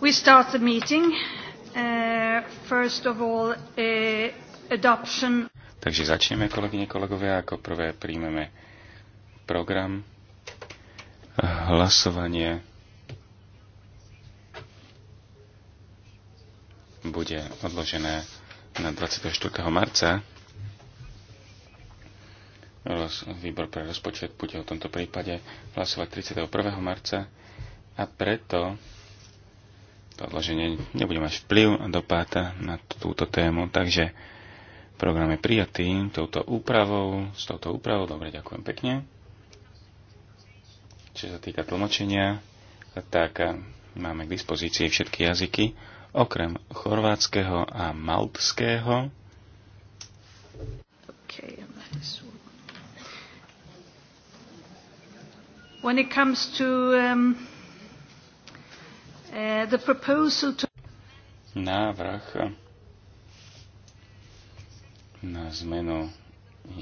We start the meeting. Uh, first of all, uh, adoption. Takže začneme, kolegyne, kolegovia. Ako prvé príjmeme program, hlasovanie bude odložené na 24. marca. Výbor pre rozpočet bude o tomto prípade hlasovať 31. marca a preto padlo, že ne, nebude mať vplyv a dopad na túto tému, takže program je prijatý touto úpravou, s touto úpravou, dobre, ďakujem pekne. Čo sa týka tlmočenia, tak eh, máme k dispozícii všetky jazyky, okrem chorvátskeho a maltského. Okay, When it comes to um, Eh, Návrh na zmenu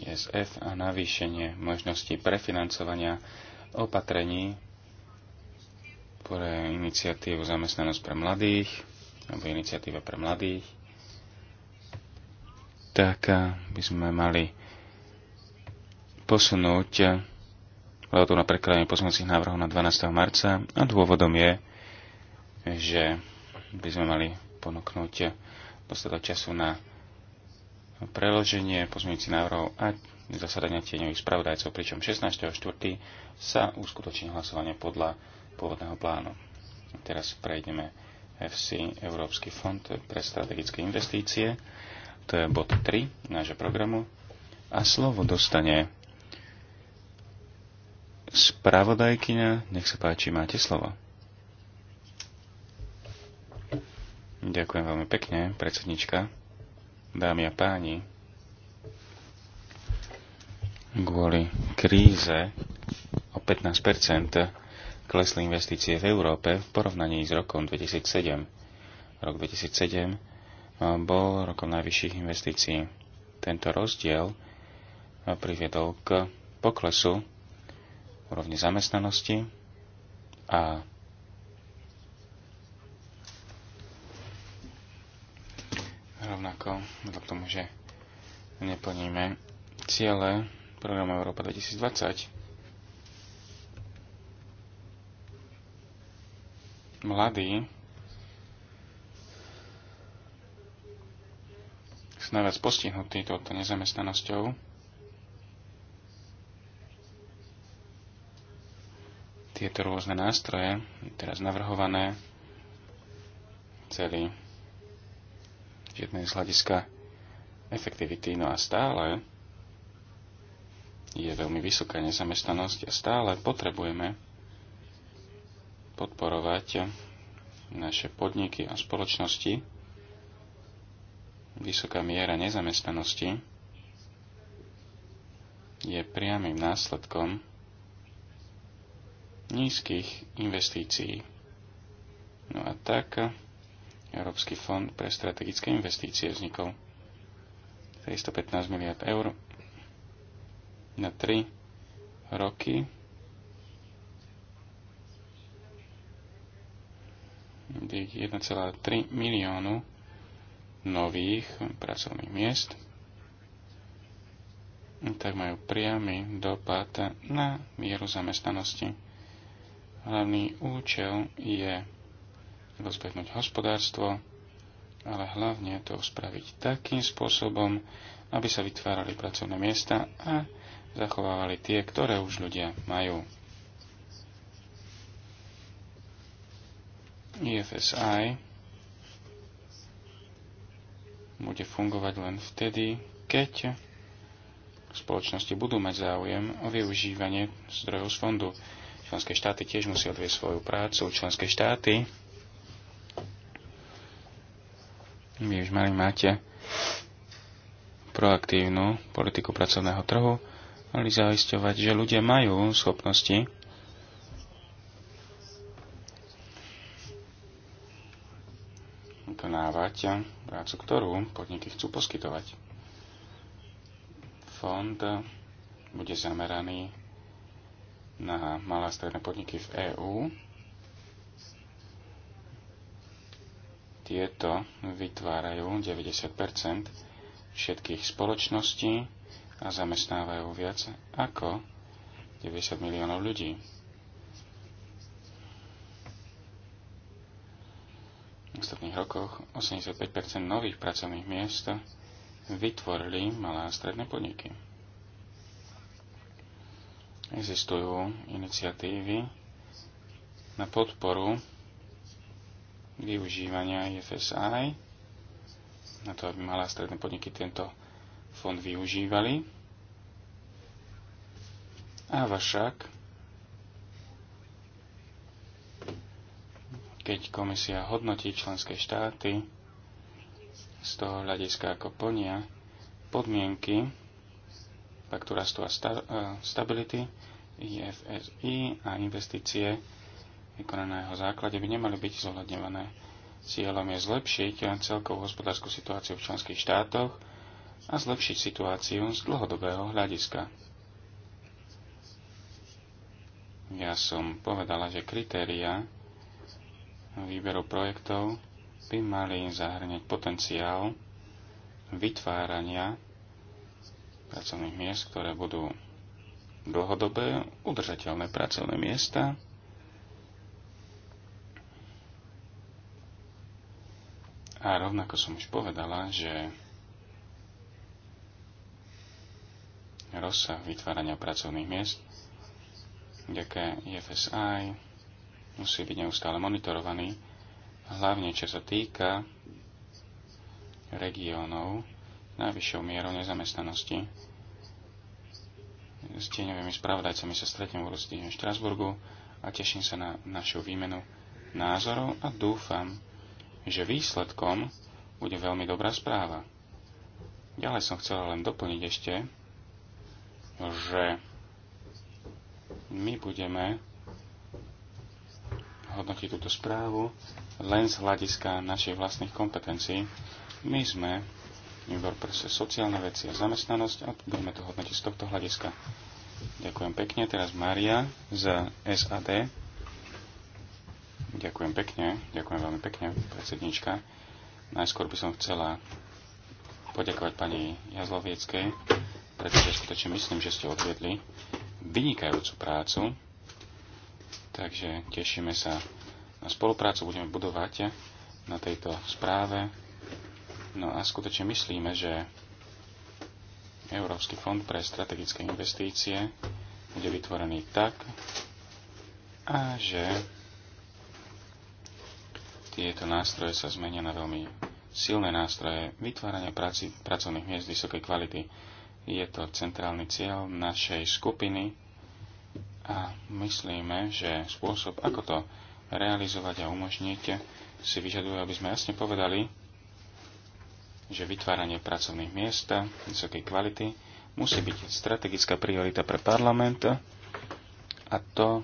ISF a navýšenie možností prefinancovania opatrení pre iniciatívu zamestnanosť pre mladých alebo iniciatíva pre mladých, tak eh, by sme mali posunúť eh, lebo na prekladanie poslancích návrhov na 12. marca a dôvodom je, že by sme mali ponúknuť dostatok času na preloženie pozmeňujúcich návrhov a zasadania tieňových spravodajcov, pričom 16.4. sa uskutoční hlasovanie podľa pôvodného plánu. Teraz prejdeme FC, Európsky fond pre strategické investície. To je bod 3 nášho programu. A slovo dostane spravodajkyňa. Nech sa páči, máte slovo. Ďakujem veľmi pekne, predsednička. Dámy a páni, kvôli kríze o 15 klesli investície v Európe v porovnaní s rokom 2007. Rok 2007 eh, bol rokom najvyšších investícií. Tento rozdiel eh, priviedol k poklesu úrovne zamestnanosti a rovnako k tomu, že neplníme ciele programu Európa 2020. Mladí sú najviac postihnutí touto nezamestnanosťou. Tieto rôzne nástroje, teraz navrhované, celý 1 z hľadiska efektivity. No a stále je veľmi vysoká nezamestnanosť a stále potrebujeme podporovať naše podniky a spoločnosti. Vysoká miera nezamestnanosti je priamým následkom nízkych investícií. No a tak Európsky fond pre strategické investície vznikol 315 miliard eur na 3 roky. Je 1,3 miliónu nových pracovných miest, tak majú priamy dopad na mieru zamestnanosti. Hlavný účel je rozbehnúť hospodárstvo, ale hlavne to spraviť takým spôsobom, aby sa vytvárali pracovné miesta a zachovávali tie, ktoré už ľudia majú. IFSI bude fungovať len vtedy, keď spoločnosti budú mať záujem o využívanie zdrojov z fondu. Členské štáty tiež musia odvieť svoju prácu. Členské štáty Vy už mali máte proaktívnu politiku pracovného trhu, mali zaisťovať, že ľudia majú schopnosti vykonávať prácu, ktorú podniky chcú poskytovať. Fond bude zameraný na malé a stredné podniky v EÚ, Tieto vytvárajú 90 všetkých spoločností a zamestnávajú viac ako 90 miliónov ľudí. V ostatných rokoch 85 nových pracovných miest vytvorili malé a stredné podniky. Existujú iniciatívy na podporu využívania IFSI, na to, aby malé a stredné podniky tento fond využívali. A vašak, keď komisia hodnotí členské štáty z toho hľadiska, ako plnia podmienky faktúra eh, stability, IFSI a investície vykonané na jeho základe, by nemali byť zohľadňované. Cieľom je zlepšiť celkovú hospodárskú situáciu v členských štátoch a zlepšiť situáciu z dlhodobého hľadiska. Ja som povedala, že kritéria výberu projektov by mali zahrňať potenciál vytvárania pracovných miest, ktoré budú dlhodobé, udržateľné pracovné miesta, A rovnako som už povedala, že rozsah vytvárania pracovných miest, ďaká IFSI, musí byť neustále monitorovaný, hlavne čo sa týka regiónov najvyššou mierou nezamestnanosti. S tieňovými spravodajcami sa stretnem v budúci v Štrasburgu a teším sa na našu výmenu názorov a dúfam, že výsledkom bude veľmi dobrá správa. Ďalej som chcel len doplniť ešte, že my budeme hodnotiť túto správu len z hľadiska našich vlastných kompetencií. My sme výbor pre sociálne veci a zamestnanosť a budeme to hodnotiť z tohto hľadiska. Ďakujem pekne. Teraz Maria z SAD. Ďakujem pekne, ďakujem veľmi pekne, predsednička. Najskôr by som chcela poďakovať pani Jazlovieckej, pretože skutočne myslím, že ste odvedli vynikajúcu prácu. Takže tešíme sa na spoluprácu, budeme budovať na tejto správe. No a skutočne myslíme, že Európsky fond pre strategické investície bude vytvorený tak, a že tieto nástroje sa zmenia na veľmi silné nástroje vytvárania práci, pracovných miest vysokej kvality. Je to centrálny cieľ našej skupiny a myslíme, že spôsob, ako to realizovať a umožniť, si vyžaduje, aby sme jasne povedali, že vytváranie pracovných miest vysokej kvality musí byť strategická priorita pre parlament a to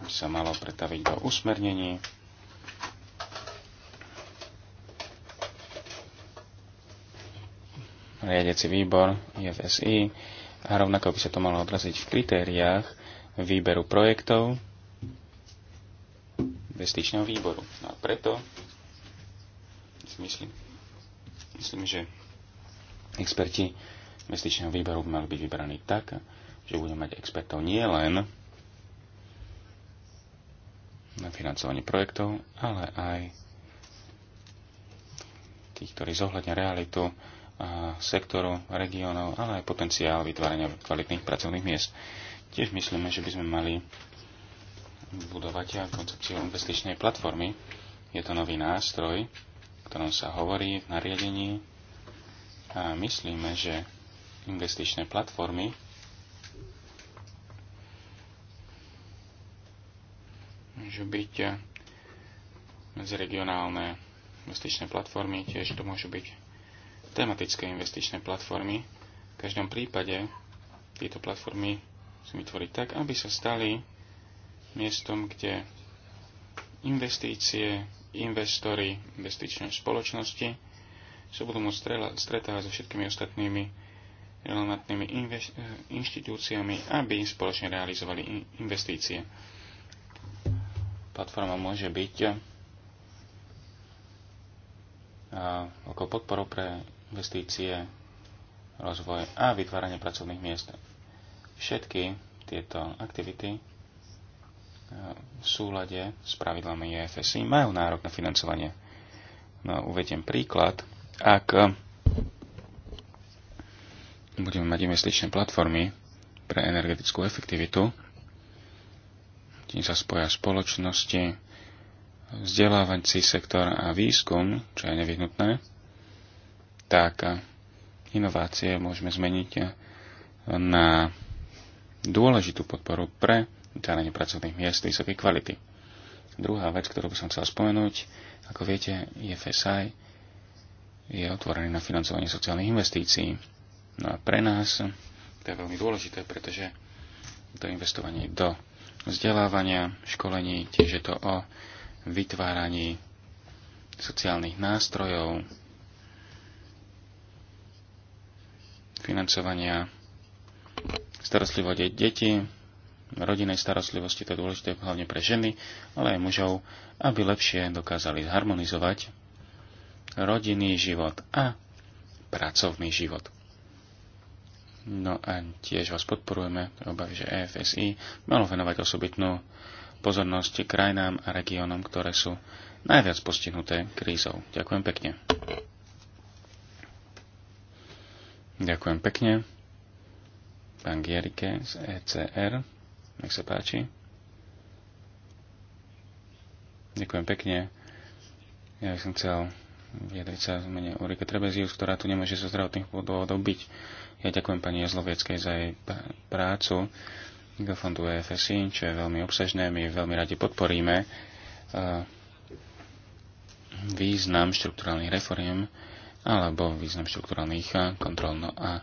by sa malo pretaviť do usmernení riadiaci výbor IFSI a rovnako by sa to malo odraziť v kritériách výberu projektov investičného výboru. No a preto si myslím, myslím, že experti investičného výboru by mali byť vybraní tak, že budeme mať expertov nie len na financovanie projektov, ale aj tých, ktorí zohľadňujú realitu sektorov regiónov, ale aj potenciál vytvárania kvalitných pracovných miest. Tiež myslíme, že by sme mali budovať koncepciu investičnej platformy. Je to nový nástroj, o ktorom sa hovorí v nariadení a myslíme, že investičné platformy môžu byť medziregionálne investičné platformy, tiež to môžu byť tematické investičné platformy. V každom prípade tieto platformy sú vytvoriť tak, aby sa stali miestom, kde investície, investory, investičné spoločnosti sa budú môcť stretávať so všetkými ostatnými relevantnými eh, inštitúciami, aby spoločne realizovali investície. Platforma môže byť ako eh, podporu pre investície, rozvoj a vytváranie pracovných miest. Všetky tieto aktivity e, v súlade s pravidlami EFSI majú nárok na financovanie. No, uvediem príklad. Ak budeme mať investičné platformy pre energetickú efektivitu, tým sa spoja spoločnosti, vzdelávací sektor a výskum, čo je nevyhnutné, tak inovácie môžeme zmeniť na dôležitú podporu pre vytváranie pracovných miest vysokej kvality. Druhá vec, ktorú by som chcel spomenúť, ako viete, FSI je otvorený na financovanie sociálnych investícií. No a pre nás to je veľmi dôležité, pretože to investovanie do vzdelávania, školení, tiež je to o vytváraní sociálnych nástrojov, financovania starostlivosti detí, rodinej starostlivosti, to je dôležité hlavne pre ženy, ale aj mužov, aby lepšie dokázali zharmonizovať rodinný život a pracovný život. No a tiež vás podporujeme, obavy, že EFSI malo venovať osobitnú pozornosť krajinám a regiónom, ktoré sú najviac postihnuté krízou. Ďakujem pekne. Ďakujem pekne. Pán Gierike z ECR. Nech sa páči. Ďakujem pekne. Ja by som chcel vyjadriť sa z mene Ulrike Trebezius, ktorá tu nemôže zo zdravotných dôvodov byť. Ja ďakujem pani Jezlovieckej za jej prácu k fondu EFSI, čo je veľmi obsažné. My veľmi radi podporíme význam štruktúrálnych reforiem alebo význam štruktúrálnych eh, kontrolno a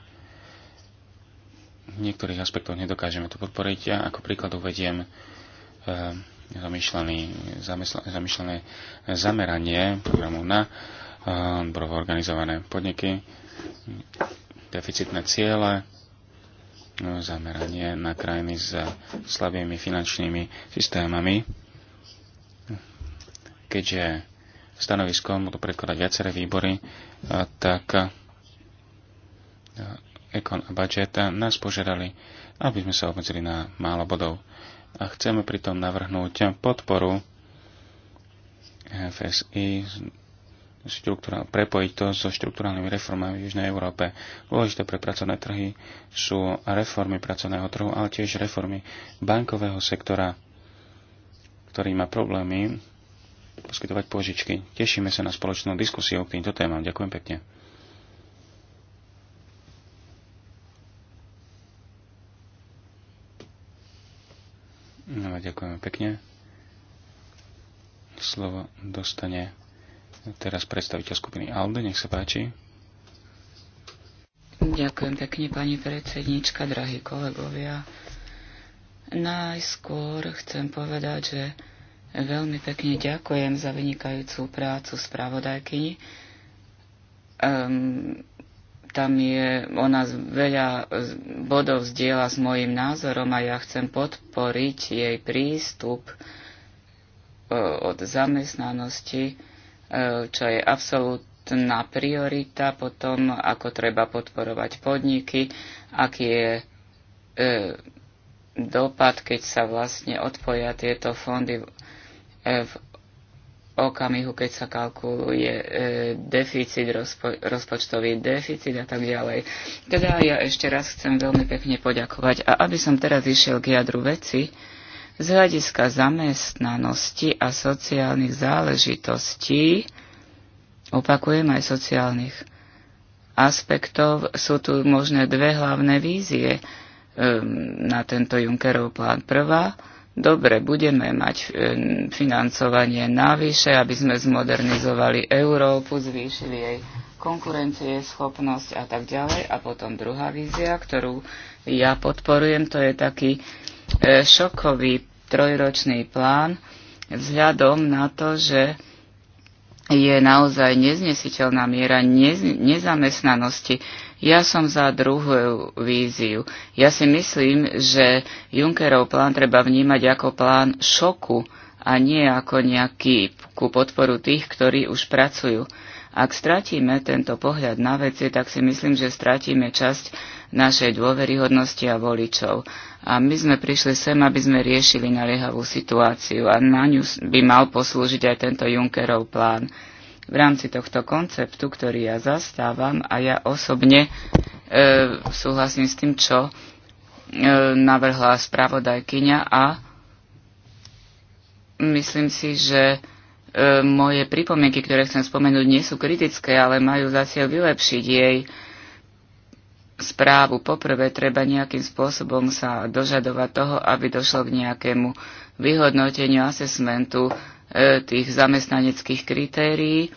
v niektorých aspektoch nedokážeme to podporiť. Ja ako príklad uvediem eh, zamýšľané zameranie programu na eh, odborovo organizované podniky, deficitné ciele, zameranie na krajiny s slabými finančnými systémami, keďže stanoviskom budú predkladať viaceré výbory, tak Econ a Budget nás požiadali, aby sme sa obmedzili na málo bodov. A chceme pritom navrhnúť podporu FSI prepojiť to so štruktúralnými reformami v Južnej Európe. Dôležité pre pracovné trhy sú reformy pracovného trhu, ale tiež reformy bankového sektora, ktorý má problémy poskytovať požičky. Tešíme sa na spoločnú diskusiu k týmto témam. Ďakujem pekne. No, ďakujeme pekne. Slovo dostane teraz predstaviteľ skupiny ALDE. Nech sa páči. Ďakujem pekne, pani predsednička, drahí kolegovia. Najskôr chcem povedať, že Veľmi pekne ďakujem za vynikajúcu prácu spravodajkyni. Um, tam je, ona veľa bodov zdieľa s mojim názorom a ja chcem podporiť jej prístup e, od zamestnanosti, e, čo je absolútna priorita, potom ako treba podporovať podniky, aký je e, dopad, keď sa vlastne odpoja tieto fondy v okamihu, keď sa kalkuluje e, deficit, rozpo, rozpočtový deficit a tak ďalej. Teda ja ešte raz chcem veľmi pekne poďakovať. A aby som teraz išiel k jadru veci, z hľadiska zamestnanosti a sociálnych záležitostí, opakujem aj sociálnych aspektov, sú tu možné dve hlavné vízie e, na tento Junckerov plán. Prvá, dobre, budeme mať e, financovanie navyše, aby sme zmodernizovali Európu, zvýšili jej konkurencie, schopnosť a tak ďalej. A potom druhá vízia, ktorú ja podporujem, to je taký e, šokový trojročný plán vzhľadom na to, že je naozaj neznesiteľná miera nez- nezamestnanosti ja som za druhú víziu. Ja si myslím, že Junckerov plán treba vnímať ako plán šoku a nie ako nejaký ku podporu tých, ktorí už pracujú. Ak stratíme tento pohľad na veci, tak si myslím, že stratíme časť našej dôveryhodnosti a voličov. A my sme prišli sem, aby sme riešili naliehavú situáciu a na ňu by mal poslúžiť aj tento Junckerov plán v rámci tohto konceptu, ktorý ja zastávam a ja osobne e, súhlasím s tým, čo e, navrhla spravodajkyňa a myslím si, že e, moje pripomienky, ktoré chcem spomenúť, nie sú kritické, ale majú za cieľ vylepšiť jej správu. Poprvé treba nejakým spôsobom sa dožadovať toho, aby došlo k nejakému vyhodnoteniu, asesmentu E, tých zamestnaneckých kritérií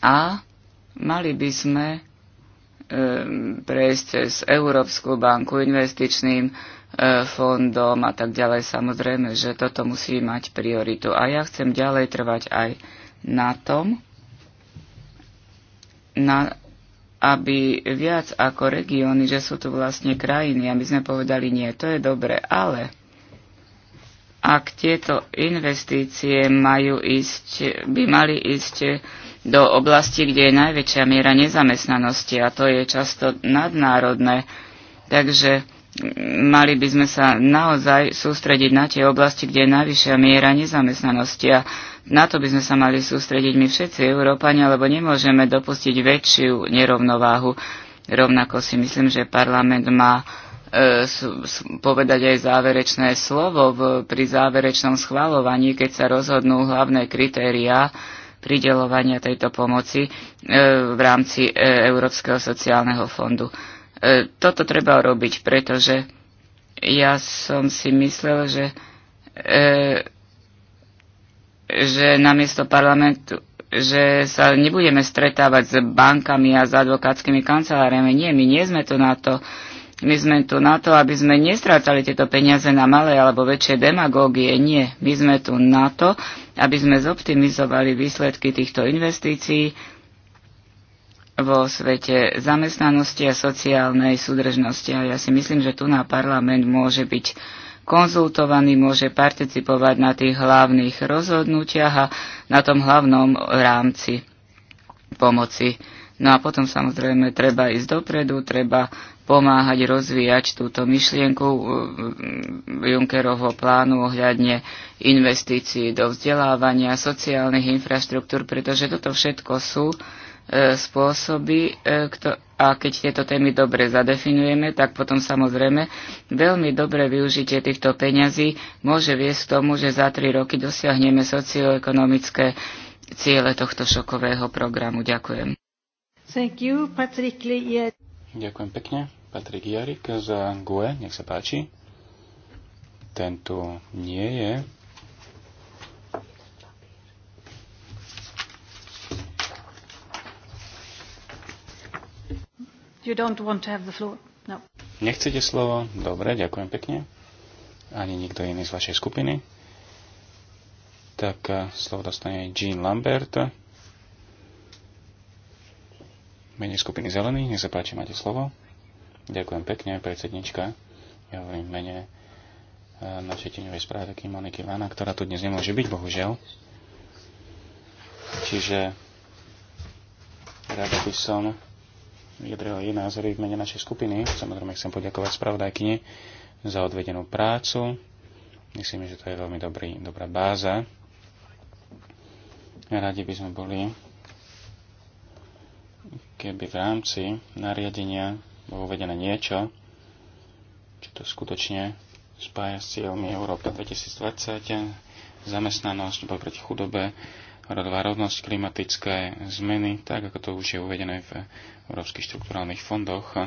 a mali by sme e, prejsť cez Európsku banku, investičným e, fondom a tak ďalej. Samozrejme, že toto musí mať prioritu. A ja chcem ďalej trvať aj na tom, na, aby viac ako regióny, že sú tu vlastne krajiny, aby sme povedali nie, to je dobre, ale ak tieto investície majú ísť, by mali ísť do oblasti, kde je najväčšia miera nezamestnanosti a to je často nadnárodné. Takže mali by sme sa naozaj sústrediť na tie oblasti, kde je najvyššia miera nezamestnanosti a na to by sme sa mali sústrediť my všetci Európania, lebo nemôžeme dopustiť väčšiu nerovnováhu. Rovnako si myslím, že parlament má povedať aj záverečné slovo v, pri záverečnom schvalovaní, keď sa rozhodnú hlavné kritériá pridelovania tejto pomoci e, v rámci e, Európskeho sociálneho fondu. E, toto treba robiť, pretože ja som si myslel, že, že namiesto parlamentu že sa nebudeme stretávať s bankami a s advokátskymi kanceláriami. Nie, my nie sme tu na to. My sme tu na to, aby sme nestrácali tieto peniaze na malé alebo väčšie demagógie. Nie, my sme tu na to, aby sme zoptimizovali výsledky týchto investícií vo svete zamestnanosti a sociálnej súdržnosti. A ja si myslím, že tu na parlament môže byť konzultovaný, môže participovať na tých hlavných rozhodnutiach a na tom hlavnom rámci pomoci. No a potom samozrejme treba ísť dopredu, treba pomáhať rozvíjať túto myšlienku uh, mm, Junckerovho plánu ohľadne investícií do vzdelávania, sociálnych infraštruktúr, pretože toto všetko sú uh, spôsoby uh, a keď tieto témy dobre zadefinujeme, tak potom samozrejme veľmi dobre využitie týchto peňazí môže viesť k tomu, že za tri roky dosiahneme socioekonomické ciele tohto šokového programu. Ďakujem. Thank you, Patrick Lier. Ďakujem pekne. Patrik Jarik za GUE, nech sa páči. Tento nie je. You don't want to have the floor. No. Nechcete slovo? Dobre, ďakujem pekne. Ani nikto iný z vašej skupiny. Tak eh, slovo dostane Jean Lambert mene skupiny Zelených. Nech sa páči, máte slovo. Ďakujem pekne, predsednička. Ja hovorím mene e, našej teňovej správky Moniky Vána, ktorá tu dnes nemôže byť, bohužiaľ. Čiže rád by som vyjadril jej názory v mene našej skupiny. Samozrejme chcem poďakovať spravodajkyni za odvedenú prácu. Myslím, že to je veľmi dobrý, dobrá báza. Radi by sme boli keby v rámci nariadenia bolo uvedené niečo, čo to skutočne spája s cieľmi Európa 2020, zamestnanosť, boj proti chudobe, rodová rovnosť, klimatické zmeny, tak ako to už je uvedené v európskych štruktúrálnych fondoch.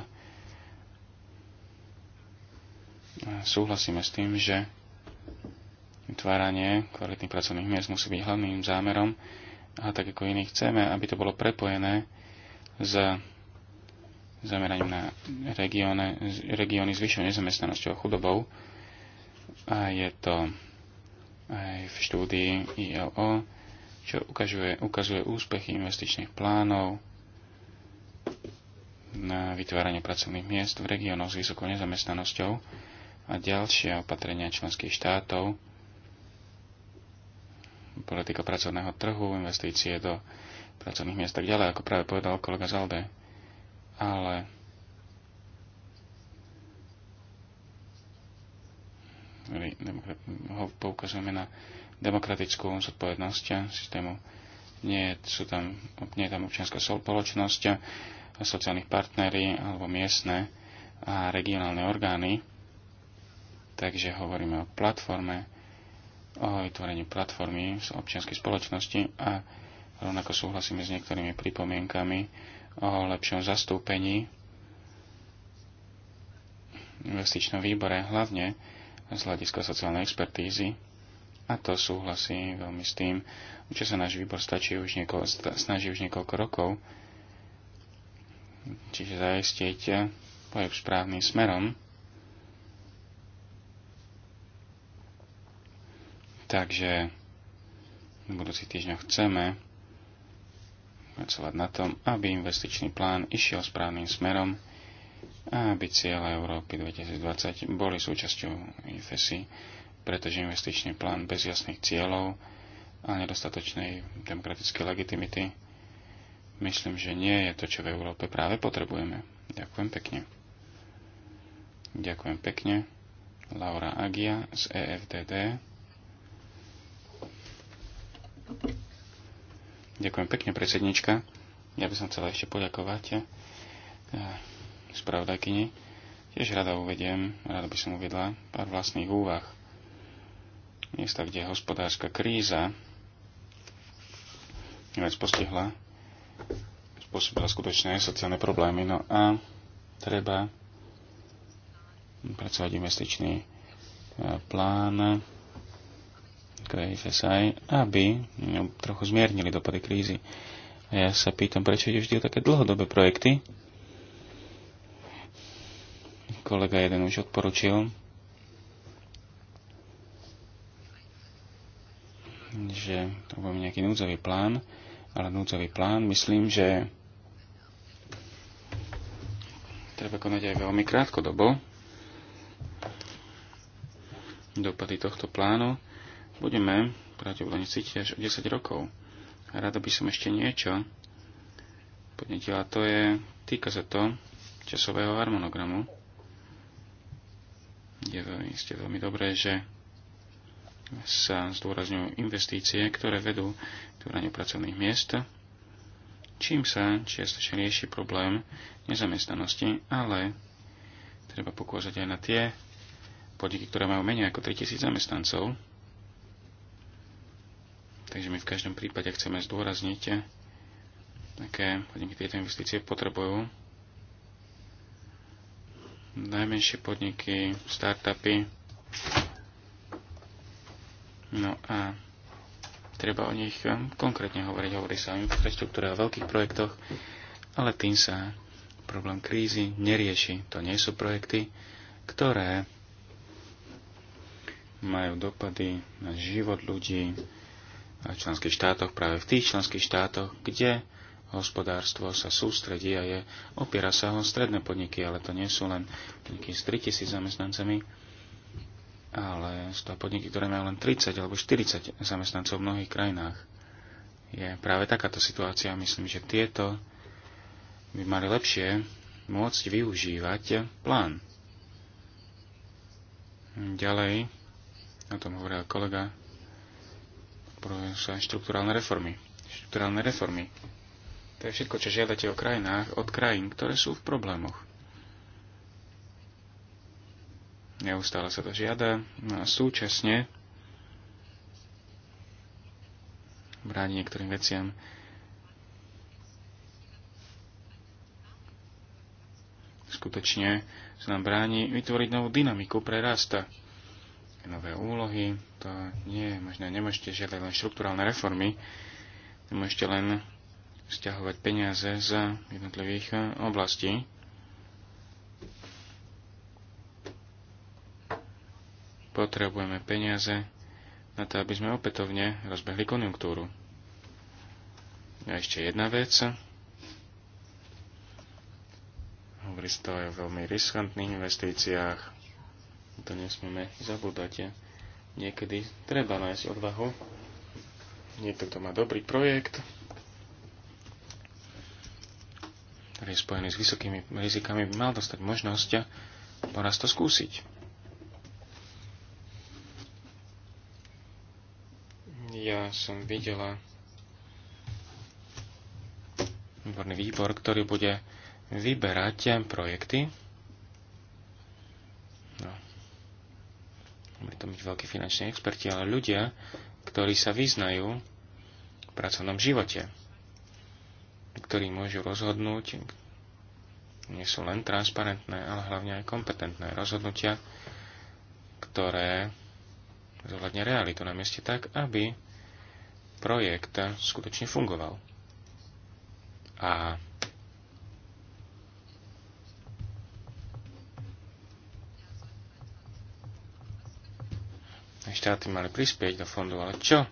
Súhlasíme s tým, že vytváranie kvalitných pracovných miest musí byť hlavným zámerom a tak ako iní chceme, aby to bolo prepojené za zameraním na regióny s vyššou nezamestnanosťou a chudobou. A je to aj v štúdii ILO, čo ukazuje, ukazuje úspechy investičných plánov na vytváranie pracovných miest v regiónoch s vysokou nezamestnanosťou a ďalšie opatrenia členských štátov, politika pracovného trhu, investície do pracovných miest tak ďalej, ako práve povedal kolega Zalde. Ale ho poukazujeme na demokratickú zodpovednosť systému. Nie, sú tam, nie je tam občianská spoločnosť, sociálnych partnery alebo miestne a regionálne orgány. Takže hovoríme o platforme, o vytvorení platformy z občianskej spoločnosti a Rovnako súhlasíme s niektorými pripomienkami o lepšom zastúpení v investičnom výbore, hlavne z hľadiska sociálnej expertízy. A to súhlasí veľmi s tým, čo sa náš výbor stačí už nieko- snaží už niekoľko rokov, čiže zaistiť pohyb správnym smerom. Takže v budúci týždňoch chceme pracovať na tom, aby investičný plán išiel správnym smerom a aby cieľa Európy 2020 boli súčasťou IFESI, pretože investičný plán bez jasných cieľov a nedostatočnej demokratickej legitimity myslím, že nie je to, čo v Európe práve potrebujeme. Ďakujem pekne. Ďakujem pekne. Laura Agia z EFDD. Thank you. Ďakujem pekne, predsednička. Ja by som chcela ešte poďakovať eh, spravodajkyni. Tiež rada uvediem, rada by som uvedla pár vlastných úvah. Miesta, kde hospodárska kríza vec postihla, spôsobila skutočné sociálne problémy. No a treba pracovať investičný eh, plán, aj, aby no, trochu zmiernili dopady krízy. A ja sa pýtam, prečo ide vždy o také dlhodobé projekty. Kolega jeden už odporučil, že to bol nejaký núdzový plán, ale núdzový plán myslím, že treba konať aj veľmi krátko dobo. Dopady tohto plánu budeme pravdepodobne cítiť až o 10 rokov. A rada by som ešte niečo podnetila. To je, týka sa to časového harmonogramu. Je veľmi, ste veľmi dobré, že sa zdôrazňujú investície, ktoré vedú k tvoreniu pracovných miest, čím sa čiastočne rieši problém nezamestnanosti, ale treba pokôzať aj na tie podniky, ktoré majú menej ako 3000 zamestnancov, Takže my v každom prípade chceme zdôrazniť, také eh, podniky tieto investície potrebujú. Najmenšie podniky, startupy. No a treba o nich eh, konkrétne hovoriť. Hovorí sa o infraštruktúre, o veľkých projektoch, ale tým sa problém krízy nerieši. To nie sú projekty, ktoré majú dopady na život ľudí, členských štátoch, práve v tých členských štátoch, kde hospodárstvo sa sústredí a je, opiera sa o stredné podniky, ale to nie sú len podniky s 3000 zamestnancami, ale sú to podniky, ktoré majú len 30 alebo 40 zamestnancov v mnohých krajinách. Je práve takáto situácia. Myslím, že tieto by mali lepšie môcť využívať plán. Ďalej, o tom hovoril kolega podporujú sa štruktúrálne reformy. Štruktúrálne reformy. To je všetko, čo žiadate o krajinách, od krajín, ktoré sú v problémoch. Neustále sa to žiada no a súčasne bráni niektorým veciam. Skutočne sa nám bráni vytvoriť novú dynamiku pre rasta. Nové úlohy, to nie je možné. Nemôžete žiadať len štruktúralne reformy, nemôžete len vzťahovať peniaze z jednotlivých eh, oblastí. Potrebujeme peniaze na to, aby sme opätovne rozbehli konjunktúru. A ešte jedna vec. Hovorí sa to aj o veľmi riskantných investíciách. To nesmieme zabúdať. Ja? Niekedy treba nájsť odvahu. Niekto, kto má dobrý projekt, ktorý je spojený s vysokými rizikami, by mal dostať možnosť poraz to skúsiť. Ja som videla výborný výbor, ktorý bude vyberať projekty, Mali to byť veľkí finanční experti, ale ľudia, ktorí sa vyznajú v pracovnom živote, ktorí môžu rozhodnúť, nie sú len transparentné, ale hlavne aj kompetentné rozhodnutia, ktoré zohľadne realitu na mieste tak, aby projekt skutočne fungoval. A štáty mali prispieť do fondu, ale čo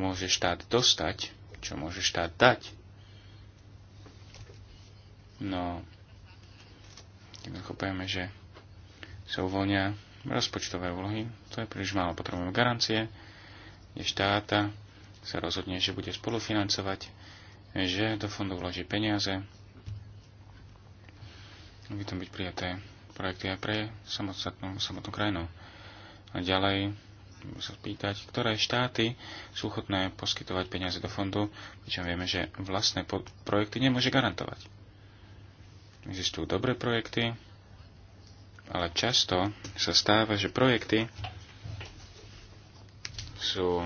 môže štát dostať, čo môže štát dať? No, jednoducho povieme, že sa uvoľnia rozpočtové úlohy, to je príliš málo, potrebujeme garancie, je štáta, sa rozhodne, že bude spolufinancovať, že do fondu vloží peniaze, by tam byť prijaté projekty aj pre samotnú, samotnú krajinu. A ďalej sa spýtať, ktoré štáty sú ochotné poskytovať peniaze do fondu, pričom vieme, že vlastné projekty nemôže garantovať. Existujú dobré projekty, ale často sa stáva, že projekty sú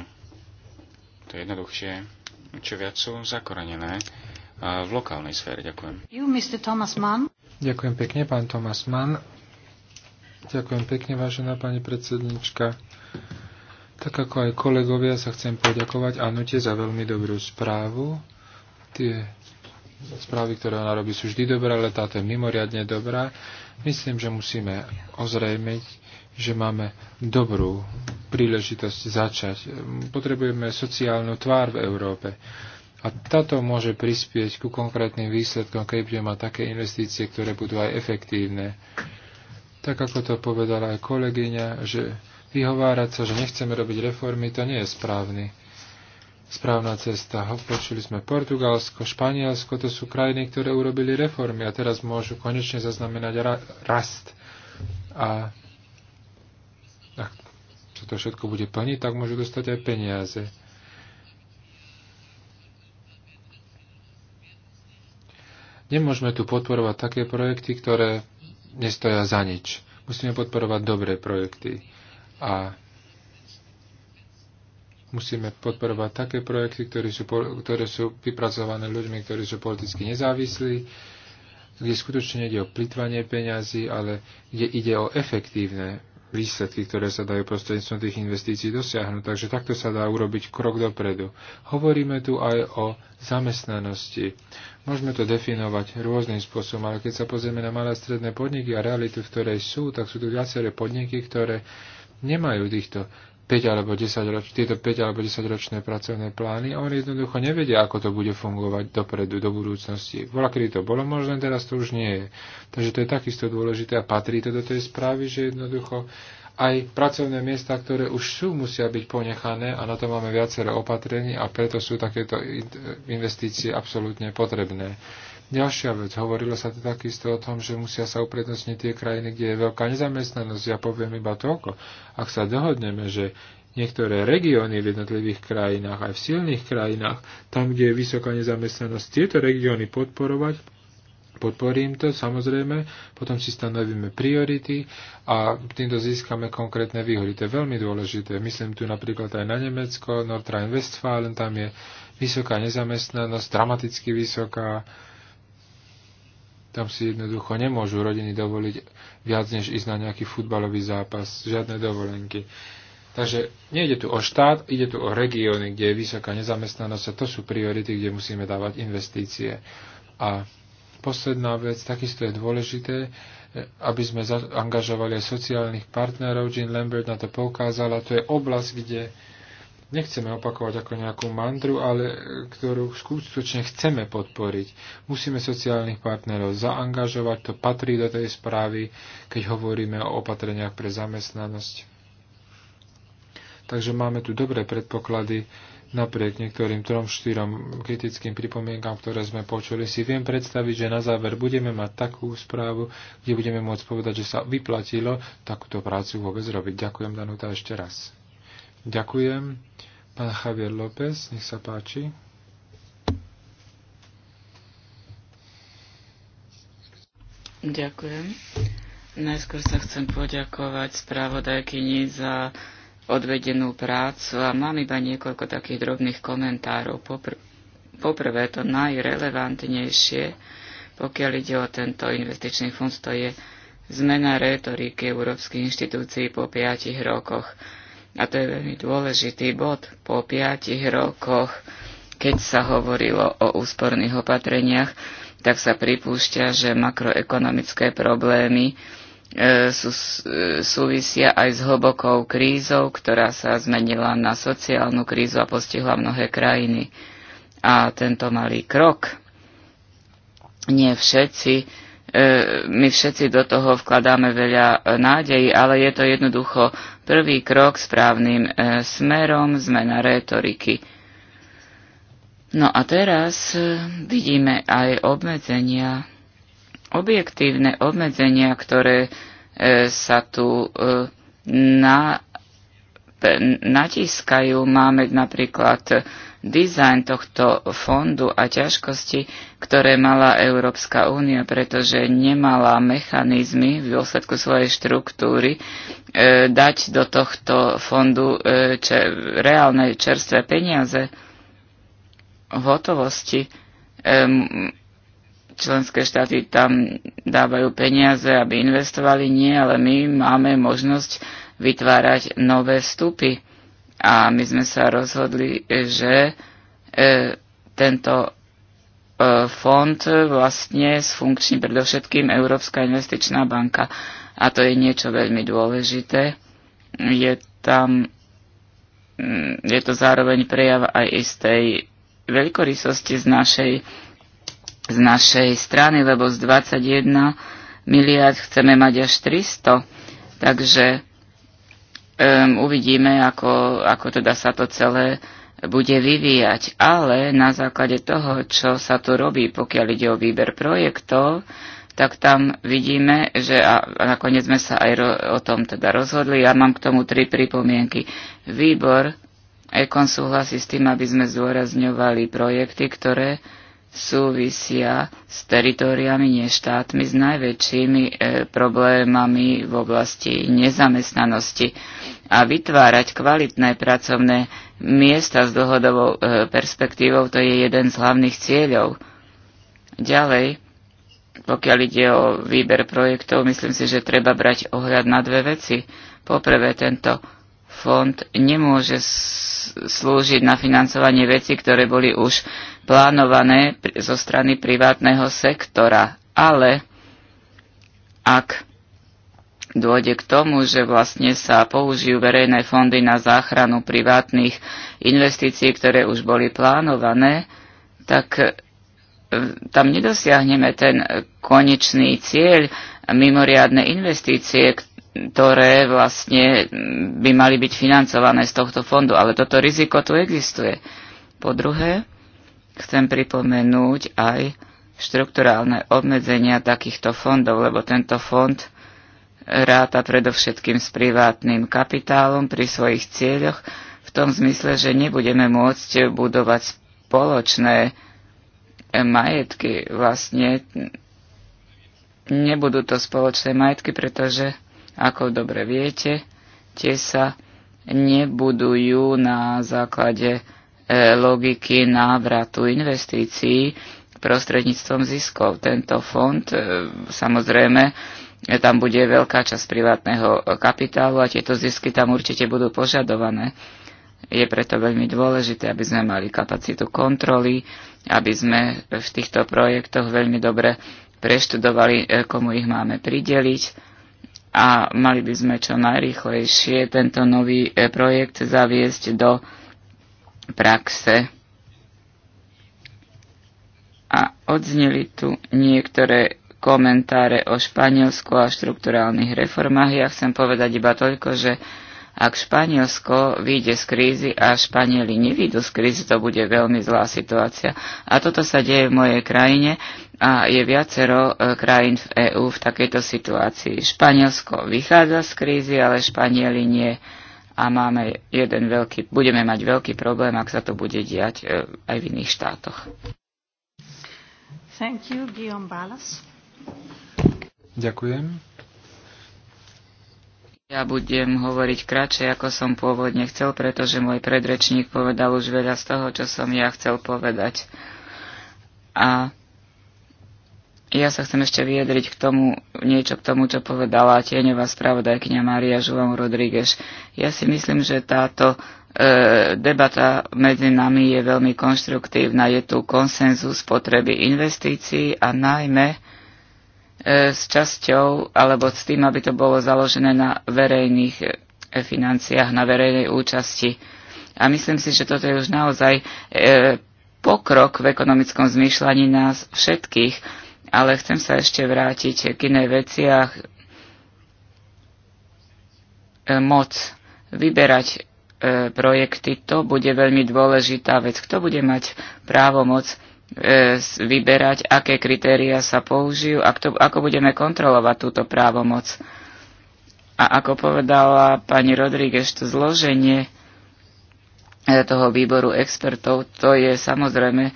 to je jednoduchšie, čo viac sú zakorenené v lokálnej sfére. Ďakujem. You, Mr. Thomas Mann. Ďakujem pekne, pán Thomas Mann. Ďakujem pekne, vážená pani predsednička. Tak ako aj kolegovia sa chcem poďakovať Anute za veľmi dobrú správu. Tie správy, ktoré ona robí, sú vždy dobré, ale táto je mimoriadne dobrá. Myslím, že musíme ozrejmiť, že máme dobrú príležitosť začať. Potrebujeme sociálnu tvár v Európe. A táto môže prispieť ku konkrétnym výsledkom, keď budeme mať také investície, ktoré budú aj efektívne tak ako to povedala aj kolegyňa, že vyhovárať sa, že nechceme robiť reformy, to nie je správny. Správna cesta. Počuli sme Portugalsko, Španielsko, to sú krajiny, ktoré urobili reformy a teraz môžu konečne zaznamenať ra- rast. A ak sa to všetko bude plniť, tak môžu dostať aj peniaze. Nemôžeme tu podporovať také projekty, ktoré nestoja za nič. Musíme podporovať dobré projekty a musíme podporovať také projekty, ktoré sú, ktoré sú vypracované ľuďmi, ktorí sú politicky nezávislí, kde skutočne ide o plitvanie peňazí, ale kde ide o efektívne výsledky, ktoré sa dajú prostredníctvom tých investícií dosiahnuť. Takže takto sa dá urobiť krok dopredu. Hovoríme tu aj o zamestnanosti. Môžeme to definovať rôznym spôsobom, ale keď sa pozrieme na malé stredné podniky a realitu, v ktorej sú, tak sú tu viaceré podniky, ktoré nemajú týchto 5 alebo 10 roč, tieto 5 alebo 10 ročné pracovné plány a oni jednoducho nevedia, ako to bude fungovať dopredu, do budúcnosti. Bola, kedy to bolo možné, teraz to už nie je. Takže to je takisto dôležité a patrí to do tej správy, že jednoducho aj pracovné miesta, ktoré už sú, musia byť ponechané a na to máme viacero opatrení a preto sú takéto investície absolútne potrebné. Ďalšia vec, hovorilo sa tu takisto o tom, že musia sa uprednostniť tie krajiny, kde je veľká nezamestnanosť. Ja poviem iba toľko. Ak sa dohodneme, že niektoré regióny v jednotlivých krajinách, aj v silných krajinách, tam, kde je vysoká nezamestnanosť, tieto regióny podporovať, podporím to samozrejme, potom si stanovíme priority a týmto získame konkrétne výhody. To je veľmi dôležité. Myslím tu napríklad aj na Nemecko, Nordrhein-Westfalen, tam je vysoká nezamestnanosť, dramaticky vysoká, tam si jednoducho nemôžu rodiny dovoliť viac, než ísť na nejaký futbalový zápas, žiadne dovolenky. Takže nejde tu o štát, ide tu o regióny, kde je vysoká nezamestnanosť a to sú priority, kde musíme dávať investície. A posledná vec, takisto je dôležité, e, aby sme angažovali aj sociálnych partnerov. Jean Lambert na to poukázala, to je oblasť, kde nechceme opakovať ako nejakú mantru, ale e, ktorú skutočne chceme podporiť. Musíme sociálnych partnerov zaangažovať, to patrí do tej správy, keď hovoríme o opatreniach pre zamestnanosť. Takže máme tu dobré predpoklady, napriek niektorým trom, štyrom kritickým pripomienkam, ktoré sme počuli, si viem predstaviť, že na záver budeme mať takú správu, kde budeme môcť povedať, že sa vyplatilo takúto prácu vôbec robiť. Ďakujem, Danuta, ešte raz. Ďakujem. Pán Javier López, nech sa páči. Ďakujem. Najskôr sa chcem poďakovať spravodajkyni za odvedenú prácu a mám iba niekoľko takých drobných komentárov. Popr- poprvé, to najrelevantnejšie, pokiaľ ide o tento investičný fond, to je zmena retoriky európskych inštitúcií po piatich rokoch a to je veľmi dôležitý bod, po piatich rokoch, keď sa hovorilo o úsporných opatreniach, tak sa pripúšťa, že makroekonomické problémy e, sú, e, súvisia aj s hlbokou krízou, ktorá sa zmenila na sociálnu krízu a postihla mnohé krajiny. A tento malý krok, nie všetci, E, my všetci do toho vkladáme veľa e, nádejí, ale je to jednoducho prvý krok správnym e, smerom, zmena rétoriky. No a teraz vidíme aj obmedzenia, objektívne obmedzenia, ktoré sa tu na, natiskajú. Máme napríklad dizajn tohto fondu a ťažkosti, ktoré mala Európska únia, pretože nemala mechanizmy v dôsledku svojej štruktúry e, dať do tohto fondu e, če, reálne čerstvé peniaze v hotovosti. E, členské štáty tam dávajú peniaze, aby investovali, nie, ale my máme možnosť vytvárať nové vstupy. A my sme sa rozhodli, že e, tento E, fond vlastne sfunkční predovšetkým Európska investičná banka. A to je niečo veľmi dôležité. Je tam mm, je to zároveň prejav aj istej veľkorysosti z našej, z našej strany, lebo z 21 miliard chceme mať až 300. Takže um, uvidíme, ako, ako teda sa to celé bude vyvíjať, ale na základe toho, čo sa tu robí, pokiaľ ide o výber projektov, tak tam vidíme, že a, nakoniec sme sa aj ro, o tom teda rozhodli. Ja mám k tomu tri pripomienky. Výbor Ekon súhlasí s tým, aby sme zdôrazňovali projekty, ktoré súvisia s teritoriami, nie štátmi, s najväčšími e, problémami v oblasti nezamestnanosti a vytvárať kvalitné pracovné miesta s dlhodobou e, perspektívou, to je jeden z hlavných cieľov. Ďalej, pokiaľ ide o výber projektov, myslím si, že treba brať ohľad na dve veci. Poprvé, tento fond nemôže slúžiť na financovanie veci, ktoré boli už plánované zo strany privátneho sektora, ale ak dôjde k tomu, že vlastne sa použijú verejné fondy na záchranu privátnych investícií, ktoré už boli plánované, tak e, tam nedosiahneme ten konečný cieľ mimoriadne investície, ktoré vlastne mm, by mali byť financované z tohto fondu. Ale toto riziko tu existuje. Po druhé, chcem pripomenúť aj štrukturálne obmedzenia takýchto fondov, lebo tento fond ráta predovšetkým s privátnym kapitálom pri svojich cieľoch v tom zmysle, že nebudeme môcť budovať spoločné majetky. Vlastne nebudú to spoločné majetky, pretože, ako dobre viete, tie sa nebudujú na základe e, logiky návratu investícií prostredníctvom ziskov. Tento fond e, samozrejme tam bude veľká časť privátneho e, kapitálu a tieto zisky tam určite budú požadované. Je preto veľmi dôležité, aby sme mali kapacitu kontroly, aby sme v týchto projektoch veľmi dobre preštudovali, e, komu ich máme prideliť a mali by sme čo najrýchlejšie tento nový e, projekt zaviesť do praxe. A odzneli tu niektoré komentáre o Španielsku a štrukturálnych reformách. Ja chcem povedať iba toľko, že ak Španielsko vyjde z krízy a Španieli nevídu z krízy, to bude veľmi zlá situácia. A toto sa deje v mojej krajine a je viacero e, krajín v EÚ v takejto situácii. Španielsko vychádza z krízy, ale Španieli nie. A máme jeden veľký, budeme mať veľký problém, ak sa to bude diať e, aj v iných štátoch. Thank you, Guillaume Balas. Ďakujem. Ja budem hovoriť kratšie, ako som pôvodne chcel, pretože môj predrečník povedal už veľa z toho, čo som ja chcel povedať. A ja sa chcem ešte vyjadriť k tomu, niečo k tomu, čo povedala tieňová spravodajkňa Maria Žuan Rodríguez. Ja si myslím, že táto e, debata medzi nami je veľmi konštruktívna. Je tu konsenzus potreby investícií a najmä E, s časťou alebo s tým, aby to bolo založené na verejných e, financiách, na verejnej účasti. A myslím si, že toto je už naozaj e, pokrok v ekonomickom zmýšľaní nás všetkých, ale chcem sa ešte vrátiť k inej veciach. Moc vyberať projekty, to bude veľmi dôležitá vec. Kto bude mať právo moc E, vyberať, aké kritéria sa použijú a to, ako budeme kontrolovať túto právomoc. A ako povedala pani Rodríguez, to zloženie e, toho výboru expertov, to je samozrejme e,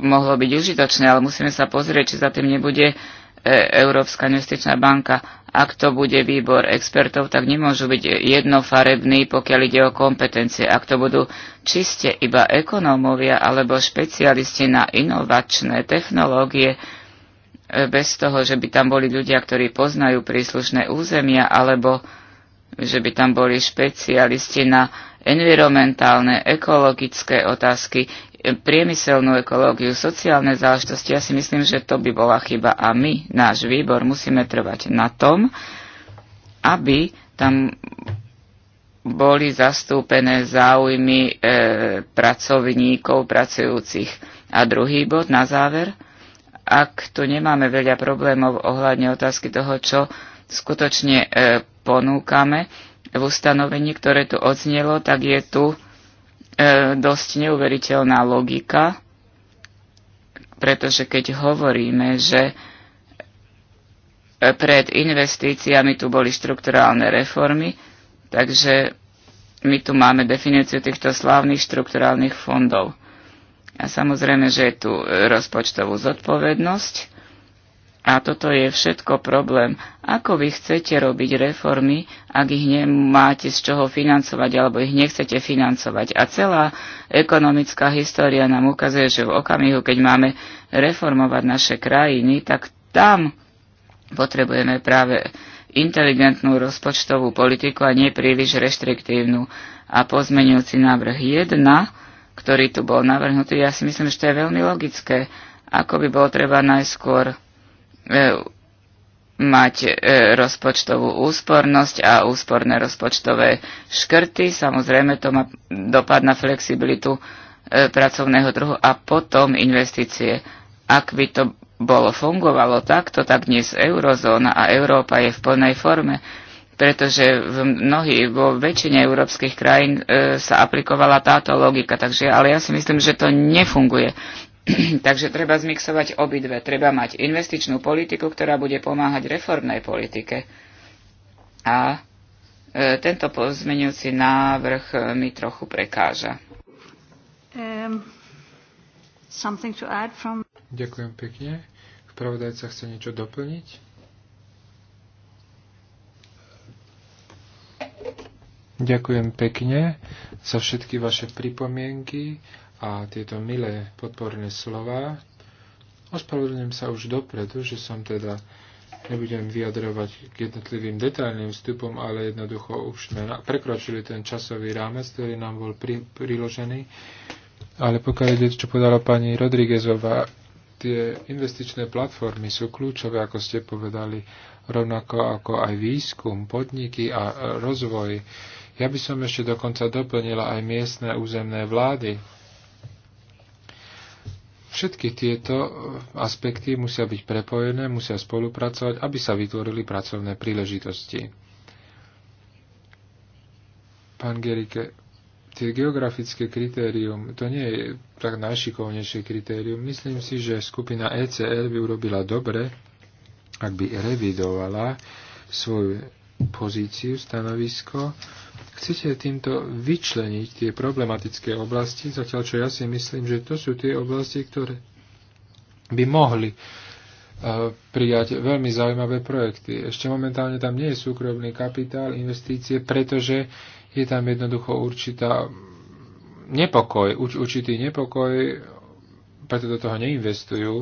mohlo byť užitočné, ale musíme sa pozrieť, či za tým nebude E, Európska investičná banka. Ak to bude výbor expertov, tak nemôžu byť jednofarební, pokiaľ ide o kompetencie. Ak to budú čiste iba ekonómovia alebo špecialisti na inovačné technológie, e, bez toho, že by tam boli ľudia, ktorí poznajú príslušné územia, alebo že by tam boli špecialisti na environmentálne, ekologické otázky priemyselnú ekológiu, sociálne záležitosti, ja si myslím, že to by bola chyba a my, náš výbor, musíme trvať na tom, aby tam boli zastúpené záujmy e, pracovníkov, pracujúcich. A druhý bod na záver, ak tu nemáme veľa problémov ohľadne otázky toho, čo skutočne e, ponúkame v ustanovení, ktoré tu odznelo, tak je tu E, dosť neuveriteľná logika, pretože keď hovoríme, že pred investíciami tu boli štrukturálne reformy, takže my tu máme definíciu týchto slávnych štrukturálnych fondov. A samozrejme, že je tu rozpočtovú zodpovednosť a toto je všetko problém. Ako vy chcete robiť reformy, ak ich nemáte z čoho financovať alebo ich nechcete financovať? A celá ekonomická história nám ukazuje, že v okamihu, keď máme reformovať naše krajiny, tak tam potrebujeme práve inteligentnú rozpočtovú politiku a nie príliš reštriktívnu. A pozmenujúci návrh 1, ktorý tu bol navrhnutý, ja si myslím, že to je veľmi logické. Ako by bolo treba najskôr e, mať e, rozpočtovú úspornosť a úsporné rozpočtové škrty. Samozrejme, to má dopad na flexibilitu e, pracovného trhu a potom investície. Ak by to bolo fungovalo takto, tak dnes eurozóna a Európa je v plnej forme, pretože v mnohých, vo väčšine európskych krajín e, sa aplikovala táto logika. Takže, ale ja si myslím, že to nefunguje. Takže treba zmixovať obidve. Treba mať investičnú politiku, ktorá bude pomáhať reformnej politike. A e, tento pozmeňujúci návrh e, mi trochu prekáža. Um, to add from... Ďakujem pekne. Pravodajca chce niečo doplniť? Ďakujem pekne za všetky vaše pripomienky a tieto milé podporné slova. Ospravedlňujem sa už dopredu, že som teda nebudem vyjadrovať k jednotlivým detailným vstupom, ale jednoducho už sme prekročili ten časový rámec, ktorý nám bol pri, priložený. Ale pokiaľ ide, čo podala pani Rodriguezová, tie investičné platformy sú kľúčové, ako ste povedali, rovnako ako aj výskum, podniky a rozvoj. Ja by som ešte dokonca doplnila aj miestne územné vlády, Všetky tieto e, aspekty musia byť prepojené, musia spolupracovať, aby sa vytvorili pracovné príležitosti. Pán Gerike, tie geografické kritérium, to nie je tak najšikovnejšie kritérium. Myslím si, že skupina ECR by urobila dobre, ak by revidovala svoju pozíciu, stanovisko, chcete týmto vyčleniť tie problematické oblasti, zatiaľ čo ja si myslím, že to sú tie oblasti, ktoré by mohli e, prijať veľmi zaujímavé projekty. Ešte momentálne tam nie je súkromný kapitál, investície, pretože je tam jednoducho určitá nepokoj, určitý nepokoj, preto do toho neinvestujú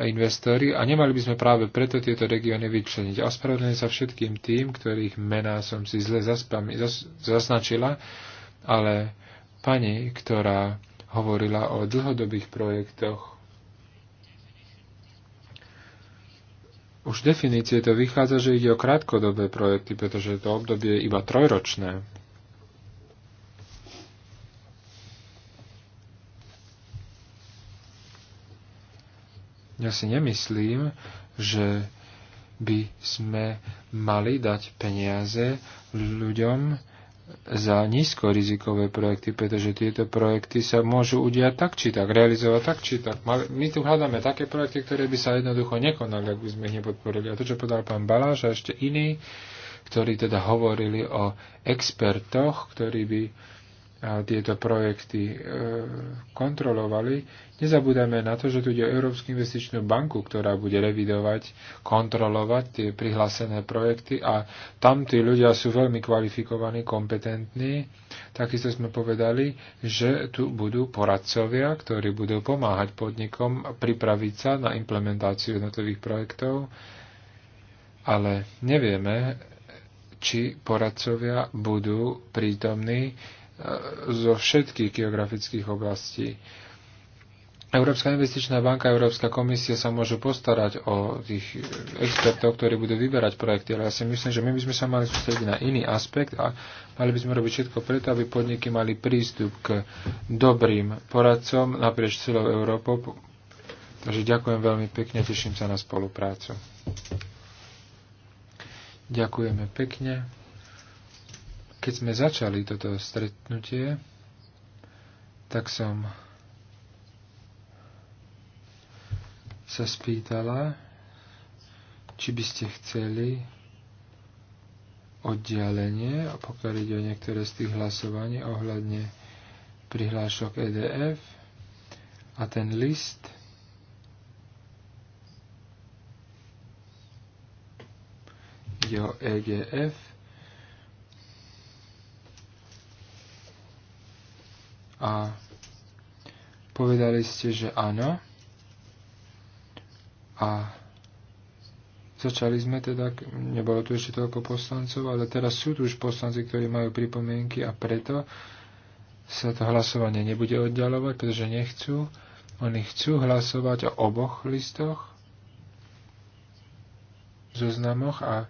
investori a nemali by sme práve preto tieto regióny vyčleniť. A ospravedlňujem sa všetkým tým, ktorých mená som si zle zas, zaznačila, ale pani, ktorá hovorila o dlhodobých projektoch, už definície to vychádza, že ide o krátkodobé projekty, pretože to obdobie je iba trojročné. Ja si nemyslím, že by sme mali dať peniaze ľuďom za nízkorizikové projekty, pretože tieto projekty sa môžu udiať tak či tak, realizovať tak či tak. My tu hľadáme také projekty, ktoré by sa jednoducho nekonali, ak by sme ich nepodporili. A to, čo povedal pán Baláš a ešte iní, ktorí teda hovorili o expertoch, ktorí by tieto projekty e, kontrolovali. Nezabúdame na to, že tu ide Európsku investičnú banku, ktorá bude revidovať, kontrolovať tie prihlásené projekty a tam tí ľudia sú veľmi kvalifikovaní, kompetentní. Takisto sme povedali, že tu budú poradcovia, ktorí budú pomáhať podnikom pripraviť sa na implementáciu jednotlivých projektov, ale nevieme, či poradcovia budú prítomní zo všetkých geografických oblastí. Európska investičná banka a Európska komisia sa môžu postarať o tých expertov, ktorí budú vyberať projekty, ale ja si myslím, že my by sme sa mali sústrediť na iný aspekt a mali by sme robiť všetko preto, aby podniky mali prístup k dobrým poradcom naprieč celou Európou. Takže ďakujem veľmi pekne, teším sa na spoluprácu. Ďakujeme pekne. Keď sme začali toto stretnutie, tak som sa spýtala, či by ste chceli oddialenie, pokiaľ ide o niektoré z tých hlasovaní ohľadne prihlášok EDF a ten list ide o EGF a povedali ste, že áno. A začali sme teda, nebolo tu ešte toľko poslancov, ale teraz sú tu už poslanci, ktorí majú pripomienky a preto sa to hlasovanie nebude oddialovať, pretože nechcú. Oni chcú hlasovať o oboch listoch, zoznamoch a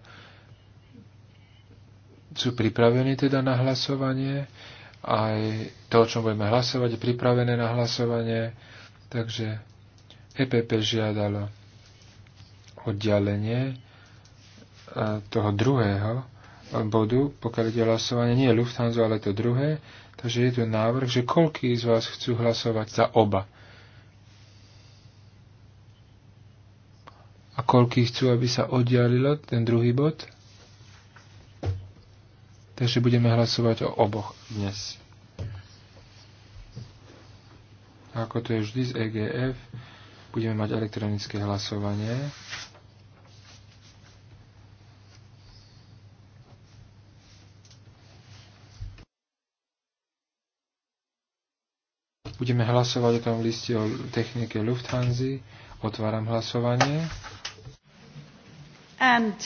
sú pripravení teda na hlasovanie aj to, o čom budeme hlasovať, je pripravené na hlasovanie, takže EPP žiadalo oddelenie e, toho druhého bodu, pokiaľ ide hlasovanie, nie Lufthansa, ale to druhé, takže je tu návrh, že koľký z vás chcú hlasovať za oba. A koľký chcú, aby sa oddialilo ten druhý bod? Takže budeme hlasovať o oboch dnes. A ako to je vždy z EGF, budeme mať elektronické hlasovanie. Budeme hlasovať o tom liste o technike Lufthansa. Otváram hlasovanie. And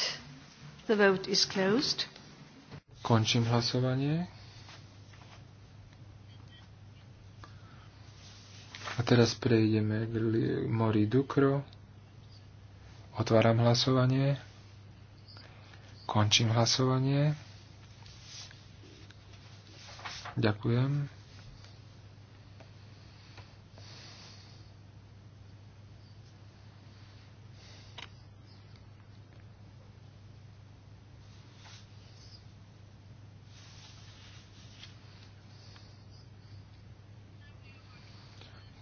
the vote is closed. Končím hlasovanie. A teraz prejdeme k Mori Dukro. Otváram hlasovanie. Končím hlasovanie. Ďakujem.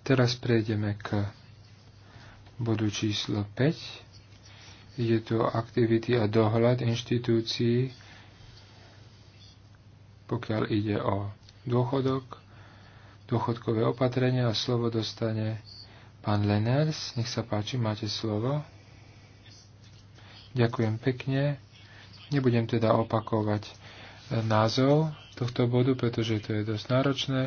Teraz prejdeme k bodu číslo 5. Je tu aktivity a dohľad inštitúcií, pokiaľ ide o dôchodok, dôchodkové opatrenia a slovo dostane pán Lenners. Nech sa páči, máte slovo. Ďakujem pekne. Nebudem teda opakovať eh, názov tohto bodu, pretože to je dosť náročné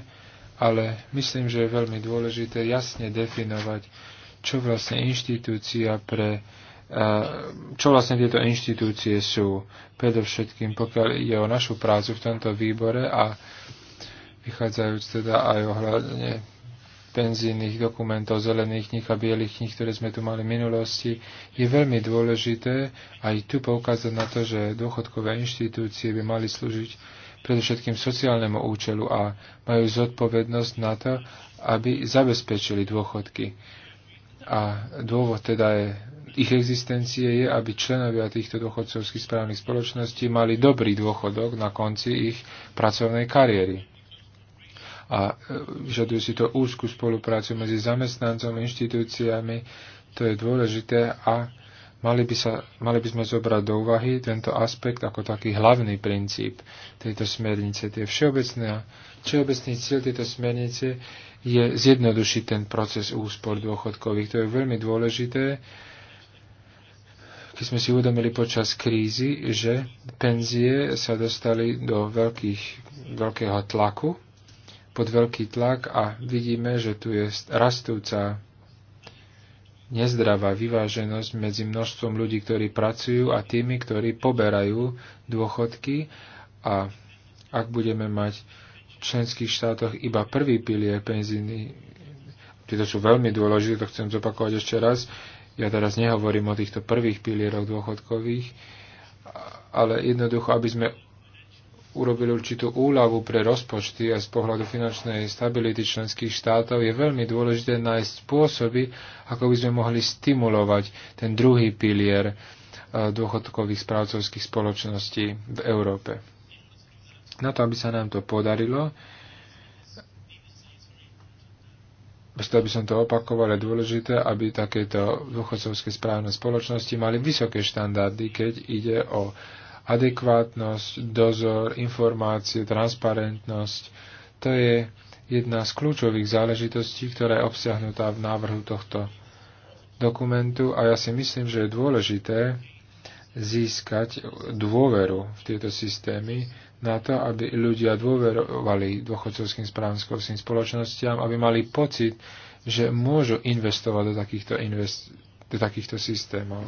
ale myslím, že je veľmi dôležité jasne definovať, čo vlastne inštitúcia pre čo vlastne tieto inštitúcie sú. Predovšetkým, pokiaľ ide o našu prácu v tomto výbore a vychádzajúc teda aj ohľadne penzínnych dokumentov, zelených kníh a bielých kníh, ktoré sme tu mali v minulosti, je veľmi dôležité aj tu poukázať na to, že dôchodkové inštitúcie by mali slúžiť predovšetkým sociálnemu účelu a majú zodpovednosť na to, aby zabezpečili dôchodky. A dôvod teda je, ich existencie je, aby členovia týchto dôchodcovských správnych spoločností mali dobrý dôchodok na konci ich pracovnej kariéry a e, vyžaduje si to úzku spoluprácu medzi zamestnancom, inštitúciami, to je dôležité a Mali by, sa, mali by sme zobrať do úvahy tento aspekt ako taký hlavný princíp tejto smernice. Tie všeobecné, všeobecný cieľ tejto smernice je zjednodušiť ten proces úspor dôchodkových. To je veľmi dôležité, keď sme si uvedomili počas krízy, že penzie sa dostali do veľkých, veľkého tlaku, pod veľký tlak a vidíme, že tu je rastúca nezdravá vyváženosť medzi množstvom ľudí, ktorí pracujú a tými, ktorí poberajú dôchodky a ak budeme mať v členských štátoch iba prvý pilier penzíny, tieto sú veľmi dôležité, to chcem zopakovať ešte raz, ja teraz nehovorím o týchto prvých pilieroch dôchodkových, ale jednoducho, aby sme urobil určitú úľavu pre rozpočty a z pohľadu finančnej stability členských štátov, je veľmi dôležité nájsť spôsoby, ako by sme mohli stimulovať ten druhý pilier e, dôchodkových správcovských spoločností v Európe. Na to, aby sa nám to podarilo, Preto by som to opakoval, je dôležité, aby takéto dôchodcovské správne spoločnosti mali vysoké štandardy, keď ide o adekvátnosť, dozor, informácie, transparentnosť. To je jedna z kľúčových záležitostí, ktorá je obsiahnutá v návrhu tohto dokumentu a ja si myslím, že je dôležité získať dôveru v tieto systémy na to, aby ľudia dôverovali dôchodcovským správskovským spoločnostiam, aby mali pocit, že môžu investovať do takýchto, invest- do takýchto systémov.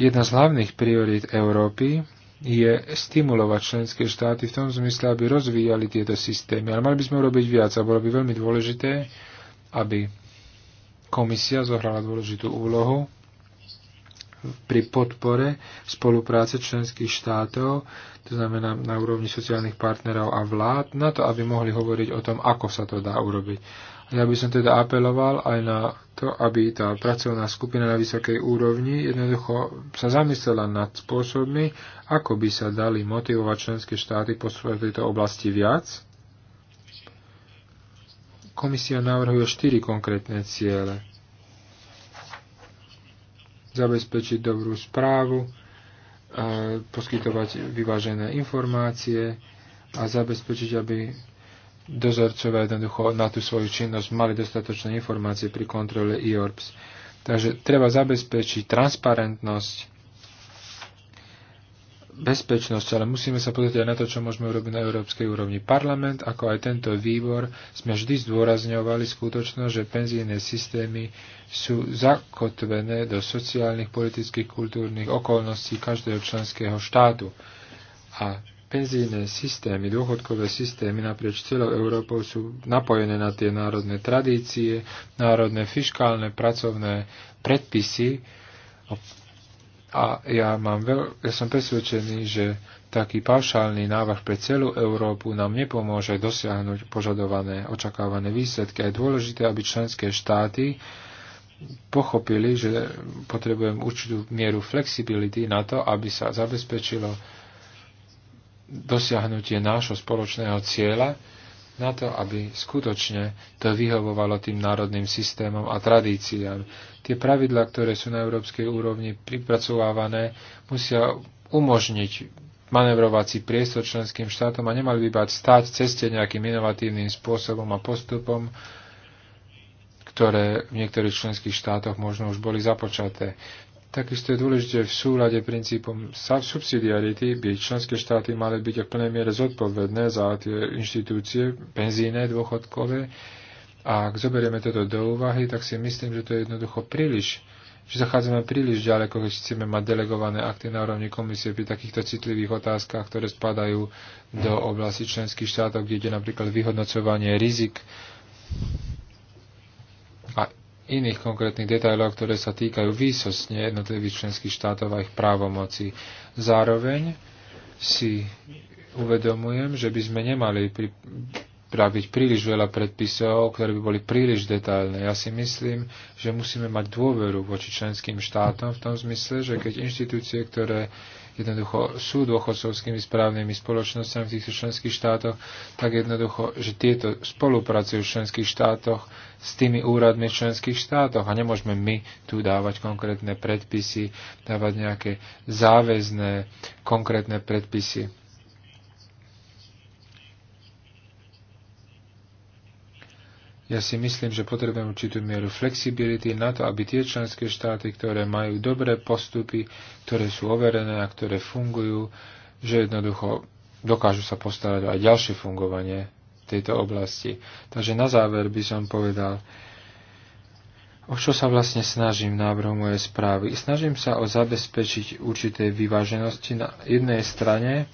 Jedna z hlavných priorít Európy je stimulovať členské štáty v tom zmysle, aby rozvíjali tieto systémy. Ale mali by sme urobiť viac a bolo by veľmi dôležité, aby komisia zohrala dôležitú úlohu pri podpore spolupráce členských štátov, to znamená na úrovni sociálnych partnerov a vlád, na to, aby mohli hovoriť o tom, ako sa to dá urobiť. Ja by som teda apeloval aj na to, aby tá pracovná skupina na vysokej úrovni jednoducho sa zamyslela nad spôsobmi, ako by sa dali motivovať členské štáty po v tejto oblasti viac. Komisia navrhuje štyri konkrétne ciele. Zabezpečiť dobrú správu, e, poskytovať vyvážené informácie a zabezpečiť, aby dozorcovia jednoducho na tú svoju činnosť mali dostatočné informácie pri kontrole IORPS. Takže treba zabezpečiť transparentnosť, bezpečnosť, ale musíme sa pozrieť aj na to, čo môžeme urobiť na európskej úrovni. Parlament, ako aj tento výbor, sme vždy zdôrazňovali skutočnosť, že penzijné systémy sú zakotvené do sociálnych, politických, kultúrnych okolností každého členského štátu. A penzijné systémy, dôchodkové systémy naprieč celou Európou sú napojené na tie národné tradície, národné fiskálne, pracovné predpisy. A ja, mám veľ... ja som presvedčený, že taký paušálny návrh pre celú Európu nám nepomôže dosiahnuť požadované očakávané výsledky. a Je dôležité, aby členské štáty pochopili, že potrebujem určitú mieru flexibility na to, aby sa zabezpečilo dosiahnutie nášho spoločného cieľa na to, aby skutočne to vyhovovalo tým národným systémom a tradíciám. Tie pravidla, ktoré sú na európskej úrovni pripracovávané, musia umožniť manevrovací priestor členským štátom a nemali by bať stáť ceste nejakým inovatívnym spôsobom a postupom, ktoré v niektorých členských štátoch možno už boli započaté. Takisto je dôležité v súlade princípom subsidiarity by členské štáty mali byť v plnej miere zodpovedné za tie inštitúcie penzíne, dôchodkové. A ak zoberieme toto do úvahy, tak si myslím, že to je jednoducho príliš že zachádzame príliš ďaleko, keď chceme mať delegované akty na úrovni komisie pri takýchto citlivých otázkach, ktoré spadajú do oblasti členských štátov, kde ide napríklad vyhodnocovanie rizik iných konkrétnych detajlov, ktoré sa týkajú výsostne jednotlivých členských štátov a ich právomocí. Zároveň si uvedomujem, že by sme nemali pripraviť príliš veľa predpisov, ktoré by boli príliš detailné. Ja si myslím, že musíme mať dôveru voči členským štátom v tom zmysle, že keď inštitúcie, ktoré jednoducho sú dôchodcovskými správnymi spoločnosťami v týchto členských štátoch, tak jednoducho, že tieto spolupracujú v členských štátoch s tými úradmi v členských štátoch a nemôžeme my tu dávať konkrétne predpisy, dávať nejaké záväzné konkrétne predpisy. Ja si myslím, že potrebujeme určitú mieru flexibility na to, aby tie členské štáty, ktoré majú dobré postupy, ktoré sú overené a ktoré fungujú, že jednoducho dokážu sa postarať aj ďalšie fungovanie v tejto oblasti. Takže na záver by som povedal, o čo sa vlastne snažím návrhu mojej správy. Snažím sa o zabezpečiť určité vyváženosti na jednej strane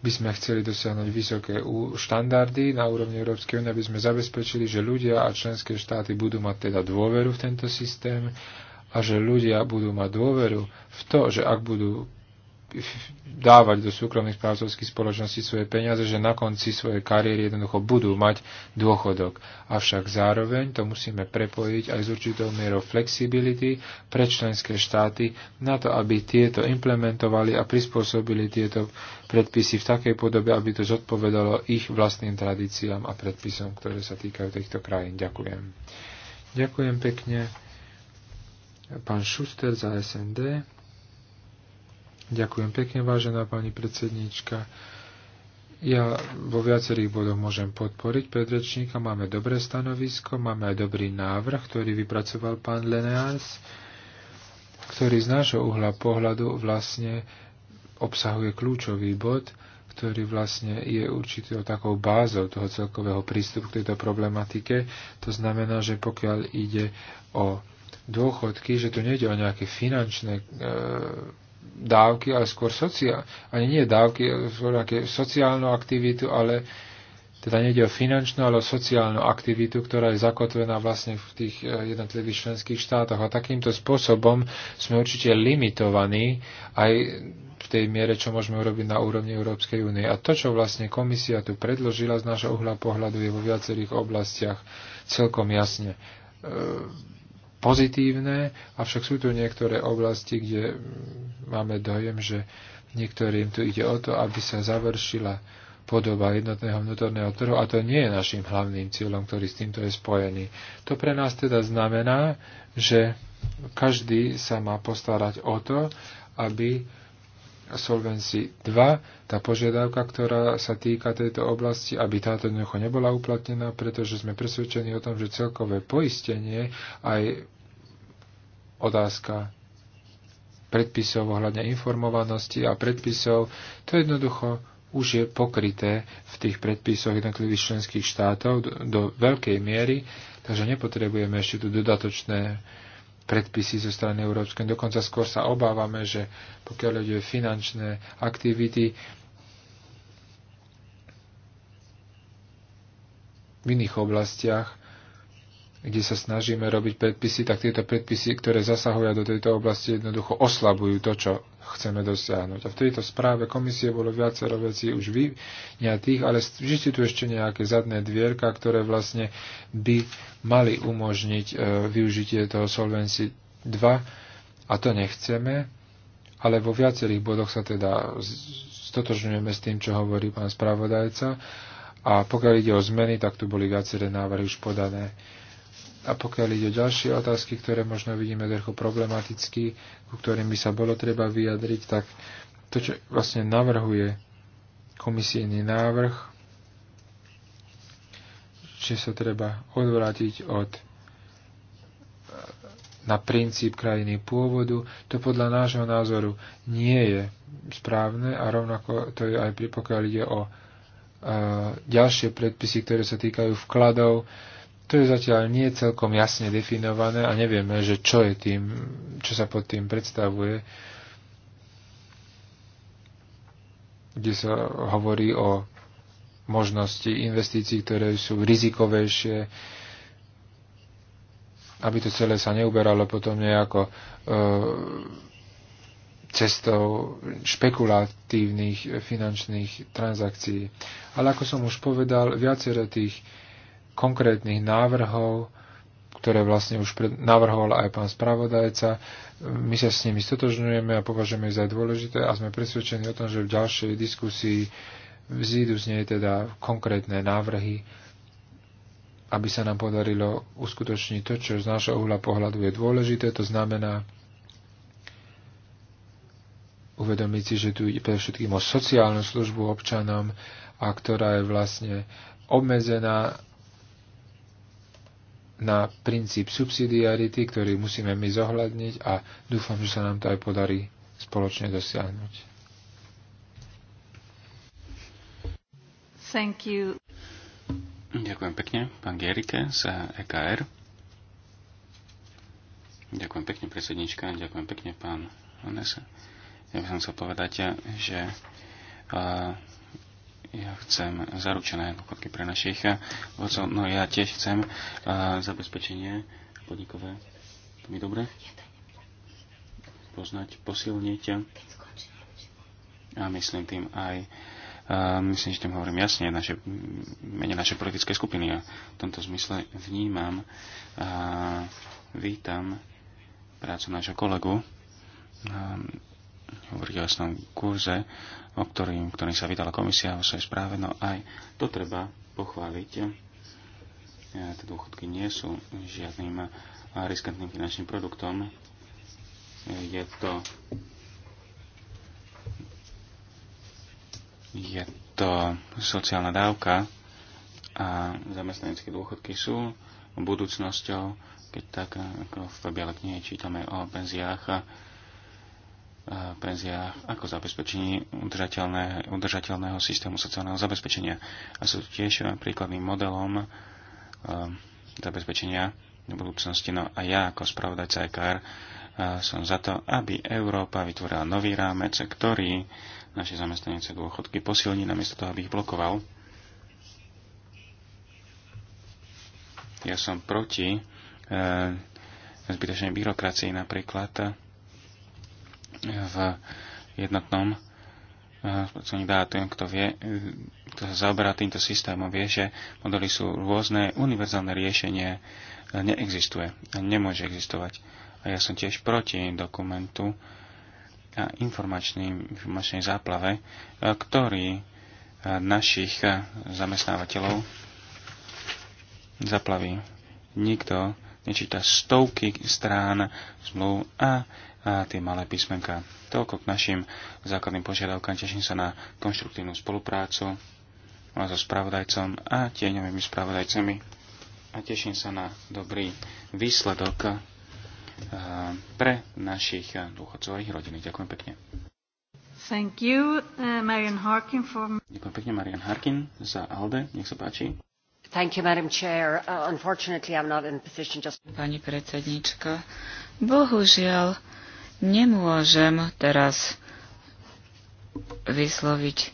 by sme chceli dosiahnuť vysoké štandardy na úrovni Európskej únie, aby sme zabezpečili, že ľudia a členské štáty budú mať teda dôveru v tento systém a že ľudia budú mať dôveru v to, že ak budú dávať do súkromných správcovských spoločností svoje peniaze, že na konci svojej kariéry jednoducho budú mať dôchodok. Avšak zároveň to musíme prepojiť aj s určitou mierou flexibility pre členské štáty na to, aby tieto implementovali a prispôsobili tieto predpisy v takej podobe, aby to zodpovedalo ich vlastným tradíciám a predpisom, ktoré sa týkajú týchto krajín. Ďakujem. Ďakujem pekne. Pán Šuster za SND. Ďakujem pekne, vážená pani predsednička. Ja vo viacerých bodoch môžem podporiť predrečníka. Máme dobré stanovisko, máme aj dobrý návrh, ktorý vypracoval pán Leneans, ktorý z nášho uhla pohľadu vlastne obsahuje kľúčový bod, ktorý vlastne je určitou takou bázou toho celkového prístupu k tejto problematike. To znamená, že pokiaľ ide o dôchodky, že tu nejde o nejaké finančné e, dávky, ale skôr sociál, ani nie dávky, skôr nejaké sociálnu aktivitu, ale teda nejde o finančnú, ale o sociálnu aktivitu, ktorá je zakotvená vlastne v tých e, jednotlivých členských štátoch. A takýmto spôsobom sme určite limitovaní aj v tej miere, čo môžeme urobiť na úrovni Európskej únie. A to, čo vlastne komisia tu predložila z nášho uhla pohľadu, je vo viacerých oblastiach celkom jasne e, pozitívne, avšak sú tu niektoré oblasti, kde mm, máme dojem, že niektorým tu ide o to, aby sa završila podoba jednotného vnútorného trhu a to nie je našim hlavným cieľom, ktorý s týmto je spojený. To pre nás teda znamená, že každý sa má postarať o to, aby Solvency 2, tá požiadavka, ktorá sa týka tejto oblasti, aby táto jednoducho nebola uplatnená, pretože sme presvedčení o tom, že celkové poistenie aj otázka predpisov ohľadne informovanosti a predpisov, to jednoducho už je pokryté v tých predpisoch jednotlivých členských štátov do, do veľkej miery, takže nepotrebujeme ešte tu dodatočné uh, predpisy zo strany Európskej. Dokonca skôr sa obávame, že pokiaľ ide finančné aktivity, v iných oblastiach kde sa snažíme robiť predpisy, tak tieto predpisy, ktoré zasahujú do tejto oblasti, jednoducho oslabujú to, čo chceme dosiahnuť. A v tejto správe komisie bolo viacero vecí už vyňatých, ale vždy sú tu ešte nejaké zadné dvierka, ktoré vlastne by mali umožniť e, využitie toho Solvency 2 a to nechceme, ale vo viacerých bodoch sa teda stotožňujeme s tým, čo hovorí pán spravodajca a pokiaľ ide o zmeny, tak tu boli viaceré návrhy už podané. A pokiaľ ide o ďalšie otázky, ktoré možno vidíme trochu problematicky, ku ktorým by sa bolo treba vyjadriť, tak to, čo vlastne navrhuje komisijný návrh, či sa treba odvrátiť od na princíp krajiny pôvodu, to podľa nášho názoru nie je správne a rovnako to je aj pri, pokiaľ ide o e, ďalšie predpisy, ktoré sa týkajú vkladov, e, to je zatiaľ nie celkom jasne definované a nevieme, že čo, je tým, čo sa pod tým predstavuje, kde sa hovorí o možnosti investícií, ktoré sú rizikovejšie, aby to celé sa neuberalo potom nejako e, cestou špekulatívnych finančných transakcií. Ale ako som už povedal, viacero tých konkrétnych návrhov, ktoré vlastne už pred, navrhol aj pán spravodajca. My sa s nimi stotožňujeme a považujeme ich za dôležité a sme presvedčení o tom, že v ďalšej diskusii vzídu z nej teda konkrétne návrhy, aby sa nám podarilo uskutočniť to, čo z nášho uhla pohľadu je dôležité. To znamená uvedomiť si, že tu ide všetkým o sociálnu službu občanom a ktorá je vlastne obmedzená na princíp subsidiarity, ktorý musíme my zohľadniť a dúfam, že sa nám to aj podarí spoločne dosiahnuť. Thank you. Ďakujem pekne, pán Gerike z EKR. Ďakujem pekne, predsednička, ďakujem pekne, pán Onesa. Ja by som chcel povedať, že ja chcem zaručené dôchodky pre našich vodcov. No ja tiež chcem uh, zabezpečenie podnikové. To mi dobre? Poznať, posilniť. A myslím tým aj uh, myslím, že tým hovorím jasne naše, mene naše politické skupiny. A v tomto zmysle vnímam a uh, eh, vítam prácu nášho kolegu ehm, hovorí o jasnom kurze, o ktorým, ktorým sa vydala komisia o svojej správe, no aj to treba pochváliť. E, tie dôchodky nie sú žiadnym e, riskantným finančným produktom. E, je to je to sociálna dávka a zamestnanecké dôchodky sú budúcnosťou, keď tak ako v Biele knihe čítame o penziách penziách ako zabezpečení udržateľné, udržateľného systému sociálneho zabezpečenia a sú tiež príkladným modelom e, zabezpečenia do budúcnosti. No a ja ako spravodajca EKR e, som za to, aby Európa vytvorila nový rámec, ktorý naše zamestnanice dôchodky posilní, namiesto toho, aby ich blokoval. Ja som proti e, zbytočnej byrokracii napríklad v jednotnom spracovaní eh, dátum, kto vie, eh, kto sa zaoberá týmto systémom, vie, že modely sú rôzne, univerzálne riešenie eh, neexistuje a nemôže existovať. A ja som tiež proti dokumentu a informačnej záplave, ktorý našich zamestnávateľov zaplaví. Nikto nečíta stovky strán zmluv a, a tie malé písmenka. Toľko k našim základným požiadavkám. Teším sa na konštruktívnu spoluprácu so spravodajcom a tieňovými spravodajcami. A teším sa na dobrý výsledok pre našich dôchodcov a ich rodiny. Ďakujem pekne. Thank you, uh, Marian Harkin for... Ďakujem pekne, Marian Harkin za ALDE. Nech sa páči. Uh, pani predsedníčka, bohužiaľ nemôžem teraz vysloviť e,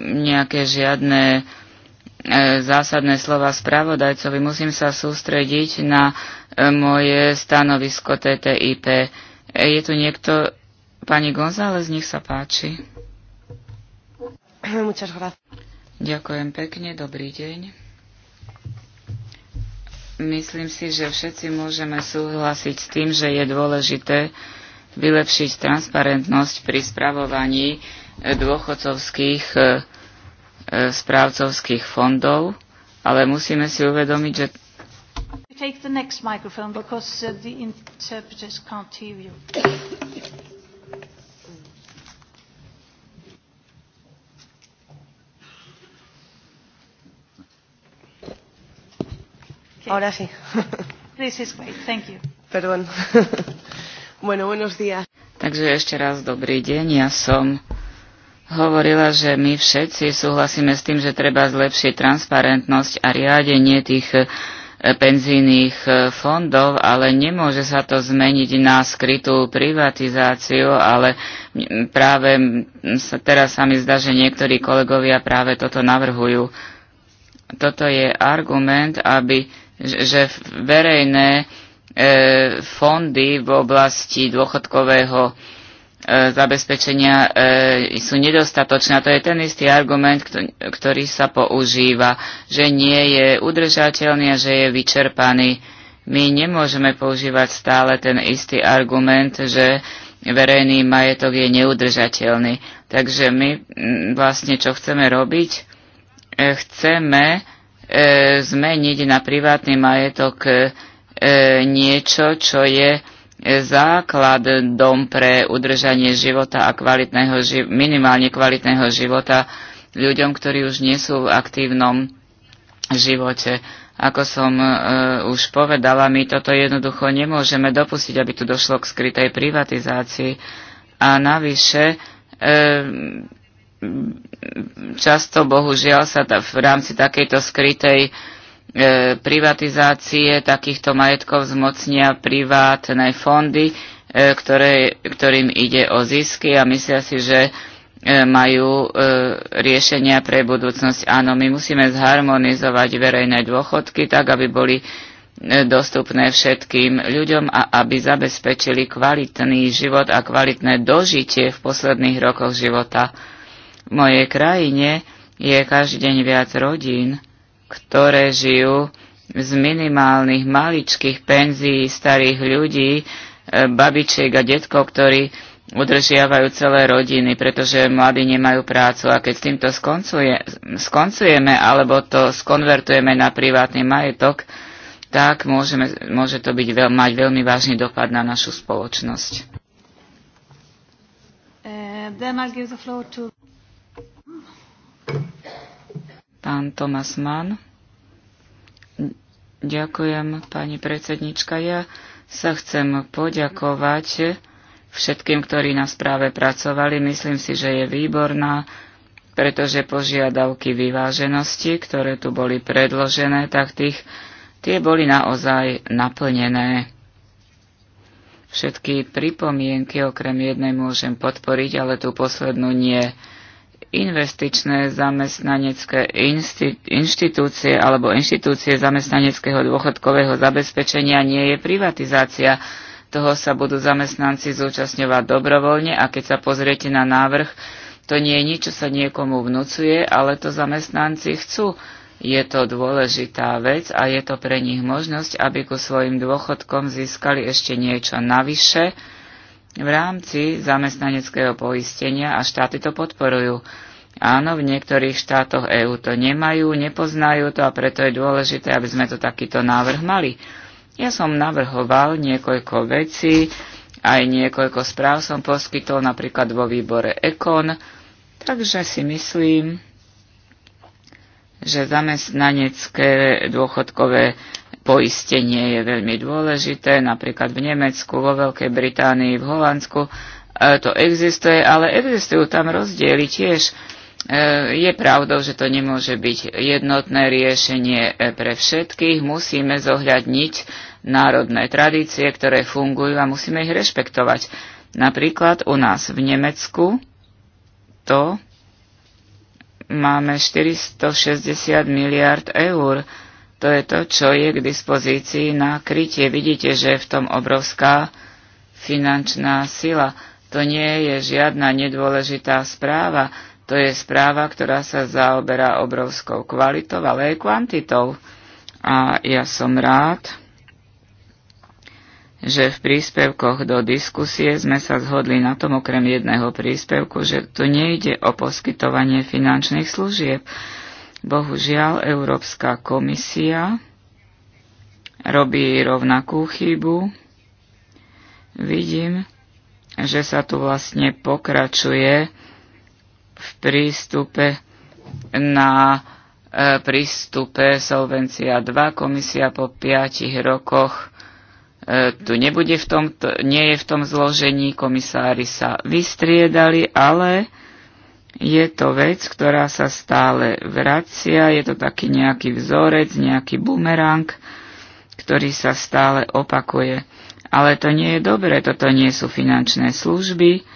nejaké žiadne e, zásadné slova spravodajcovi. Musím sa sústrediť na e, moje stanovisko TTIP. E, je tu niekto, pani González, nech sa páči. Ďakujem pekne, dobrý deň. Myslím si, že všetci môžeme súhlasiť s tým, že je dôležité vylepšiť transparentnosť pri spravovaní e, dôchodcovských e, e, správcovských fondov, ale musíme si uvedomiť, že take the next microphone because uh, the interpreters can't hear you. Ahora sí. This is great. Thank you. Perdón. bueno, buenos días. Takže ešte raz dobrý deň. Ja som hovorila, že my všetci súhlasíme s tým, že treba zlepšiť transparentnosť a riadenie tých eh, penzijných eh, fondov, ale nemôže sa to zmeniť na skrytú privatizáciu, ale práve sa, teraz sa mi zdá, že niektorí kolegovia práve toto navrhujú. Toto je argument, aby že verejné e, fondy v oblasti dôchodkového e, zabezpečenia e, sú nedostatočné. A to je ten istý argument, ktorý sa používa, že nie je udržateľný a že je vyčerpaný. My nemôžeme používať stále ten istý argument, že verejný majetok je neudržateľný. Takže my vlastne čo chceme robiť? Chceme E, zmeniť na privátny majetok e, niečo, čo je základom pre udržanie života a kvalitného, minimálne kvalitného života ľuďom, ktorí už nie sú v aktívnom živote. Ako som e, už povedala, my toto jednoducho nemôžeme dopustiť, aby tu došlo k skrytej privatizácii. A navyše, e, Mm, často bohužiaľ sa v rámci takejto skrytej e, privatizácie takýchto majetkov zmocnia privátne fondy, e, ktoré, ktorým ide o zisky a myslia si, že e, majú riešenia pre budúcnosť. Áno, my musíme zharmonizovať verejné dôchodky tak, aby boli dostupné všetkým ľuďom a aby zabezpečili kvalitný život a kvalitné dožitie v posledných rokoch života mojej krajine je každý deň viac rodín, ktoré žijú z minimálnych maličkých penzií starých ľudí, e, babičiek a detkov, ktorí udržiavajú celé rodiny, pretože mladí nemajú prácu a keď s týmto skoncuje, skoncujeme alebo to skonvertujeme na privátny majetok, tak môžeme, môže to byť veľ, mať veľmi vážny dopad na našu spoločnosť. Uh, to... Pán Tomas Mann. Ďakujem, pani predsednička. Ja sa chcem poďakovať všetkým, ktorí na správe pracovali. Myslím si, že je výborná, pretože požiadavky vyváženosti, ktoré tu boli predložené, tak tých, tie boli naozaj naplnené. Všetky pripomienky okrem jednej môžem podporiť, ale tú poslednú nie investičné zamestnanecké inštitúcie alebo inštitúcie zamestnaneckého dôchodkového zabezpečenia nie je privatizácia. Toho sa budú zamestnanci zúčastňovať dobrovoľne a keď sa pozriete na návrh, to nie je nič, čo sa niekomu vnúcuje, ale to zamestnanci chcú. Je to dôležitá vec a je to pre nich možnosť, aby ku svojim dôchodkom získali ešte niečo navyše, v rámci zamestnaneckého poistenia a štáty to podporujú. Áno, v niektorých štátoch EÚ to nemajú, nepoznajú to a preto je dôležité, aby sme to takýto návrh mali. Ja som navrhoval niekoľko vecí, aj niekoľko správ som poskytol, napríklad vo výbore Ekon, takže si myslím, že zamestnanecké dôchodkové poistenie je veľmi dôležité, napríklad v Nemecku, vo Veľkej Británii, v Holandsku e, to existuje, ale existujú tam rozdiely tiež E, je pravdou, že to nemôže byť jednotné riešenie e, pre všetkých. Musíme zohľadniť národné tradície, ktoré fungujú a musíme ich rešpektovať. Napríklad u nás v Nemecku to máme 460 miliard eur. To je to, čo je k dispozícii na krytie. Vidíte, že je v tom obrovská finančná sila. To nie je žiadna nedôležitá správa to je správa, ktorá sa zaoberá obrovskou kvalitou, ale aj kvantitou. A ja som rád, že v príspevkoch do diskusie sme sa zhodli na tom okrem jedného príspevku, že tu nejde o poskytovanie finančných služieb. Bohužiaľ, Európska komisia robí rovnakú chybu. Vidím, že sa tu vlastne pokračuje v prístupe na e, prístupe Solvencia 2. Komisia po 5 rokoch e, tu nebude v tom, nie je v tom zložení, komisári sa vystriedali, ale je to vec, ktorá sa stále vracia, je to taký nejaký vzorec, nejaký bumerang, ktorý sa stále opakuje. Ale to nie je dobré, toto nie sú finančné služby,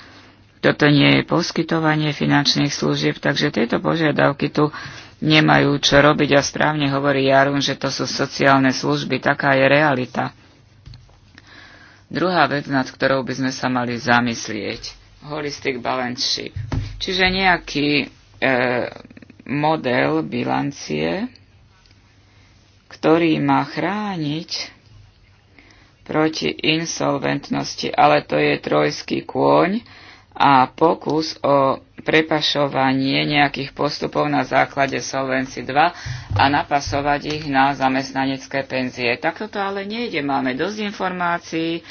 toto nie je poskytovanie finančných služieb, takže tieto požiadavky tu nemajú čo robiť a správne hovorí Jarun, že to sú sociálne služby, taká je realita. Druhá vec, nad ktorou by sme sa mali zamyslieť, holistic balance sheet, čiže nejaký e, model bilancie, ktorý má chrániť proti insolventnosti, ale to je trojský kôň, a pokus o prepašovanie nejakých postupov na základe Solvency 2 a napasovať ich na zamestnanecké penzie. Takto to ale nejde, máme dosť informácií.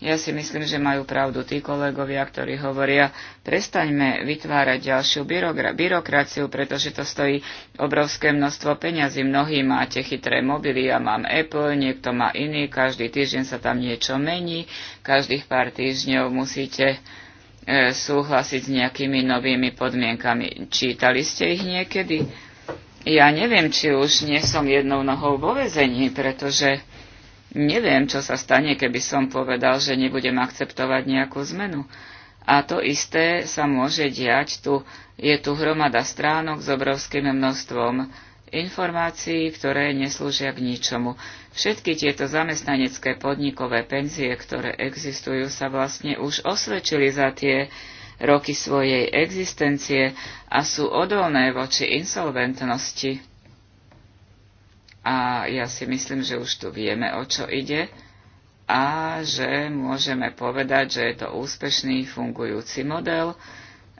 Ja si myslím, že majú pravdu tí kolegovia, ktorí hovoria, prestaňme vytvárať ďalšiu byrokraciu, pretože to stojí obrovské množstvo peňazí. Mnohí máte chytré mobily, ja mám Apple, niekto má iný, každý týždeň sa tam niečo mení, každých pár týždňov musíte E, súhlasiť s nejakými novými podmienkami. Čítali ste ich niekedy? Ja neviem, či už nie som jednou nohou vo vezení, pretože neviem, čo sa stane, keby som povedal, že nebudem akceptovať nejakú zmenu. A to isté sa môže diať tu. Je tu hromada stránok s obrovským množstvom informácií, ktoré neslúžia k ničomu. Všetky tieto zamestnanecké podnikové penzie, ktoré existujú, sa vlastne už osvedčili za tie roky svojej existencie a sú odolné voči insolventnosti. A ja si myslím, že už tu vieme, o čo ide a že môžeme povedať, že je to úspešný fungujúci model,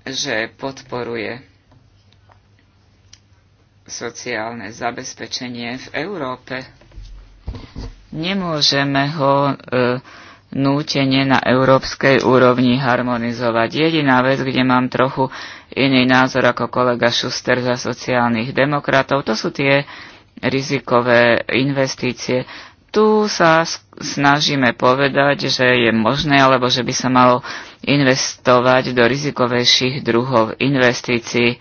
že podporuje sociálne zabezpečenie v Európe. Nemôžeme ho e, nútenie na európskej úrovni harmonizovať. Jediná vec, kde mám trochu iný názor ako kolega Šuster za sociálnych demokratov, to sú tie rizikové investície. Tu sa snažíme povedať, že je možné, alebo že by sa malo investovať do rizikovejších druhov investícií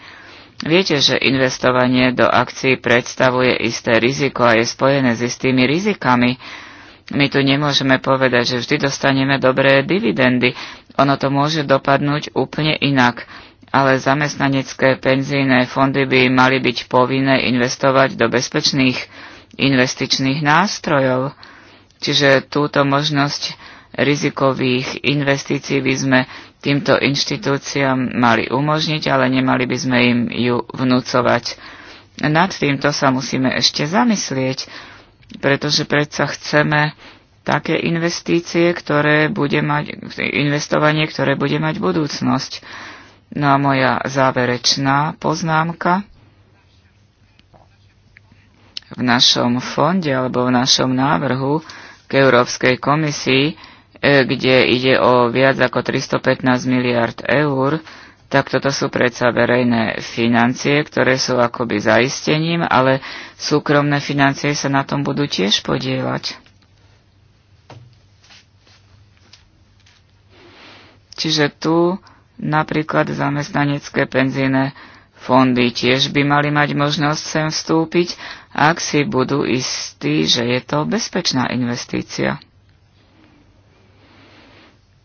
Viete, že investovanie do akcií predstavuje isté riziko a je spojené s istými rizikami. My tu nemôžeme povedať, že vždy dostaneme dobré dividendy. Ono to môže dopadnúť úplne inak. Ale zamestnanecké penzíne fondy by mali byť povinné investovať do bezpečných investičných nástrojov. Čiže túto možnosť rizikových investícií by sme týmto inštitúciám mali umožniť, ale nemali by sme im ju vnúcovať. Nad týmto sa musíme ešte zamyslieť, pretože predsa chceme také investície, ktoré bude mať, investovanie, ktoré bude mať budúcnosť. No a moja záverečná poznámka v našom fonde alebo v našom návrhu k Európskej komisii E, kde ide o viac ako 315 miliard eur, tak toto sú predsa verejné financie, ktoré sú akoby zaistením, ale súkromné financie sa na tom budú tiež podielať. Čiže tu napríklad zamestnanecké penzíne fondy tiež by mali mať možnosť sem vstúpiť, ak si budú istí, že je to bezpečná investícia.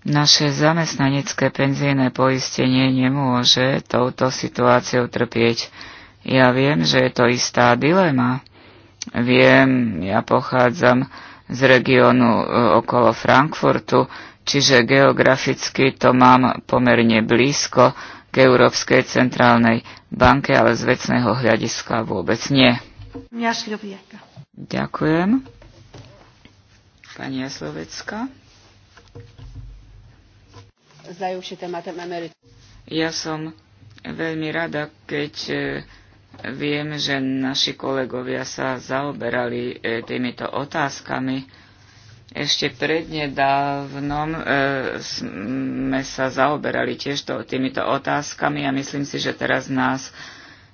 Naše zamestnanecké penzijné poistenie nemôže touto situáciou trpieť. Ja viem, že je to istá dilema. Viem, ja pochádzam z regiónu e, okolo Frankfurtu, čiže geograficky to mám pomerne blízko k Európskej centrálnej banke, ale z vecného hľadiska vôbec nie. Ďakujem. Pani Jaslovecka zajúši tématem emeritu. Ja som veľmi rada, keď e, viem, že naši kolegovia sa zaoberali e, týmito otázkami. Ešte prednedávnom e, sme sa zaoberali tiež týmito otázkami a myslím si, že teraz nás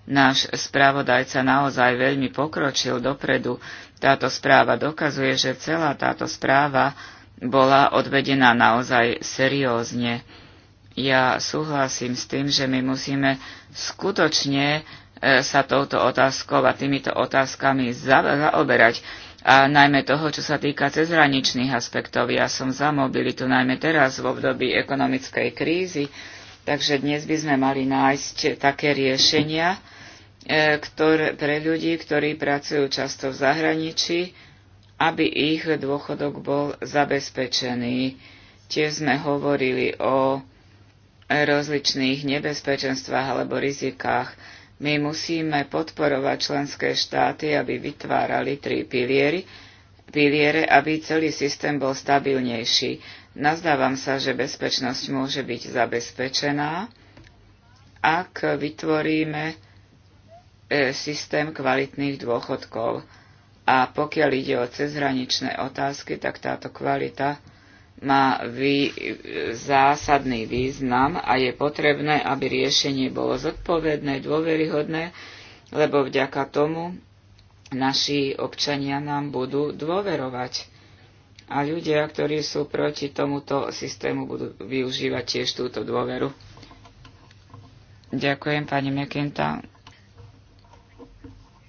náš správodajca naozaj veľmi pokročil dopredu. Táto správa dokazuje, že celá táto správa bola odvedená naozaj seriózne. Ja súhlasím s tým, že my musíme skutočne e, sa touto otázkou a týmito otázkami zaoberať. A najmä toho, čo sa týka cezhraničných aspektov. Ja som za mobilitu najmä teraz v období ekonomickej krízy, takže dnes by sme mali nájsť také riešenia e, ktoré, pre ľudí, ktorí pracujú často v zahraničí, aby ich dôchodok bol zabezpečený. Tiež sme hovorili o rozličných nebezpečenstvách alebo rizikách. My musíme podporovať členské štáty, aby vytvárali tri piliery, piliere, aby celý systém bol stabilnejší. Nazdávam sa, že bezpečnosť môže byť zabezpečená, ak vytvoríme e, systém kvalitných dôchodkov. A pokiaľ ide o cezhraničné otázky, tak táto kvalita má vý, zásadný význam a je potrebné, aby riešenie bolo zodpovedné, dôveryhodné, lebo vďaka tomu naši občania nám budú dôverovať. A ľudia, ktorí sú proti tomuto systému, budú využívať tiež túto dôveru. Ďakujem, pani Mekinta.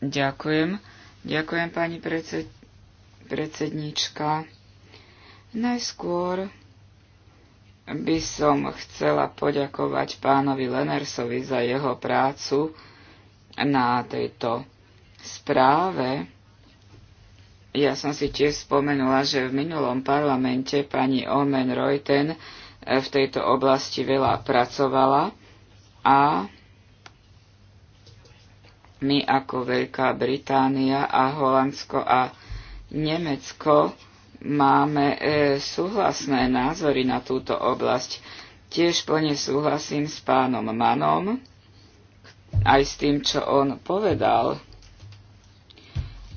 Ďakujem. Ďakujem, pani predsed- predsednička. Najskôr by som chcela poďakovať pánovi Lenersovi za jeho prácu na tejto správe. Ja som si tiež spomenula, že v minulom parlamente pani Omen Reuten v tejto oblasti veľa pracovala a my ako Veľká Británia a Holandsko a Nemecko máme e, súhlasné názory na túto oblasť. Tiež plne súhlasím s pánom Manom, aj s tým, čo on povedal.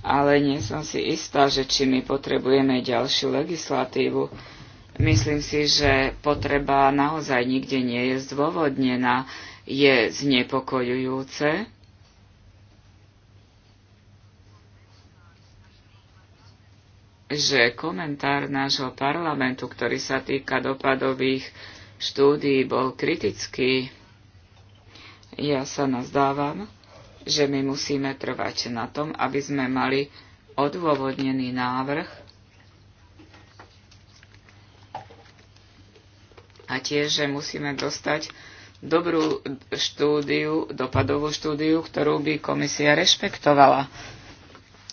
Ale nie som si istá, že či my potrebujeme ďalšiu legislatívu. Myslím si, že potreba naozaj nikde nie je zdôvodnená. Je znepokojujúce, že komentár nášho parlamentu, ktorý sa týka dopadových štúdií, bol kritický. Ja sa nazdávam, že my musíme trvať na tom, aby sme mali odôvodnený návrh a tiež, že musíme dostať dobrú štúdiu, dopadovú štúdiu, ktorú by komisia rešpektovala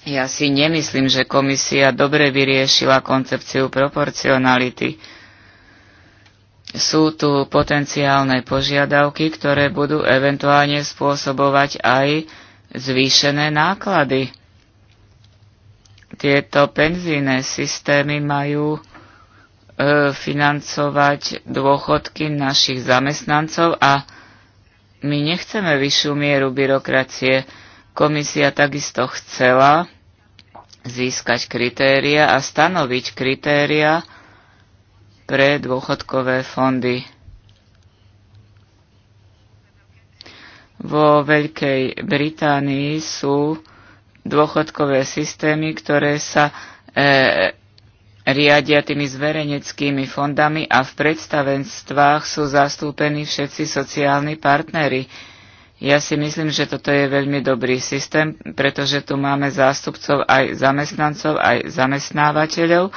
ja si nemyslím, že komisia dobre vyriešila koncepciu proporcionality. Sú tu potenciálne požiadavky, ktoré budú eventuálne spôsobovať aj zvýšené náklady. Tieto penzíne systémy majú e, financovať dôchodky našich zamestnancov a my nechceme vyššiu mieru byrokracie Komisia takisto chcela získať kritéria a stanoviť kritéria pre dôchodkové fondy. Vo Veľkej Británii sú dôchodkové systémy, ktoré sa e, riadia tými zverejneckými fondami a v predstavenstvách sú zastúpení všetci sociálni partnery. Ja si myslím, že toto je veľmi dobrý systém, pretože tu máme zástupcov aj zamestnancov, aj zamestnávateľov,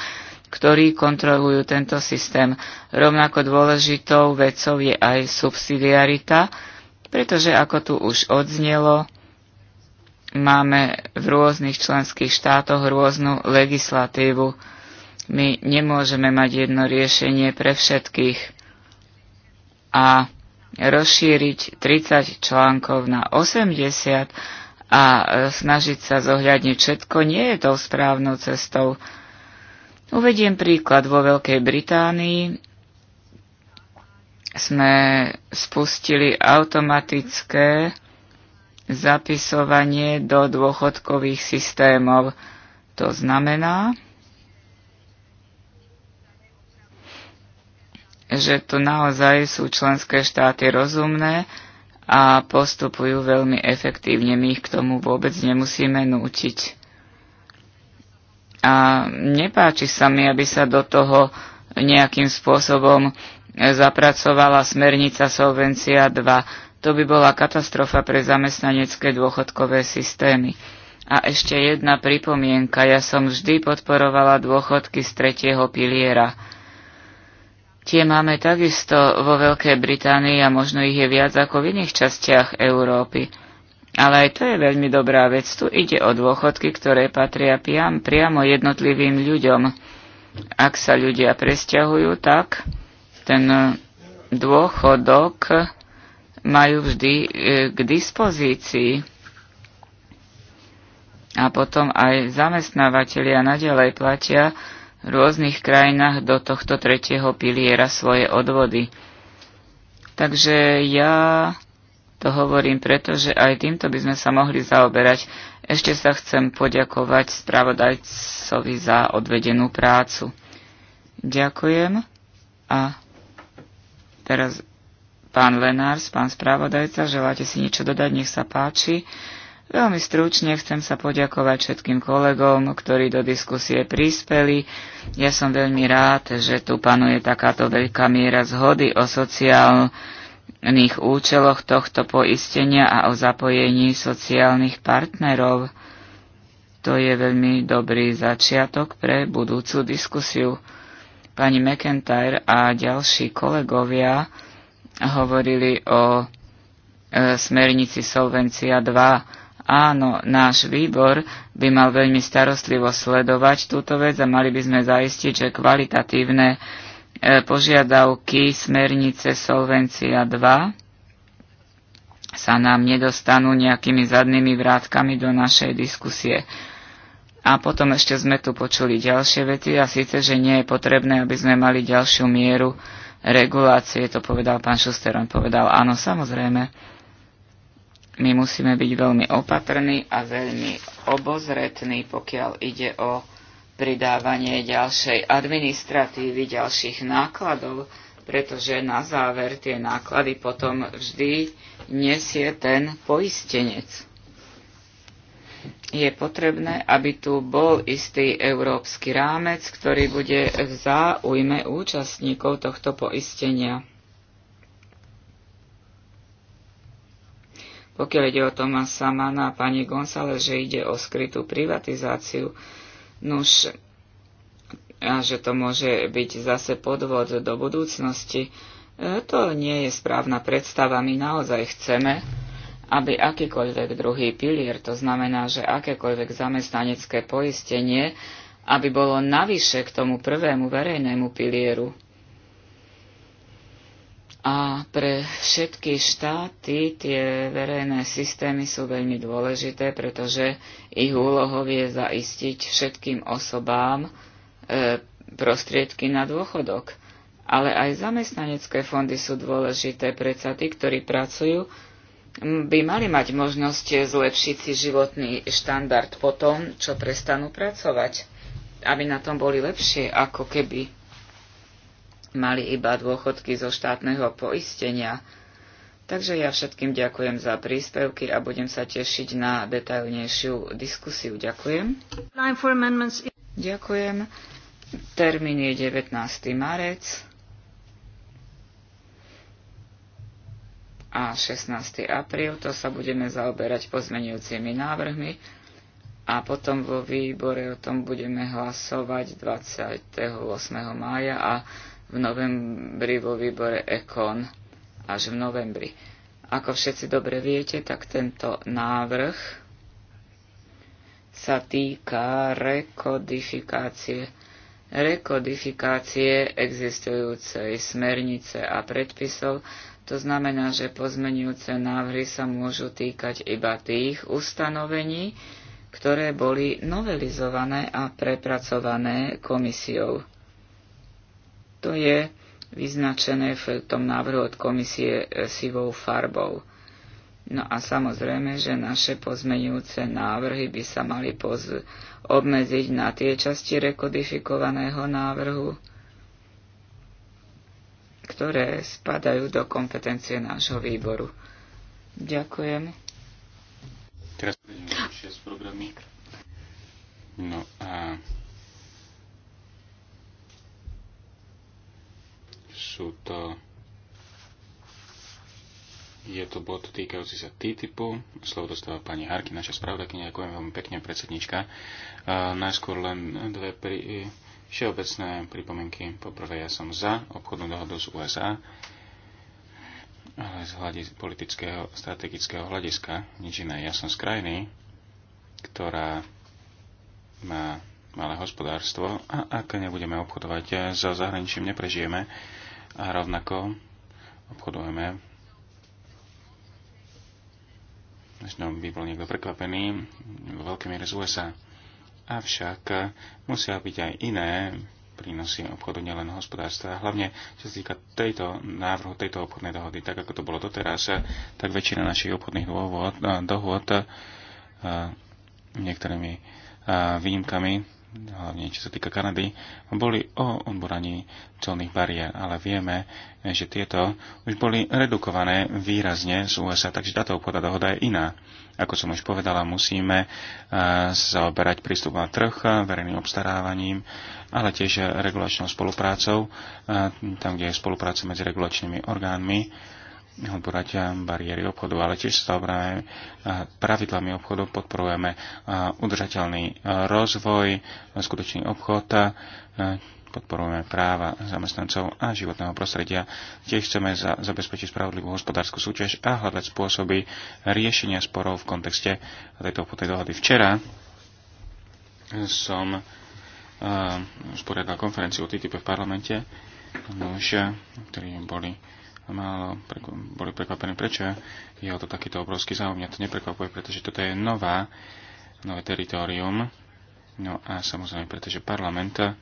ktorí kontrolujú tento systém. Rovnako dôležitou vecou je aj subsidiarita, pretože ako tu už odznelo, máme v rôznych členských štátoch rôznu legislatívu. My nemôžeme mať jedno riešenie pre všetkých. A rozšíriť 30 článkov na 80 a e, snažiť sa zohľadniť všetko nie je tou správnou cestou. Uvediem príklad vo Veľkej Británii. Sme spustili automatické zapisovanie do dôchodkových systémov. To znamená, že tu naozaj sú členské štáty rozumné a postupujú veľmi efektívne. My ich k tomu vôbec nemusíme nútiť. A nepáči sa mi, aby sa do toho nejakým spôsobom zapracovala smernica Solvencia 2. To by bola katastrofa pre zamestnanecké dôchodkové systémy. A ešte jedna pripomienka. Ja som vždy podporovala dôchodky z tretieho piliera Tie máme takisto vo Veľkej Británii a možno ich je viac ako v iných častiach Európy. Ale aj to je veľmi dobrá vec. Tu ide o dôchodky, ktoré patria priam, priamo jednotlivým ľuďom. Ak sa ľudia presťahujú, tak ten dôchodok majú vždy e, k dispozícii. A potom aj zamestnávateľia nadalej platia rôznych krajinách do tohto tretieho piliera svoje odvody. Takže ja to hovorím preto, že aj týmto by sme sa mohli zaoberať. Ešte sa chcem poďakovať spravodajcovi za odvedenú prácu. Ďakujem a teraz pán Lenárs, pán spravodajca, želáte si niečo dodať, nech sa páči. Veľmi stručne chcem sa poďakovať všetkým kolegom, ktorí do diskusie prispeli. Ja som veľmi rád, že tu panuje takáto veľká miera zhody o sociálnych účeloch tohto poistenia a o zapojení sociálnych partnerov. To je veľmi dobrý začiatok pre budúcu diskusiu. Pani McIntyre a ďalší kolegovia hovorili o e, smernici Solvencia 2. Áno, náš výbor by mal veľmi starostlivo sledovať túto vec a mali by sme zaistiť, že kvalitatívne e, požiadavky smernice Solvencia 2 sa nám nedostanú nejakými zadnými vrátkami do našej diskusie. A potom ešte sme tu počuli ďalšie vety a síce, že nie je potrebné, aby sme mali ďalšiu mieru regulácie, to povedal pán Šuster, on povedal áno, samozrejme my musíme byť veľmi opatrní a veľmi obozretní, pokiaľ ide o pridávanie ďalšej administratívy, ďalších nákladov, pretože na záver tie náklady potom vždy nesie ten poistenec. Je potrebné, aby tu bol istý európsky rámec, ktorý bude v záujme účastníkov tohto poistenia. pokiaľ ide o Tomasa Mana a pani González, že ide o skrytú privatizáciu, nuž, a že to môže byť zase podvod do budúcnosti, e, to nie je správna predstava. My naozaj chceme, aby akýkoľvek druhý pilier, to znamená, že akékoľvek zamestnanecké poistenie, aby bolo navyše k tomu prvému verejnému pilieru. A pre všetky štáty tie verejné systémy sú veľmi dôležité, pretože ich úlohou je zaistiť všetkým osobám e, prostriedky na dôchodok. Ale aj zamestnanecké fondy sú dôležité, predsa tí, ktorí pracujú, by mali mať možnosť zlepšiť si životný štandard po tom, čo prestanú pracovať, aby na tom boli lepšie, ako keby mali iba dôchodky zo štátneho poistenia. Takže ja všetkým ďakujem za príspevky a budem sa tešiť na detailnejšiu diskusiu. Ďakujem. Ďakujem. Termín je 19. marec a 16. apríl. To sa budeme zaoberať pozmenujúcimi návrhmi a potom vo výbore o tom budeme hlasovať 28. mája a v novembri vo výbore EKON až v novembri. Ako všetci dobre viete, tak tento návrh sa týka rekodifikácie rekodifikácie existujúcej smernice a predpisov, to znamená, že pozmenujúce návrhy sa môžu týkať iba tých ustanovení, ktoré boli novelizované a prepracované komisiou. To je vyznačené v tom návrhu od komisie e, sivou farbou. No a samozrejme, že naše pozmeňujúce návrhy by sa mali poz- obmedziť na tie časti rekodifikovaného návrhu, ktoré spadajú do kompetencie nášho výboru. Ďakujem. Ďakujem. bod týkajúci sa TTIPu. Slovo dostáva pani Harky, naša spravodajkynia. Ďakujem veľmi pekne, predsednička. Najskôr len dve pri, e, všeobecné pripomienky. Poprvé, ja som za obchodnú dohodu z USA, ale z hľadis, politického, strategického hľadiska nič iné. Ja som z krajiny, ktorá má malé hospodárstvo a ak nebudeme obchodovať za e, zahraničím, neprežijeme a rovnako obchodujeme Možno by bol niekto prekvapený, vo veľkej miere z USA. Avšak eh, musia byť aj iné prínosy obchodu, nielen hospodárstva. A hlavne, čo sa týka tejto návrhu, tejto obchodnej dohody, tak ako to bolo doteraz, eh, tak väčšina našich obchodných dôvod, eh, dohod niektorými výnimkami hlavne čo sa týka Kanady, boli o odboraní colných bariér, ale vieme, že tieto už boli redukované výrazne z USA, takže táto obchodná dohoda je iná. Ako som už povedala, musíme eh, zaoberať prístup na trh, verejným obstarávaním, ale tiež regulačnou spoluprácou, eh, tam, kde je spolupráca medzi regulačnými orgánmi, odborať bariéry obchodu, ale tiež sa obráme eh, pravidlami obchodu, podporujeme eh, udržateľný eh, rozvoj, skutočný obchod, podporujeme práva zamestnancov a životného prostredia. Tiež chceme za, zabezpečiť spravodlivú hospodárskú súťaž a hľadať spôsoby riešenia sporov v kontexte tejto obchodnej dohody. Včera som uh, sporiadal konferenciu o TTIP v parlamente, ktorí boli uh, málo boli prekvapení, prečo je o to takýto obrovský záujem. Mňa to neprekvapuje, pretože toto je nová, nové teritorium. No a samozrejme, pretože parlament a,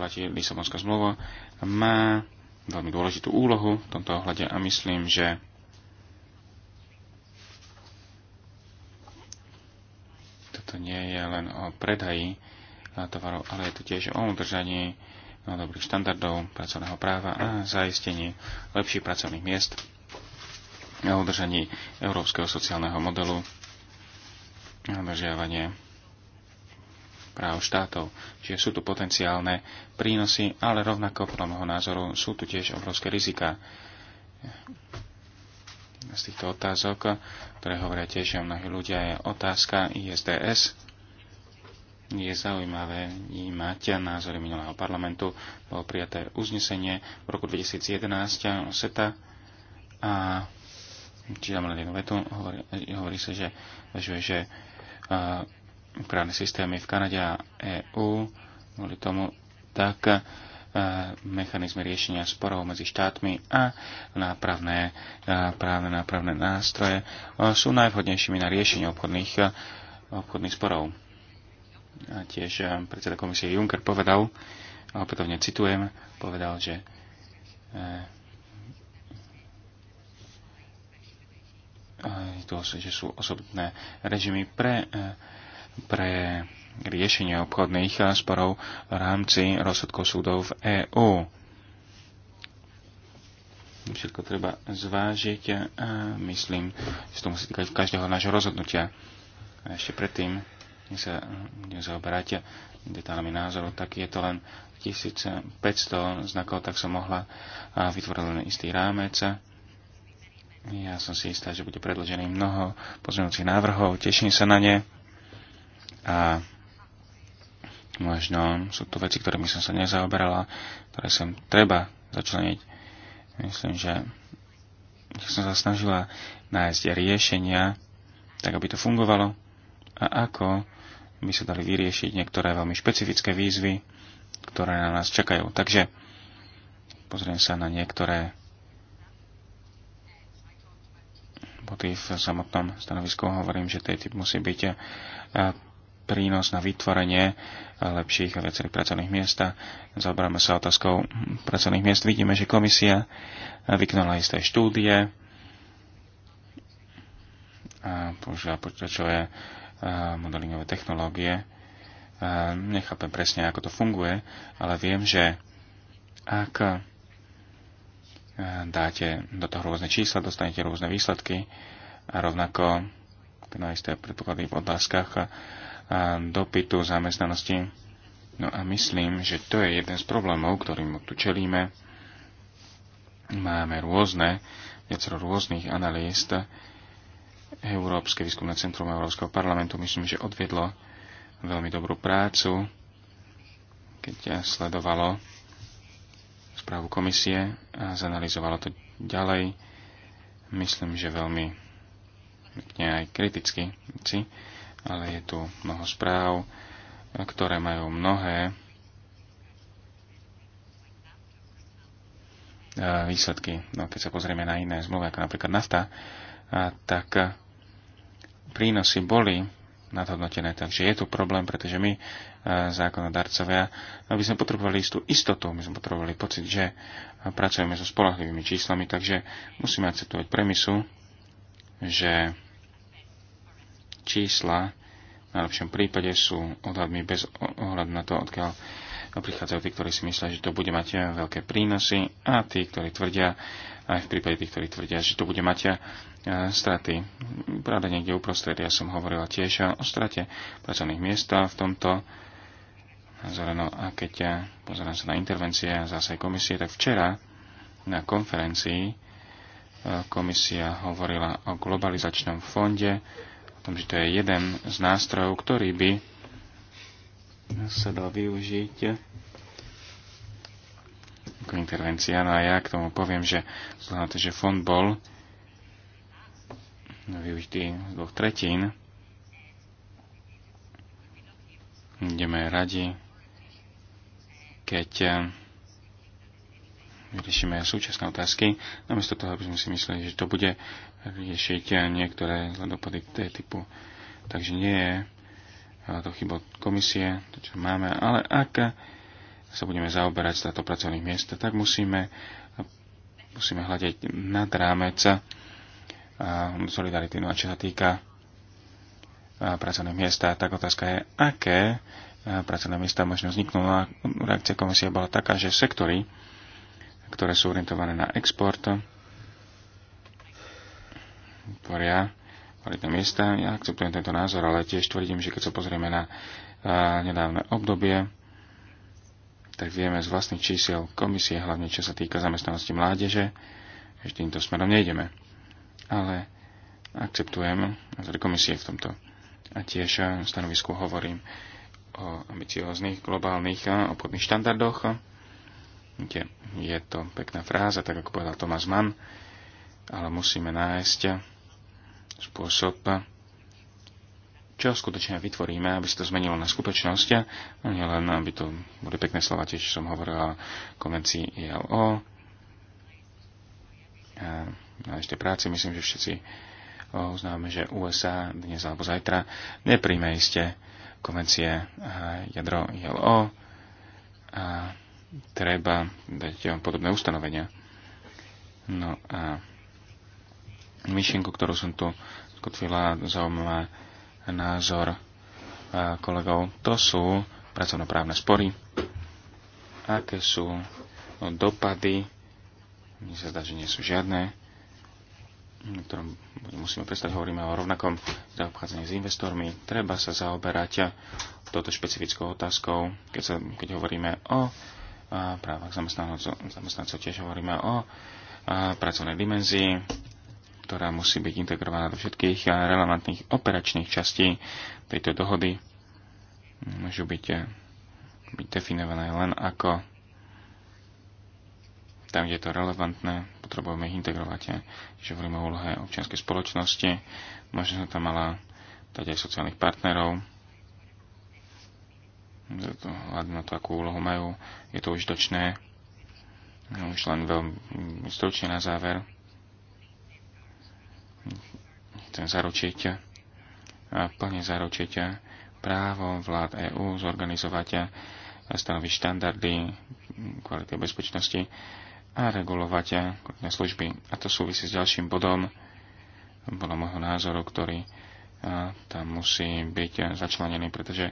platí Lisabonská zmluva, má veľmi dôležitú úlohu v tomto ohľade a myslím, že toto nie je len o predaji tovarov, ale je to tiež o udržaní No, dobrých štandardov pracovného práva a zaistenie lepších pracovných miest a udržanie európskeho sociálneho modelu a udržiavanie práv štátov. Čiže sú tu potenciálne prínosy, ale rovnako podľa môjho názoru sú tu tiež obrovské rizika. Z týchto otázok, ktoré hovoria tiež mnohí ľudia, je otázka ISDS, je zaujímavé vnímať názory minulého parlamentu. Bolo prijaté uznesenie v roku 2011 SETA a čítam len jednu vetu, hovorí, hovorí sa, že, že, že uh, právne systémy v Kanade a EÚ kvôli tomu tak mechanizmy riešenia sporov medzi štátmi a nápravné, a, právne nápravné nástroje sú najvhodnejšími na riešenie obchodných, obchodných sporov a tiež eh, predseda komisie Juncker povedal, a opätovne citujem, povedal, že eh, to, vlastne, že sú osobné režimy pre, eh, pre riešenie obchodných sporov v rámci rozsudkov súdov v EÚ. Všetko treba zvážiť a myslím, že to musí týkať každého nášho rozhodnutia. A ešte predtým kde sa nezaoberáte detálmi názorov, tak je to len 1500 znakov, tak som mohla vytvoriť len istý rámec. Ja som si istá, že bude predložený mnoho pozmeňujúcich návrhov, teším sa na ne a možno sú tu veci, ktorými som sa nezaoberala, ktoré sem treba začleniť. Myslím, že som sa snažila nájsť riešenia, tak aby to fungovalo a ako by sa dali vyriešiť niektoré veľmi špecifické výzvy, ktoré na nás čakajú. Takže pozriem sa na niektoré boty v samotnom stanovisku. Hovorím, že typ musí byť prínos na vytvorenie lepších a viacerých pracovných miest. Zaoberáme sa otázkou pracovných miest. Vidíme, že komisia vykonala isté štúdie a použila počítačové modelingové technológie. Nechápem presne, ako to funguje, ale viem, že ak dáte do toho rôzne čísla, dostanete rôzne výsledky a rovnako na isté predpoklady v otázkach dopytu zamestnanosti. No a myslím, že to je jeden z problémov, ktorým tu čelíme. Máme rôzne, viacero rôznych analýst, Európske výskumné centrum Európskeho parlamentu, myslím, že odvedlo veľmi dobrú prácu, keď ja sledovalo správu komisie a zanalizovalo to ďalej. Myslím, že veľmi pekne aj kriticky, ale je tu mnoho správ, ktoré majú mnohé e, výsledky. No, keď sa pozrieme na iné zmluvy, ako napríklad nafta, a tak prínosy boli nadhodnotené. Takže je tu problém, pretože my, e, zákonodarcovia, no, by sme potrebovali istú istotu, my sme potrebovali pocit, že pracujeme so spolahlivými číslami, takže musíme akceptovať premisu, že čísla v najlepšom prípade sú odhadmi bez ohľadu na to, odkiaľ prichádzajú tí, ktorí si myslia, že to bude mať veľké prínosy a tí, ktorí tvrdia, aj v prípade tých, ktorí tvrdia, že tu bude mať e, straty. Pravda niekde uprostred, ja som hovorila tiež o strate pracovných miest v tomto zeleno. A keď ja e, pozerám sa na intervencie a zase komisie, tak včera na konferencii e, komisia hovorila o globalizačnom fonde, o tom, že to je jeden z nástrojov, ktorý by sa dal využiť ako intervencia. No a ja k tomu poviem, že na to, že fond bol využitý z dvoch tretín. ideme radi, keď eh, vyriešime súčasné otázky, namiesto toho, aby sme si mysleli, že to bude riešiť eh, niektoré dopady typu. Takže nie je eh, to chyba komisie, to čo máme, ale ak sa budeme zaoberať táto pracovných miest, tak musíme, musíme hľadať nad rámec solidarity. No a čo sa týka pracovných miest, tak otázka je, aké pracovné miesta možno vzniknú. No a reakcia komisie bola taká, že sektory, ktoré sú orientované na export, tvoria kvalitné miesta. Ja akceptujem tento názor, ale tiež tvrdím, že keď sa pozrieme na nedávne obdobie, tak vieme z vlastných čísel komisie, hlavne čo sa týka zamestnanosti mládeže, že týmto smerom nejdeme. Ale akceptujem názor teda komisie v tomto. A tiež v stanovisku hovorím o ambicióznych globálnych obchodných štandardoch, kde je to pekná fráza, tak ako povedal Thomas Mann, ale musíme nájsť spôsob, čo skutočne vytvoríme, aby sa to zmenilo na skutočnosť, nie len, aby to boli pekné slova, tiež som hovoril o konvencii ILO, na ešte práci, myslím, že všetci uznáme, že USA dnes alebo zajtra nepríjme iste konvencie jadro ILO a treba dať podobné ustanovenia. No a myšlienku, ktorú som tu skotvila, zaujímavá názor e, kolegov. To sú pracovnoprávne spory. Aké sú dopady? Mne sa zdá, že nie sú žiadne o ktorom musíme prestať, hovoríme o rovnakom zaobchádzaní s investormi. Treba sa zaoberať touto špecifickou otázkou, keď, sa, keď hovoríme o právach zamestnancov, zamestnancov tiež hovoríme o pracovnej dimenzii, ktorá musí byť integrovaná do všetkých eh, relevantných operačných častí tejto dohody. Môžu byť, eh, byť definované len ako tam, kde je to relevantné, potrebujeme ich integrovať. Čiže eh, hovoríme o úlohe občianskej spoločnosti, možno sa tam mala dať aj sociálnych partnerov, hľadom na to, akú úlohu majú, je to užitočné. Už len veľmi stručne na záver zaručiť, plne zaručiť právo vlád EÚ zorganizovať a stanoviť štandardy kvality a bezpečnosti a regulovať na služby. A to súvisí s ďalším bodom, bodom môjho názoru, ktorý tam musí byť začlenený, pretože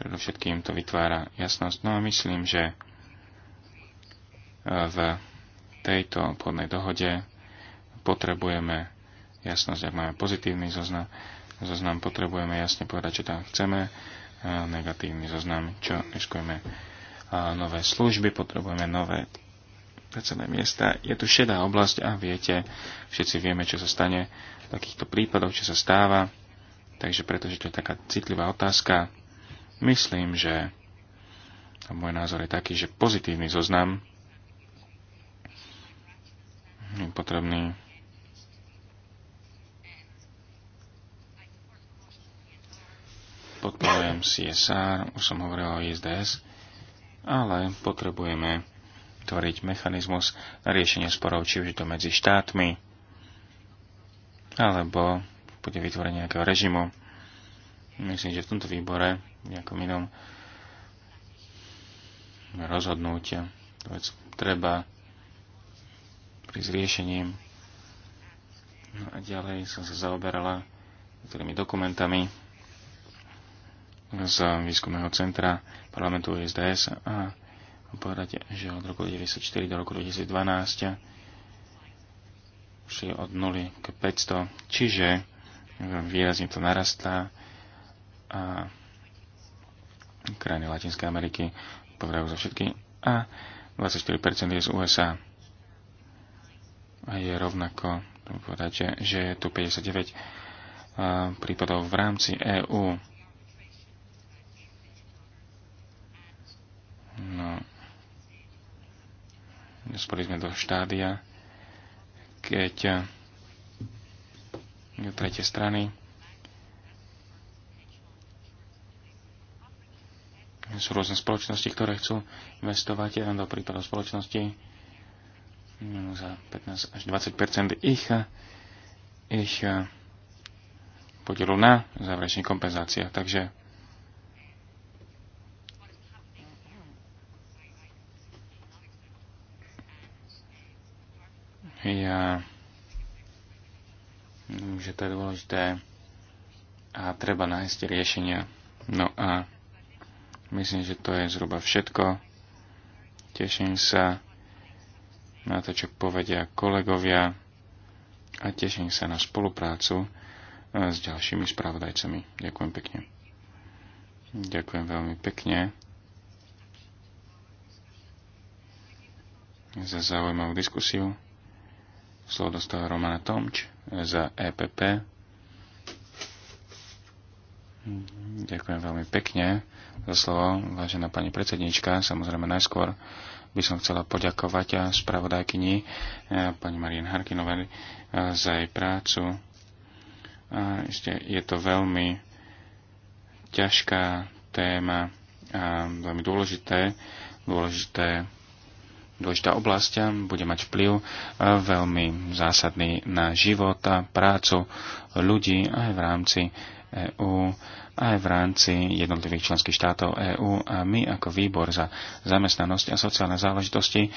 predovšetkým to vytvára jasnosť. No a myslím, že v tejto obchodnej dohode potrebujeme jasnosť, ak máme pozitívny zoznam, zoznam potrebujeme jasne povedať, čo tam chceme, a negatívny zoznam, čo riskujeme, a nové služby, potrebujeme nové pracovné miesta. Je tu šedá oblasť a viete, všetci vieme, čo sa stane v takýchto prípadoch, čo sa stáva. Takže pretože to je taká citlivá otázka, myslím, že a môj názor je taký, že pozitívny zoznam je potrebný podporujem CSR, už som hovoril o ISDS, ale potrebujeme tvoriť mechanizmus na riešenie sporov, či už to medzi štátmi, alebo bude vytvorenie nejakého režimu. Myslím, že v tomto výbore, nejakom inom, rozhodnúť, vec treba pri zriešení. No a ďalej som sa zaoberala niektorými dokumentami, z výskumného centra parlamentu SDS a povedať, že od roku 1994 do roku 2012 šli od 0 k 500, čiže výrazne to narastá a krajiny Latinskej Ameriky povedajú za všetky a 24% je z USA a je rovnako povedať, že je tu 59 eh, prípadov v rámci EÚ Spoli sme do štádia, keď do tretej strany sú rôzne spoločnosti, ktoré chcú investovať do prípadov spoločnosti no, za 15 až 20 ich, ich podielu na záverečných kompenzáciách. Takže Ja že to je dôležité a treba nájsť riešenia. No a myslím, že to je zhruba všetko. Teším sa na to, čo povedia kolegovia a teším sa na spoluprácu e, s ďalšími spravodajcami. Ďakujem pekne. Ďakujem veľmi pekne za zaujímavú diskusiu. Slovo dostáva Romana Tomč za EPP. Ďakujem veľmi pekne za slovo, vážená pani predsednička. Samozrejme najskôr by som chcela poďakovať a spravodajkyni e, pani Marien Harkinovej e, za jej prácu. A ešte je to veľmi ťažká téma a veľmi dôležité, dôležité dôležitá oblasť, bude mať vplyv veľmi zásadný na život a prácu ľudí aj v rámci EÚ, aj v rámci jednotlivých členských štátov EÚ a my ako výbor za zamestnanosť a sociálne záležitosti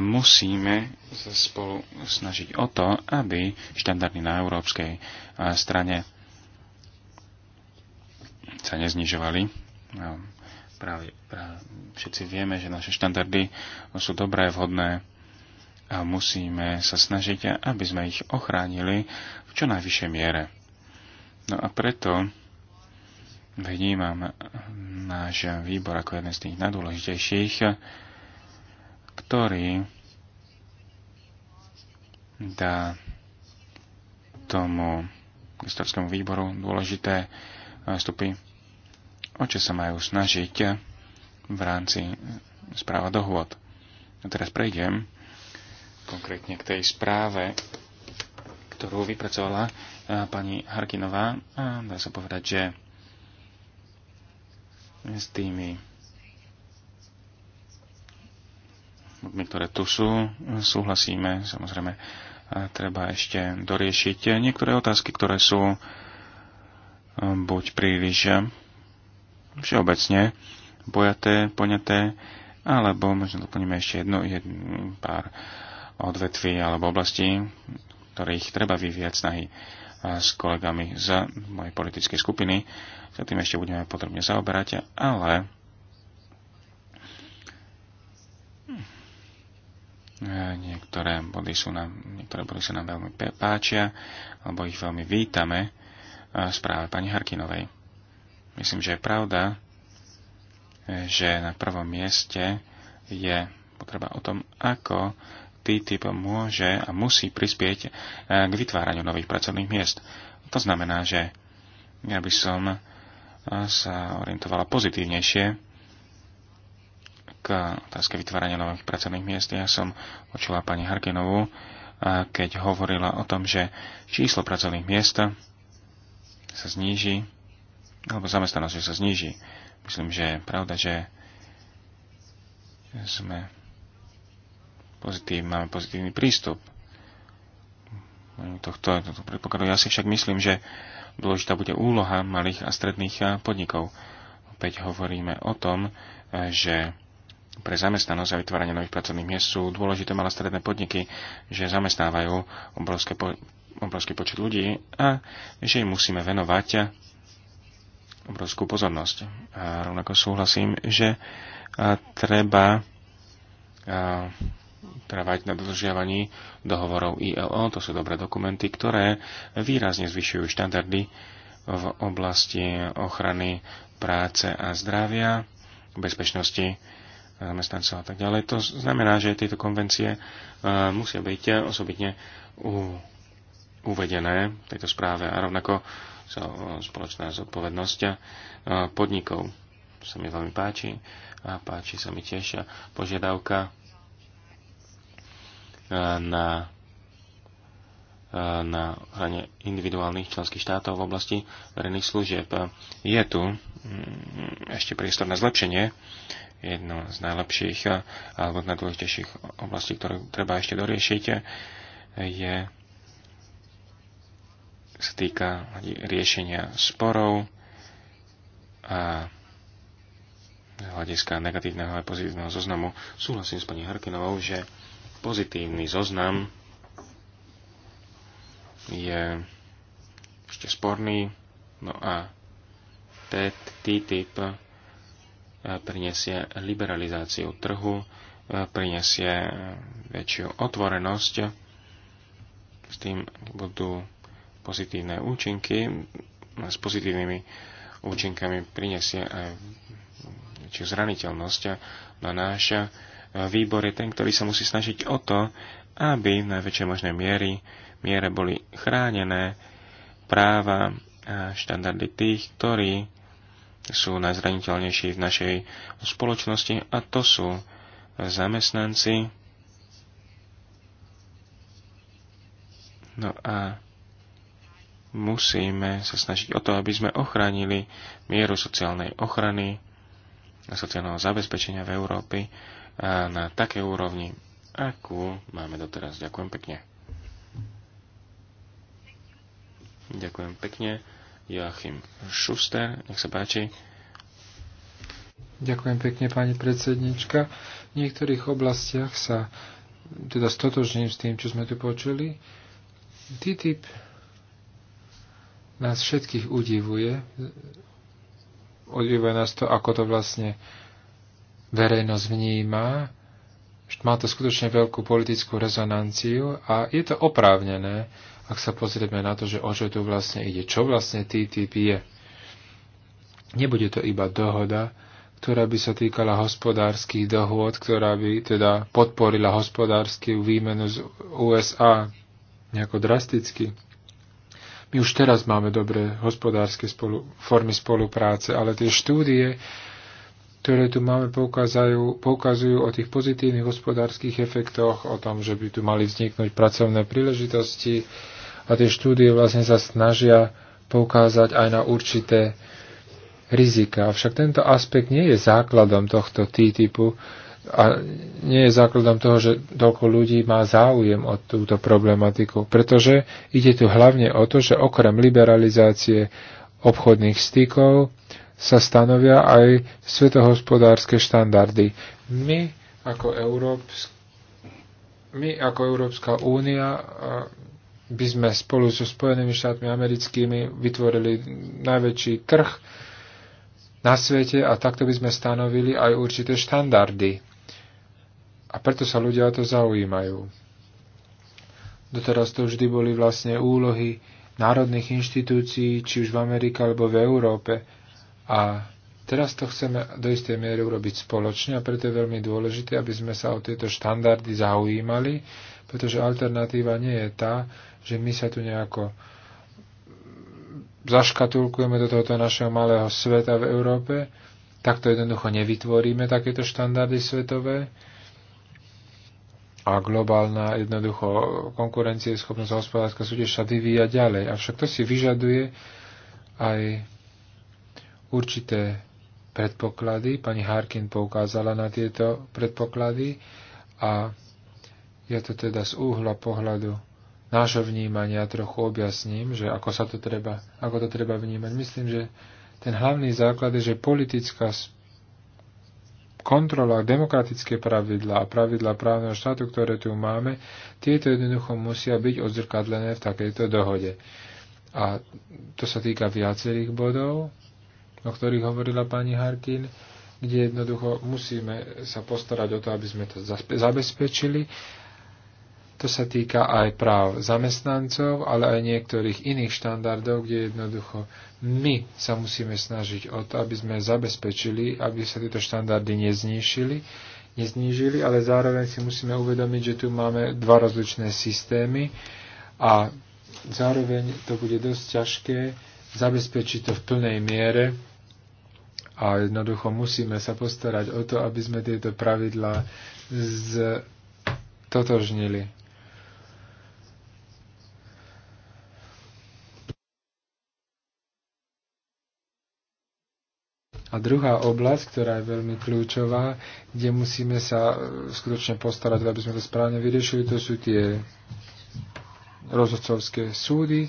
musíme sa spolu snažiť o to, aby štandardy na európskej strane sa neznižovali Práve, práve všetci vieme, že naše štandardy sú dobré, vhodné a musíme sa snažiť, aby sme ich ochránili v čo najvyššej miere. No a preto vnímam náš výbor ako jeden z tých najdôležitejších, ktorý dá tomu historickému výboru dôležité vstupy o čo sa majú snažiť v rámci správa dohôd. A teraz prejdem konkrétne k tej správe, ktorú vypracovala e, pani Harkinová. A dá sa povedať, že s tými ľuďmi, ktoré tu sú, súhlasíme. Samozrejme, e, treba ešte doriešiť niektoré otázky, ktoré sú e, buď príliš všeobecne pojaté, poňaté, alebo možno doplníme ešte jedno, jedno pár odvetví alebo oblastí, ktorých treba vyvíjať snahy s kolegami z mojej politickej skupiny. Sa tým ešte budeme podrobne zaoberať, ale hm, niektoré body sú nám, niektoré body sa nám veľmi páčia, alebo ich veľmi vítame v správe pani Harkinovej. Myslím, že je pravda, že na prvom mieste je potreba o tom, ako TTIP môže a musí prispieť eh, k vytváraniu nových pracovných miest. To znamená, že ja by som eh, sa orientovala pozitívnejšie k otázke vytvárania nových pracovných miest. Ja som počula pani Harkinovú, eh, keď hovorila o tom, že číslo pracovných miest sa zníži alebo zamestnanosť sa zniží. Myslím, že je pravda, že sme pozitív, máme pozitívny prístup tohto, tohto predpokladu. Ja si však myslím, že dôležitá bude úloha malých a stredných podnikov. Opäť hovoríme o tom, že pre zamestnanosť a vytváranie nových pracovných miest sú dôležité malé stredné podniky, že zamestnávajú obrovské po, obrovský počet ľudí a že im musíme venovať obrovskú pozornosť. A rovnako súhlasím, že treba trvať teda na dodržiavaní dohovorov ILO. To sú dobré dokumenty, ktoré výrazne zvyšujú štandardy v oblasti ochrany práce a zdravia, bezpečnosti zamestnancov a tak ďalej. To znamená, že tieto konvencie musia byť osobitne uvedené v tejto správe a rovnako E, spoločná zodpovednosť e, podnikov. To sa mi veľmi páči a páči sa mi tiež požiadavka e, na na hranie individuálnych členských štátov v oblasti verejných služieb. Je tu mm, ešte priestor na zlepšenie, jedno z najlepších alebo najdôležitejších oblastí, ktoré treba ešte doriešiť, je sa týka riešenia sporov a z hľadiska negatívneho a pozitívneho zoznamu súhlasím s pani Harkinovou, že pozitívny zoznam je ešte sporný, no a TTIP eh, prinesie liberalizáciu trhu, eh, prinesie eh, väčšiu otvorenosť, s tým budú pozitívne účinky s pozitívnymi účinkami prinesie aj či zraniteľnosť na no náš e, výbor je ten, ktorý sa musí snažiť o to, aby v najväčšej možnej miery, miere boli chránené práva a štandardy tých, ktorí sú najzraniteľnejší v našej spoločnosti a to sú zamestnanci. No a musíme sa snažiť o to, aby sme ochránili mieru sociálnej ochrany a sociálneho zabezpečenia v Európy e, na také úrovni, akú máme doteraz. Ďakujem pekne. Ďakujem pekne. Joachim Schuster, nech sa páči. Ďakujem pekne, pani predsednička. V niektorých oblastiach sa teda stotožním s tým, čo sme tu počuli. TTIP nás všetkých udivuje. Udivuje nás to, ako to vlastne verejnosť vníma. Má to skutočne veľkú politickú rezonanciu a je to oprávnené, ak sa pozrieme na to, že o čo tu vlastne ide, čo vlastne TTIP je. Nebude to iba dohoda, ktorá by sa týkala hospodárskych dohôd, ktorá by teda podporila hospodárskú výmenu z USA nejako drasticky. My už teraz máme dobré hospodárske spolu, formy spolupráce, ale tie štúdie, ktoré tu máme, poukazujú, poukazujú o tých pozitívnych hospodárskych efektoch, o tom, že by tu mali vzniknúť pracovné príležitosti a tie štúdie vlastne sa snažia poukázať aj na určité rizika. Avšak tento aspekt nie je základom tohto T-typu a nie je základom toho, že toľko ľudí má záujem o túto problematiku, pretože ide tu hlavne o to, že okrem liberalizácie obchodných stykov sa stanovia aj svetohospodárske štandardy. My ako, Európsk- my ako Európska únia by sme spolu so Spojenými štátmi americkými vytvorili najväčší trh na svete a takto by sme stanovili aj určité štandardy a preto sa ľudia o to zaujímajú. Doteraz to vždy boli vlastne úlohy národných inštitúcií, či už v Amerike alebo v Európe. A teraz to chceme do istej miery urobiť spoločne a preto je veľmi dôležité, aby sme sa o tieto štandardy zaujímali, pretože alternatíva nie je tá, že my sa tu nejako zaškatulkujeme do tohoto našeho malého sveta v Európe, takto jednoducho nevytvoríme takéto štandardy svetové, a globálna jednoducho schopnosť a hospodárska súdež sa vyvíja ďalej. Avšak to si vyžaduje aj určité predpoklady. Pani Harkin poukázala na tieto predpoklady a ja to teda z úhla pohľadu nášho vnímania trochu objasním, že ako sa to treba, ako to treba vnímať. Myslím, že ten hlavný základ je, že politická kontrola, demokratické pravidlá a pravidlá právneho štátu, ktoré tu máme, tieto jednoducho musia byť odzrkadlené v takejto dohode. A to sa týka viacerých bodov, o ktorých hovorila pani Harkin, kde jednoducho musíme sa postarať o to, aby sme to zabezpečili to sa týka aj práv zamestnancov, ale aj niektorých iných štandardov, kde jednoducho my sa musíme snažiť o to, aby sme zabezpečili, aby sa tieto štandardy neznišili, neznížili, ale zároveň si musíme uvedomiť, že tu máme dva rozličné systémy a zároveň to bude dosť ťažké zabezpečiť to v plnej miere a jednoducho musíme sa postarať o to, aby sme tieto pravidlá z totožnili. A druhá oblasť, ktorá je veľmi kľúčová, kde musíme sa e, skutočne postarať, aby sme to správne vyriešili, to sú tie rozhodcovské súdy,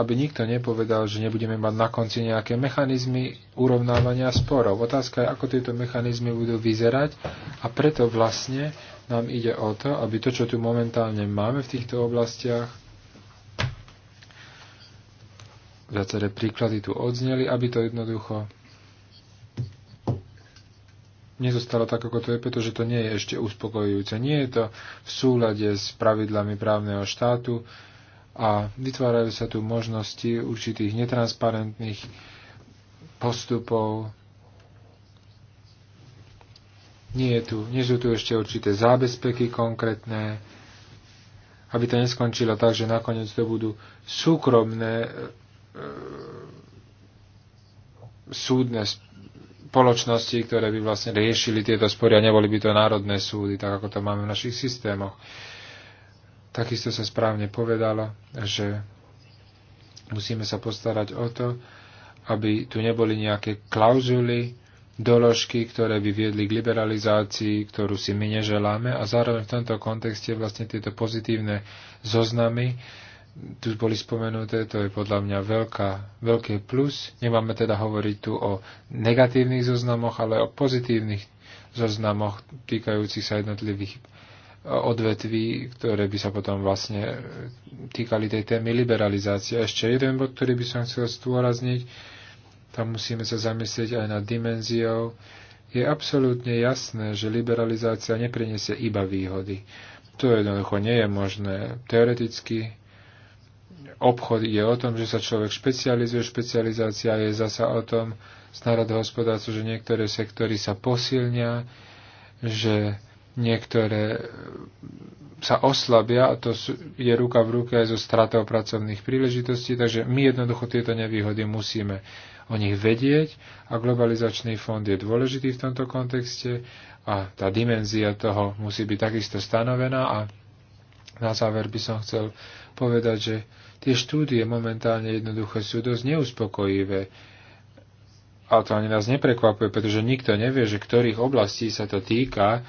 aby nikto nepovedal, že nebudeme mať na konci nejaké mechanizmy urovnávania sporov. Otázka je, ako tieto mechanizmy budú vyzerať a preto vlastne nám ide o to, aby to, čo tu momentálne máme v týchto oblastiach, Viaceré príklady tu odzneli, aby to jednoducho nezostalo tak, ako to je, pretože to nie je ešte uspokojujúce. Nie je to v súlade s pravidlami právneho štátu a vytvárajú sa tu možnosti určitých netransparentných postupov. Nie, je tu, nie sú tu ešte určité zábezpeky konkrétne, aby to neskončilo tak, že nakoniec to budú súkromné E, súdne spoločnosti, ktoré by vlastne riešili tieto spory a neboli by to národné súdy, tak ako to máme v našich systémoch. Takisto sa správne povedalo, že musíme sa postarať o to, aby tu neboli nejaké klauzuly, doložky, ktoré by viedli k liberalizácii, ktorú si my neželáme a zároveň v tomto kontexte vlastne tieto pozitívne zoznamy tu boli spomenuté, to je podľa mňa veľká, veľký plus. Nemáme teda hovoriť tu o negatívnych zoznamoch, ale o pozitívnych zoznamoch týkajúcich sa jednotlivých e, odvetví, ktoré by sa potom vlastne e, týkali tej témy liberalizácie. Ešte jeden bod, ktorý by som chcel stôrazniť, tam musíme sa zamyslieť aj nad dimenziou. Je absolútne jasné, že liberalizácia nepriniesie iba výhody. To jednoducho nie je možné teoreticky, obchod je o tom, že sa človek špecializuje, špecializácia je zasa o tom snarad hospodárstvo, že niektoré sektory sa posilnia, že niektoré sa oslabia a to je ruka v ruke aj so stratou pracovných príležitostí, takže my jednoducho tieto nevýhody musíme o nich vedieť a globalizačný fond je dôležitý v tomto kontexte a tá dimenzia toho musí byť takisto stanovená a na záver by som chcel povedať, že Tie štúdie momentálne jednoducho sú dosť neuspokojivé. A to ani nás neprekvapuje, pretože nikto nevie, že ktorých oblastí sa to týka,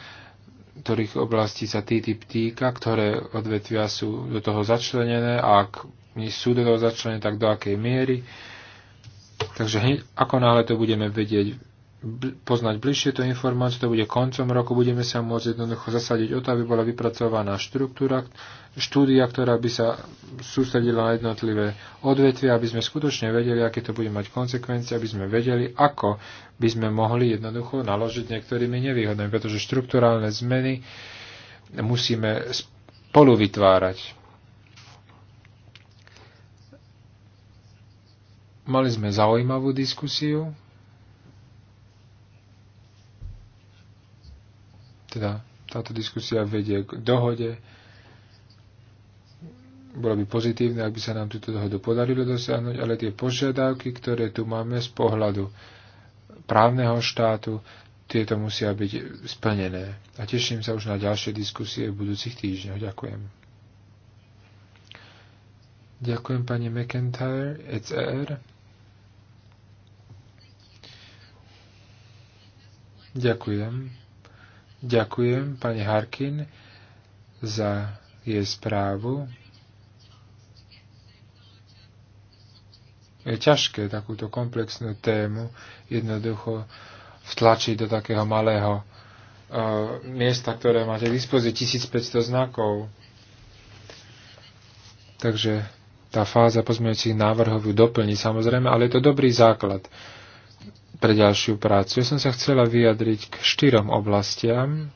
ktorých oblastí sa TTIP týka, ktoré odvetvia sú do toho začlenené a ak nie sú do toho začlenené, tak do akej miery. Takže ako náhle to budeme vedieť poznať bližšie tú informáciu, to bude koncom roku, budeme sa môcť jednoducho zasadiť o to, aby bola vypracovaná štruktúra, štúdia, ktorá by sa sústredila na jednotlivé odvetvie, aby sme skutočne vedeli, aké to bude mať konsekvencie, aby sme vedeli, ako by sme mohli jednoducho naložiť niektorými nevýhodami, pretože štruktúrálne zmeny musíme spolu vytvárať. Mali sme zaujímavú diskusiu, teda táto diskusia vedie k dohode. Bolo by pozitívne, ak by sa nám túto dohodu podarilo dosiahnuť, ale tie požiadavky, ktoré tu máme z pohľadu právneho štátu, tieto musia byť splnené. A teším sa už na ďalšie diskusie v budúcich týždňoch. Ďakujem. Ďakujem pani McIntyre, ECR. Ďakujem. Ďakujem pani Harkin za jej správu. Je ťažké takúto komplexnú tému jednoducho vtlačiť do takého malého uh, miesta, ktoré máte v dispozícii 1500 znakov. Takže tá fáza pozmeňujúcich návrhov ju doplní samozrejme, ale je to dobrý základ pre ďalšiu prácu. Ja som sa chcela vyjadriť k štyrom oblastiam,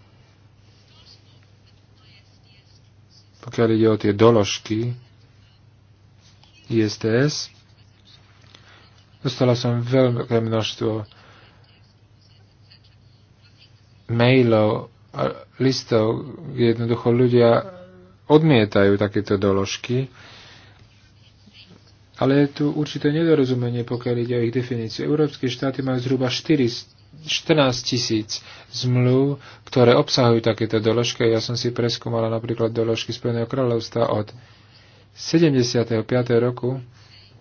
pokiaľ ide o tie doložky ISTS. Dostala som veľké množstvo mailov a listov, kde jednoducho ľudia odmietajú takéto doložky. Ale je tu určité nedorozumenie, pokiaľ ide o ich definíciu. Európske štáty majú zhruba 4, 14 tisíc zmluv, ktoré obsahujú takéto doložky. Ja som si preskúmala napríklad doložky Spojeného kráľovstva od 75. roku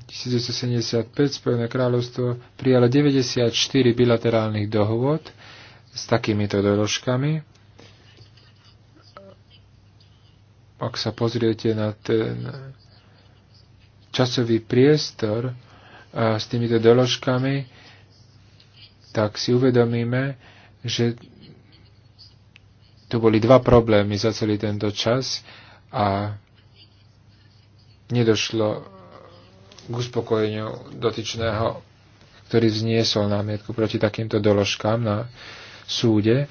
1975 Spojené kráľovstvo prijalo 94 bilaterálnych dohôd s takýmito doložkami. Ak sa pozriete na ten časový priestor s týmito doložkami, tak si uvedomíme, že tu boli dva problémy za celý tento čas a nedošlo k uspokojeniu dotyčného, ktorý vzniesol námietku proti takýmto doložkám na súde.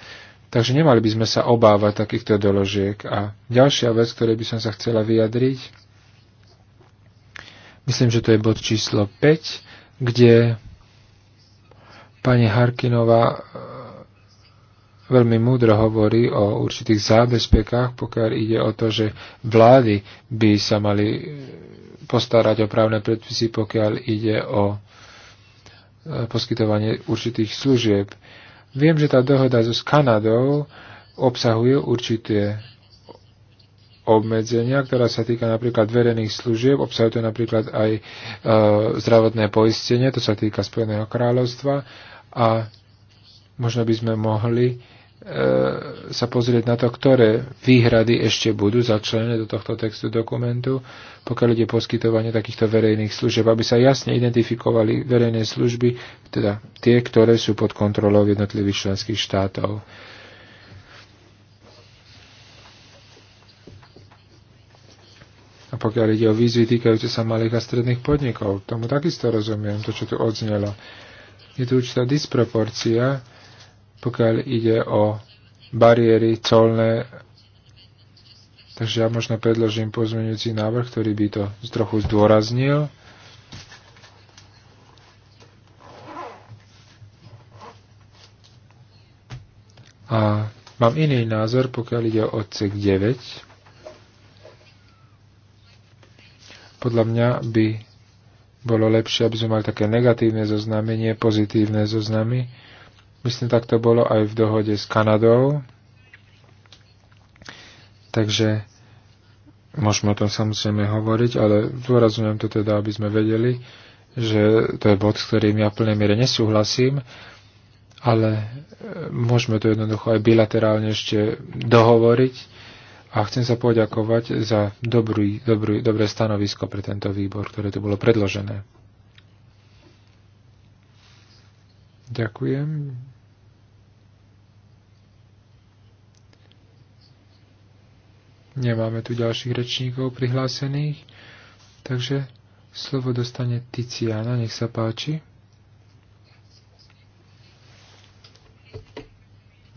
Takže nemali by sme sa obávať takýchto doložiek. A ďalšia vec, ktorej by som sa chcela vyjadriť, myslím, že to je bod číslo 5, kde pani Harkinová e, veľmi múdro hovorí o určitých zábezpekách, pokiaľ ide o to, že vlády by sa mali e, postarať o právne predpisy, pokiaľ ide o e, poskytovanie určitých služieb. Viem, že tá dohoda so s Kanadou obsahuje určité obmedzenia, ktorá sa týka napríklad verejných služieb, obsahuje to napríklad aj e, zdravotné poistenie, to sa týka Spojeného kráľovstva a možno by sme mohli e, sa pozrieť na to, ktoré výhrady ešte budú začlené do tohto textu dokumentu, pokiaľ ide poskytovanie takýchto verejných služieb, aby sa jasne identifikovali verejné služby, teda tie, ktoré sú pod kontrolou jednotlivých členských štátov. A pokiaľ ide o výzvy týkajúce sa malých a stredných podnikov, tomu takisto rozumiem, to, čo tu odznelo. Je tu určitá disproporcia, pokiaľ ide o bariéry colné. Takže ja možno predložím pozmeňujúci návrh, ktorý by to trochu zdôraznil. A mám iný názor, pokiaľ ide o odsek 9. Podľa mňa by bolo lepšie, aby sme mali také negatívne zoznamy, nie pozitívne zoznamy. Myslím, tak to bolo aj v dohode s Kanadou. Takže môžeme o tom samozrejme hovoriť, ale zdôrazňujem to teda, aby sme vedeli, že to je bod, s ktorým ja v plnej miere nesúhlasím, ale môžeme to jednoducho aj bilaterálne ešte dohovoriť a chcem sa poďakovať za dobrý, dobrý, dobré stanovisko pre tento výbor, ktoré tu bolo predložené. Ďakujem. Nemáme tu ďalších rečníkov prihlásených, takže slovo dostane Tiziana, nech sa páči.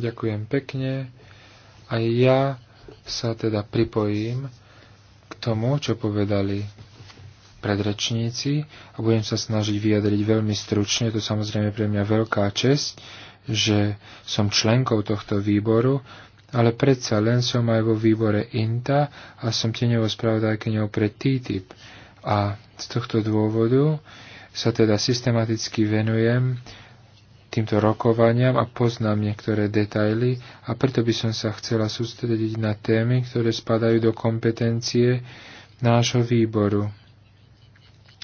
Ďakujem pekne. A ja sa teda pripojím k tomu, čo povedali predrečníci a budem sa snažiť vyjadriť veľmi stručne. To samozrejme pre mňa veľká česť, že som členkou tohto výboru, ale predsa len som aj vo výbore INTA a som tenevo spravodajkyňou pre TTIP. A z tohto dôvodu sa teda systematicky venujem týmto rokovaniam a poznám niektoré detaily a preto by som sa chcela sústrediť na témy, ktoré spadajú do kompetencie nášho výboru.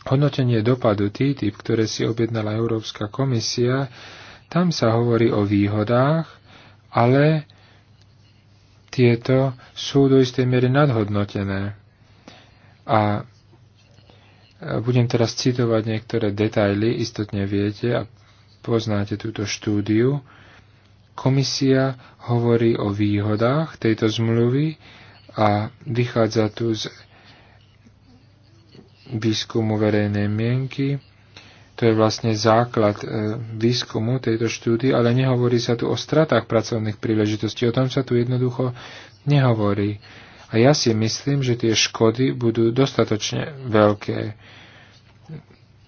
Hodnotenie dopadu TTIP, ktoré si objednala Európska komisia, tam sa hovorí o výhodách, ale tieto sú do istej miery nadhodnotené. A budem teraz citovať niektoré detaily, istotne viete, a poznáte túto štúdiu. Komisia hovorí o výhodách tejto zmluvy a vychádza tu z výskumu verejnej mienky. To je vlastne základ e, výskumu tejto štúdie, ale nehovorí sa tu o stratách pracovných príležitostí. O tom sa tu jednoducho nehovorí. A ja si myslím, že tie škody budú dostatočne veľké.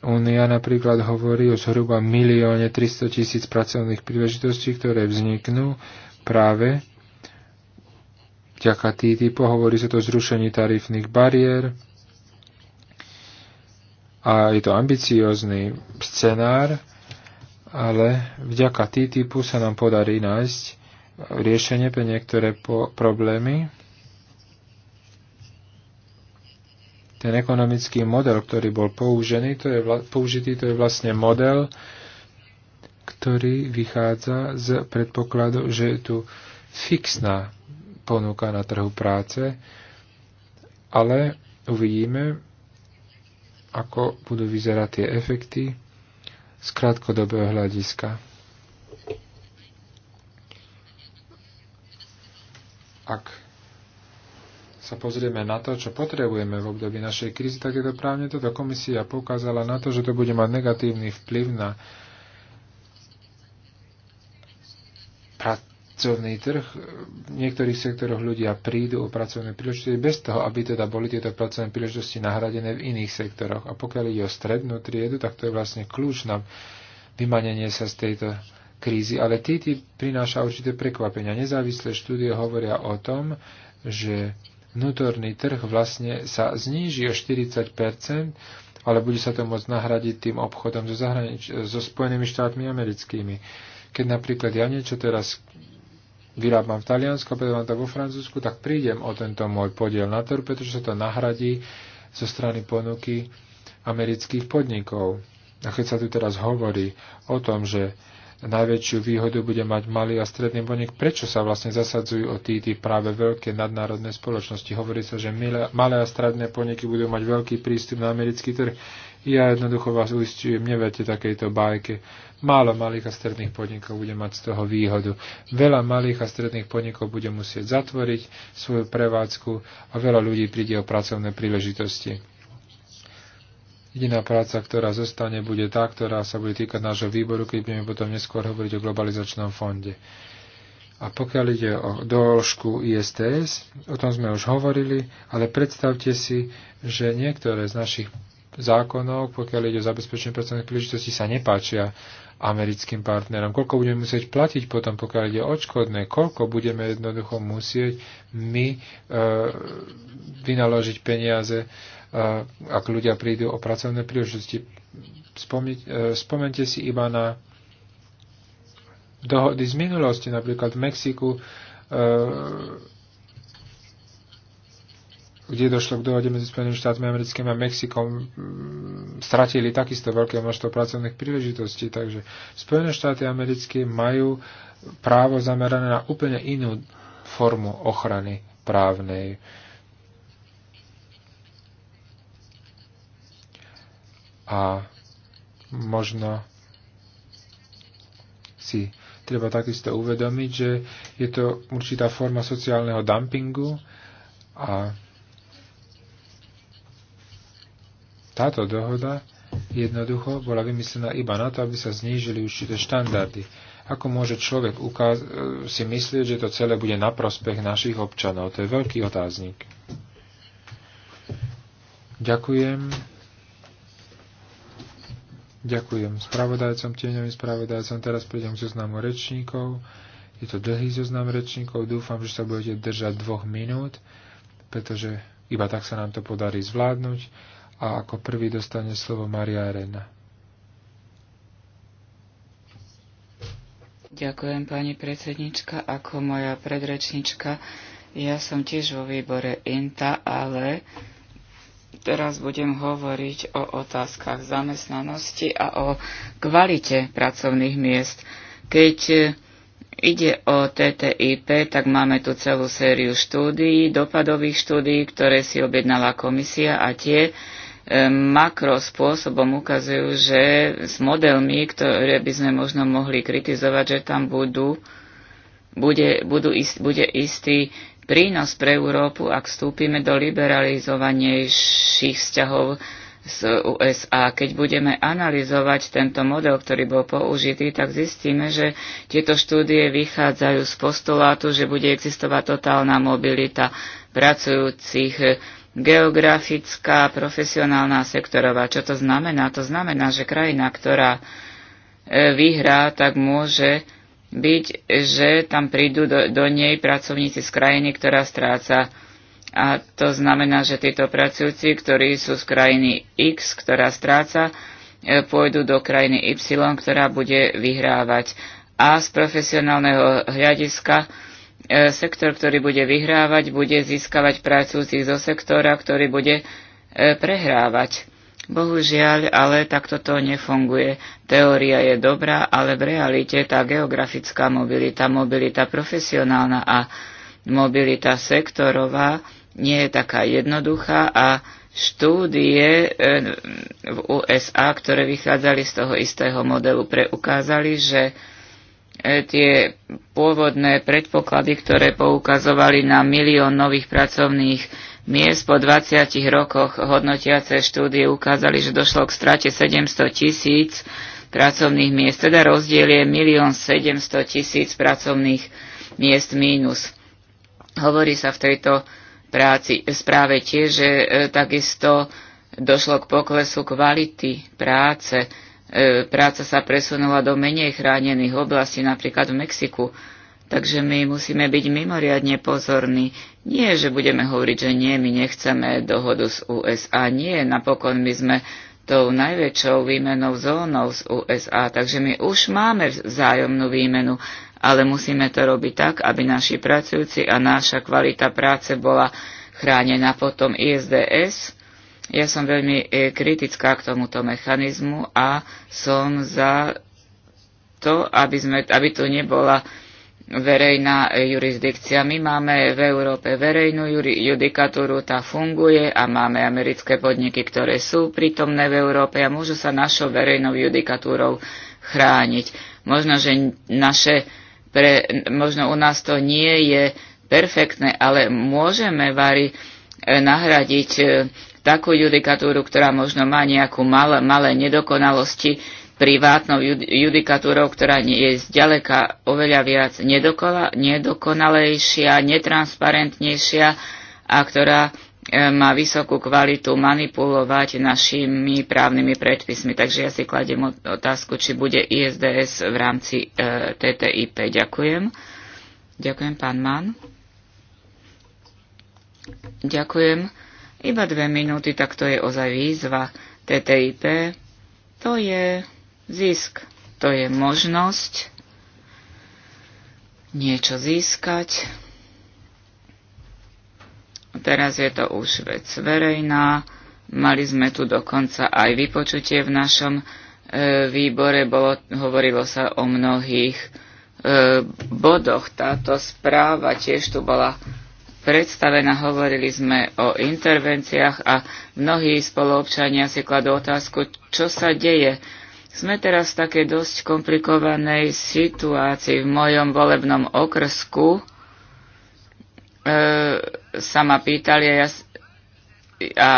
Únia napríklad hovorí o zhruba milióne 300 tisíc pracovných príležitostí, ktoré vzniknú práve vďaka TTIP. Hovorí sa to o zrušení tarifných bariér a je to ambiciózny scenár, ale vďaka TTIPu sa nám podarí nájsť riešenie pre niektoré po- problémy Ten ekonomický model, ktorý bol použený, to je vla, použitý, to je vlastne model, ktorý vychádza z predpokladu, že je tu fixná ponuka na trhu práce, ale uvidíme, ako budú vyzerať tie efekty z krátkodobého hľadiska. Ak sa pozrieme na to, čo potrebujeme v období našej krízy, tak je to právne toto. Komisia poukázala na to, že to bude mať negatívny vplyv na pracovný trh. V niektorých sektoroch ľudia prídu o pracovné príležitosti bez toho, aby teda boli tieto pracovné príležitosti nahradené v iných sektoroch. A pokiaľ ide o strednú triedu, tak to je vlastne kľúč na vymanenie sa z tejto krízy. Ale TTIP prináša určité prekvapenia. Nezávislé štúdie hovoria o tom, že vnútorný trh vlastne sa zníži o 40 ale bude sa to môcť nahradiť tým obchodom so, zahranič- so Spojenými štátmi americkými. Keď napríklad ja niečo teraz vyrábam v Taliansku, predávam to vo Francúzsku, tak prídem o tento môj podiel na trhu, pretože sa to nahradí zo strany ponuky amerických podnikov. A keď sa tu teraz hovorí o tom, že najväčšiu výhodu bude mať malý a stredný podnik. Prečo sa vlastne zasadzujú o tí práve veľké nadnárodné spoločnosti? Hovorí sa, že malé a stredné podniky budú mať veľký prístup na americký trh. Ja jednoducho vás uistujem, neverte takejto bajke. Málo malých a stredných podnikov bude mať z toho výhodu. Veľa malých a stredných podnikov bude musieť zatvoriť svoju prevádzku a veľa ľudí príde o pracovné príležitosti. Jediná práca, ktorá zostane, bude tá, ktorá sa bude týkať nášho výboru, keď budeme potom neskôr hovoriť o globalizačnom fonde. A pokiaľ ide o doložku ISTS, o tom sme už hovorili, ale predstavte si, že niektoré z našich zákonov, pokiaľ ide o zabezpečenie pracovných príležitostí, sa nepáčia americkým partnerom. Koľko budeme musieť platiť potom, pokiaľ ide odškodné, koľko budeme jednoducho musieť my e, vynaložiť peniaze ak ľudia prídu o pracovné príležitosti. E, spomente si iba na dohody z minulosti, napríklad v Mexiku, e, kde došlo k dohode medzi Spojenými štátmi americkými a Mexikom, stratili takisto veľké množstvo pracovných príležitostí. Takže Spojené štáty americké majú právo zamerané na úplne inú formu ochrany právnej. Uh, A možno si treba takisto uvedomiť, že je to určitá forma sociálneho dumpingu a táto dohoda jednoducho bola vymyslená iba na to, aby sa znížili určité štandardy. Ako môže človek si myslieť, že to celé bude na prospech našich občanov? To je veľký otáznik. Ďakujem. Ďakujem spravodajcom, tieňovým spravodajcom. Teraz prejdem k zoznamu rečníkov. Je to dlhý zoznam rečníkov. Dúfam, že sa budete držať dvoch minút, pretože iba tak sa nám to podarí zvládnuť. A ako prvý dostane slovo Maria Arena. Ďakujem, pani predsednička. Ako moja predrečnička, ja som tiež vo výbore INTA, ale Teraz budem hovoriť o otázkach zamestnanosti a o kvalite pracovných miest. Keď e, ide o TTIP, tak máme tu celú sériu štúdií, dopadových štúdií, ktoré si objednala komisia a tie e, makro spôsobom ukazujú, že s modelmi, ktoré by sme možno mohli kritizovať, že tam budú, bude, budú ist, bude istý prínos pre Európu, ak vstúpime do liberalizovanejších vzťahov z USA. Keď budeme analyzovať tento model, ktorý bol použitý, tak zistíme, že tieto štúdie vychádzajú z postulátu, že bude existovať totálna mobilita pracujúcich geografická, profesionálna sektorová. Čo to znamená? To znamená, že krajina, ktorá e, vyhrá, tak môže byť, že tam prídu do, do nej pracovníci z krajiny, ktorá stráca. A to znamená, že títo pracujúci, ktorí sú z krajiny X, ktorá stráca, e, pôjdu do krajiny Y, ktorá bude vyhrávať. A z profesionálneho hľadiska e, sektor, ktorý bude vyhrávať, bude získavať pracujúcich zo sektora, ktorý bude e, prehrávať. Bohužiaľ, ale takto to nefunguje. Teória je dobrá, ale v realite tá geografická mobilita, mobilita profesionálna a mobilita sektorová nie je taká jednoduchá a štúdie e, v USA, ktoré vychádzali z toho istého modelu, preukázali, že e, tie pôvodné predpoklady, ktoré poukazovali na milión nových pracovných miest po 20 rokoch hodnotiace štúdie ukázali, že došlo k strate 700 tisíc pracovných miest. Teda rozdiel je 1 700 tisíc pracovných miest mínus. Hovorí sa v tejto práci, správe tiež, že e, takisto došlo k poklesu kvality práce. E, práca sa presunula do menej chránených oblastí, napríklad v Mexiku. Takže my musíme byť mimoriadne pozorní. Nie, že budeme hovoriť, že nie, my nechceme dohodu z USA. Nie, napokon my sme tou najväčšou výmenou zónou z USA, takže my už máme vzájomnú výmenu, ale musíme to robiť tak, aby naši pracujúci a naša kvalita práce bola chránená potom ISDS. Ja som veľmi e, kritická k tomuto mechanizmu a som za to, aby, sme, aby tu nebola verejná jurisdikcia. My máme v Európe verejnú judikatúru, tá funguje a máme americké podniky, ktoré sú prítomné v Európe a môžu sa našou verejnou judikatúrou chrániť. Možno, že naše pre, možno u nás to nie je perfektné, ale môžeme vari eh, nahradiť eh, takú judikatúru, ktorá možno má nejakú mal, malé nedokonalosti, privátnou judikatúrou, ktorá je zďaleka oveľa viac nedokonalejšia, netransparentnejšia a ktorá e, má vysokú kvalitu manipulovať našimi právnymi predpismi. Takže ja si kladiem otázku, či bude ISDS v rámci e, TTIP. Ďakujem. Ďakujem, pán Mann. Ďakujem. Iba dve minúty, tak to je ozaj výzva. TTIP, to je Zisk to je možnosť niečo získať. Teraz je to už vec verejná. Mali sme tu dokonca aj vypočutie v našom e, výbore. Bolo, hovorilo sa o mnohých e, bodoch. Táto správa tiež tu bola predstavená. Hovorili sme o intervenciách a mnohí spoluobčania si kladú otázku, čo sa deje sme teraz v takej dosť komplikovanej situácii. V mojom volebnom okrsku e, sa ma pýtali a, ja, a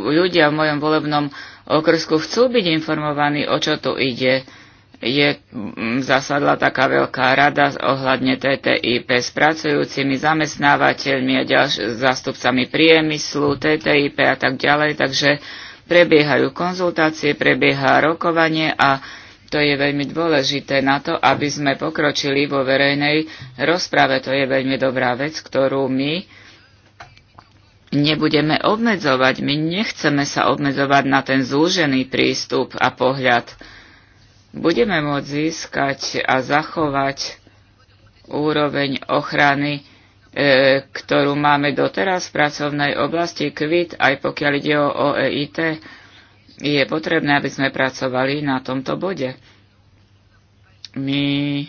ľudia v mojom volebnom okrsku chcú byť informovaní, o čo tu ide. Je zasadla taká veľká rada ohľadne TTIP s pracujúcimi zamestnávateľmi a ďalšími zástupcami priemyslu, TTIP a tak ďalej, takže Prebiehajú konzultácie, prebieha rokovanie a to je veľmi dôležité na to, aby sme pokročili vo verejnej rozprave. To je veľmi dobrá vec, ktorú my nebudeme obmedzovať. My nechceme sa obmedzovať na ten zúžený prístup a pohľad. Budeme môcť získať a zachovať úroveň ochrany E, ktorú máme doteraz v pracovnej oblasti kvit, aj pokiaľ ide o OEIT, je potrebné, aby sme pracovali na tomto bode. My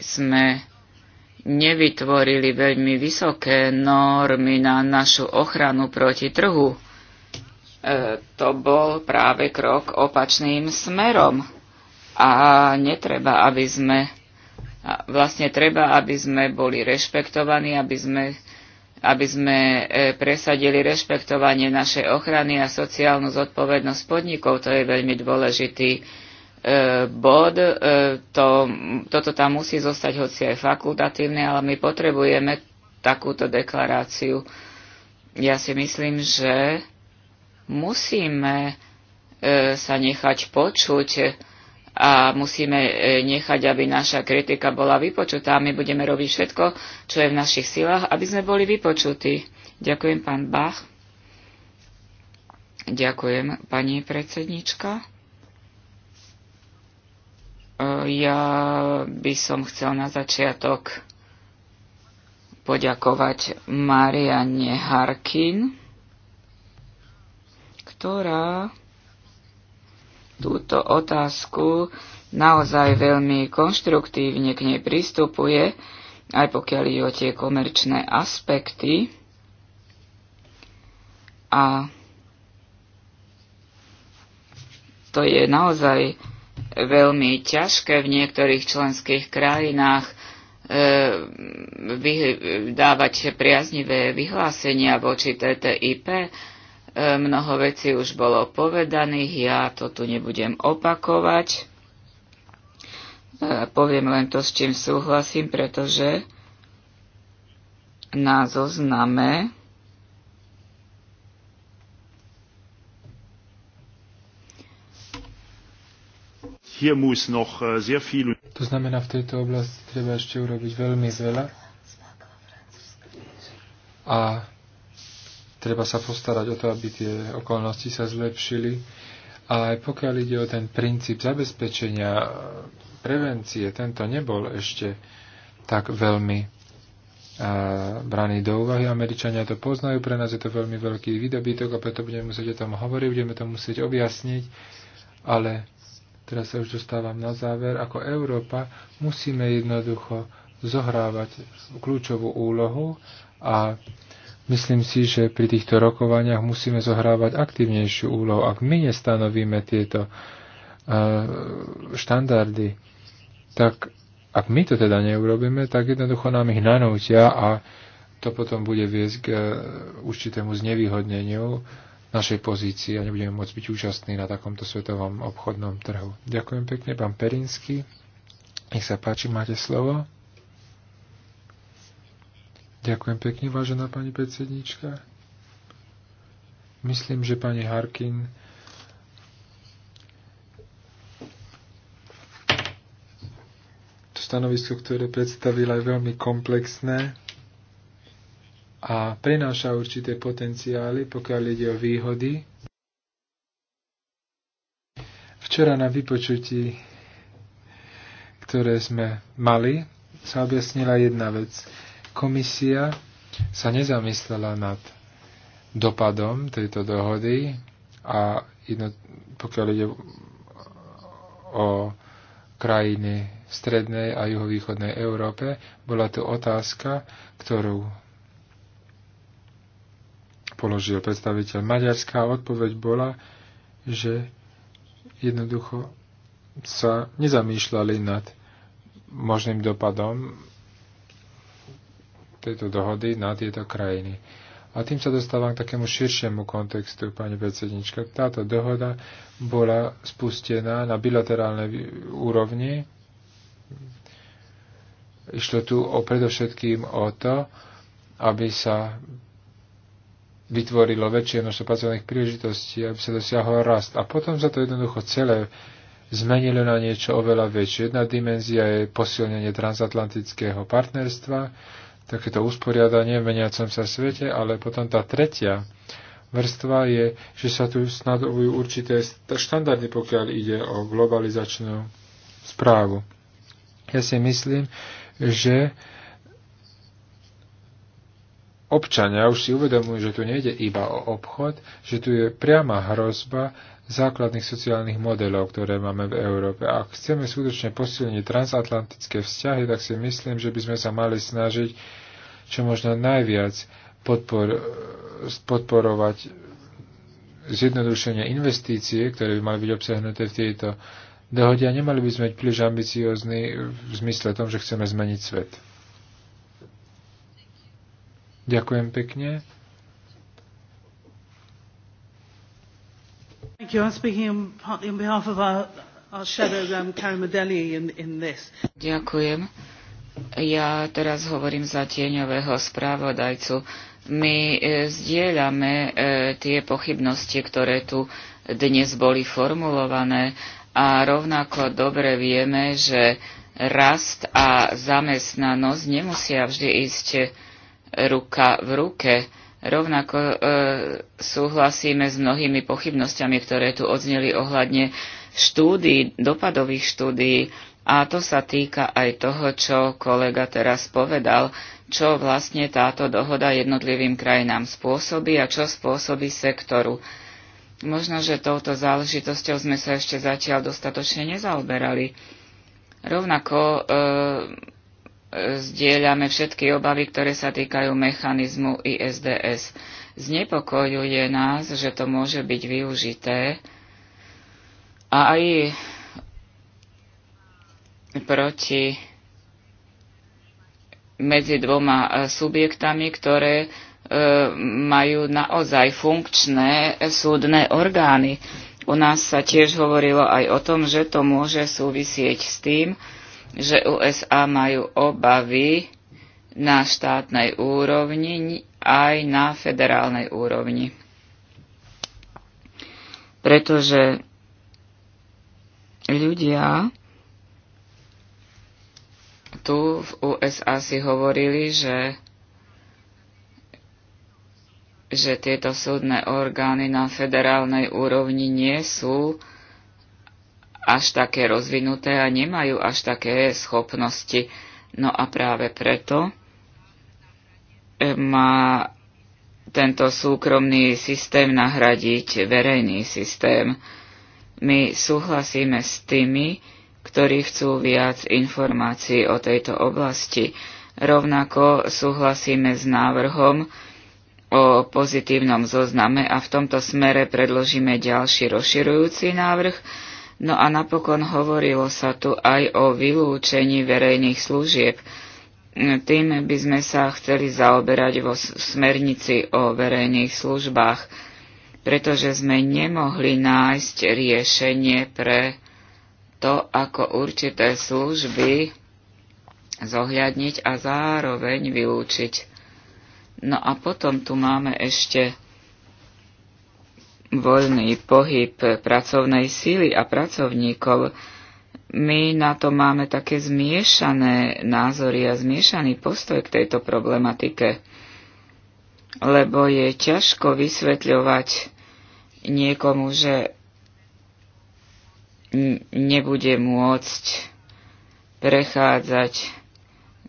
sme nevytvorili veľmi vysoké normy na našu ochranu proti trhu. E, to bol práve krok opačným smerom. A netreba, aby sme vlastne treba, aby sme boli rešpektovaní, aby sme, aby sme e, presadili rešpektovanie našej ochrany a sociálnu zodpovednosť podnikov. To je veľmi dôležitý e, bod. E, to, toto tam musí zostať, hoci aj fakultatívne, ale my potrebujeme takúto deklaráciu. Ja si myslím, že musíme sa nechať počuť, a musíme e, nechať, aby naša kritika bola vypočutá. My budeme robiť všetko, čo je v našich silách, aby sme boli vypočutí. Ďakujem, pán Bach. Ďakujem, pani predsednička. E, ja by som chcel na začiatok poďakovať Marianne Harkin, ktorá túto otázku naozaj veľmi konštruktívne k nej pristupuje, aj pokiaľ ide o tie komerčné aspekty. A to je naozaj veľmi ťažké v niektorých členských krajinách e, dávať priaznivé vyhlásenia voči TTIP, E, mnoho vecí už bolo povedaných, ja to tu nebudem opakovať. E, poviem len to, s čím súhlasím, pretože na zozname äh, To znamená, v tejto oblasti treba ešte urobiť veľmi veľa. A Treba sa postarať o to, aby tie okolnosti sa zlepšili. A aj pokiaľ ide o ten princíp zabezpečenia e, prevencie, tento nebol ešte tak veľmi e, braný do úvahy. Američania to poznajú, pre nás je to veľmi veľký výdobytok a preto budeme musieť o tom hovoriť, budeme to musieť objasniť, ale teraz sa už dostávam na záver, ako Európa musíme jednoducho zohrávať kľúčovú úlohu a Myslím si, že pri týchto rokovaniach musíme zohrávať aktívnejšiu úlohu. Ak my nestanovíme tieto e, štandardy, tak ak my to teda neurobíme, tak jednoducho nám ich nanútia a to potom bude viesť k e, určitému znevýhodneniu našej pozícii a nebudeme môcť byť účastní na takomto svetovom obchodnom trhu. Ďakujem pekne, pán Perinsky. Nech sa páči, máte slovo. Ďakujem pekne, vážená pani predsednička. Myslím, že pani Harkin to stanovisko, ktoré predstavila, je veľmi komplexné a prináša určité potenciály, pokiaľ ide o výhody. Včera na vypočutí, ktoré sme mali, sa objasnila jedna vec Komisia sa nezamyslela nad dopadom tejto dohody a jedno, pokiaľ ide o krajiny strednej a juhovýchodnej Európe, bola tu otázka, ktorú položil predstaviteľ Maďarska a odpoveď bola, že jednoducho sa nezamýšľali nad možným dopadom tejto dohody na tieto krajiny. A tým sa dostávam k takému širšiemu kontextu, pani predsednička. Táto dohoda bola spustená na bilaterálnej úrovni. Išlo tu o predovšetkým o to, aby sa vytvorilo väčšie množstvo pracovných príležitostí, aby sa dosiahol rast. A potom sa to jednoducho celé zmenilo na niečo oveľa väčšie. Jedna dimenzia je posilnenie transatlantického partnerstva, takéto usporiadanie v meniacom sa svete, ale potom tá tretia vrstva je, že sa tu snadovujú určité štandardy, pokiaľ ide o globalizačnú správu. Ja si myslím, že občania už si uvedomujú, že tu nejde iba o obchod, že tu je priama hrozba, základných sociálnych modelov, ktoré máme v Európe. Ak chceme skutočne posilniť transatlantické vzťahy, tak si myslím, že by sme sa mali snažiť čo možno najviac podpor, podporovať zjednodušenie investície, ktoré by mali byť obsahnuté v tejto dohode a nemali by sme byť príliš ambiciózni v zmysle tom, že chceme zmeniť svet. Ďakujem pekne. Thank you. I'm speaking on, partly on behalf of our, our shadow, um, Karen Medeli, in, in this. Ďakujem. Ja teraz hovorím za tieňového správodajcu. My e, zdieľame e, tie pochybnosti, ktoré tu dnes boli formulované a rovnako dobre vieme, že rast a zamestnanosť nemusia vždy ísť ruka v ruke. Rovnako e, súhlasíme s mnohými pochybnosťami, ktoré tu odzneli ohľadne štúdií, dopadových štúdií. A to sa týka aj toho, čo kolega teraz povedal, čo vlastne táto dohoda jednotlivým krajinám spôsobí a čo spôsobí sektoru. Možno, že touto záležitosťou sme sa ešte zatiaľ dostatočne nezaoberali. Rovnako e, zdieľame všetky obavy, ktoré sa týkajú mechanizmu ISDS. Znepokojuje nás, že to môže byť využité a aj proti medzi dvoma e, subjektami, ktoré e, majú naozaj funkčné súdne orgány. U nás sa tiež hovorilo aj o tom, že to môže súvisieť s tým, že USA majú obavy na štátnej úrovni aj na federálnej úrovni. Pretože ľudia tu v USA si hovorili, že že tieto súdne orgány na federálnej úrovni nie sú až také rozvinuté a nemajú až také schopnosti. No a práve preto e, má tento súkromný systém nahradiť verejný systém. My súhlasíme s tými, ktorí chcú viac informácií o tejto oblasti. Rovnako súhlasíme s návrhom o pozitívnom zozname a v tomto smere predložíme ďalší rozširujúci návrh, No a napokon hovorilo sa tu aj o vylúčení verejných služieb. Tým by sme sa chceli zaoberať vo smernici o verejných službách, pretože sme nemohli nájsť riešenie pre to, ako určité služby zohľadniť a zároveň vylúčiť. No a potom tu máme ešte voľný pohyb pracovnej síly a pracovníkov. My na to máme také zmiešané názory a zmiešaný postoj k tejto problematike, lebo je ťažko vysvetľovať niekomu, že nebude môcť prechádzať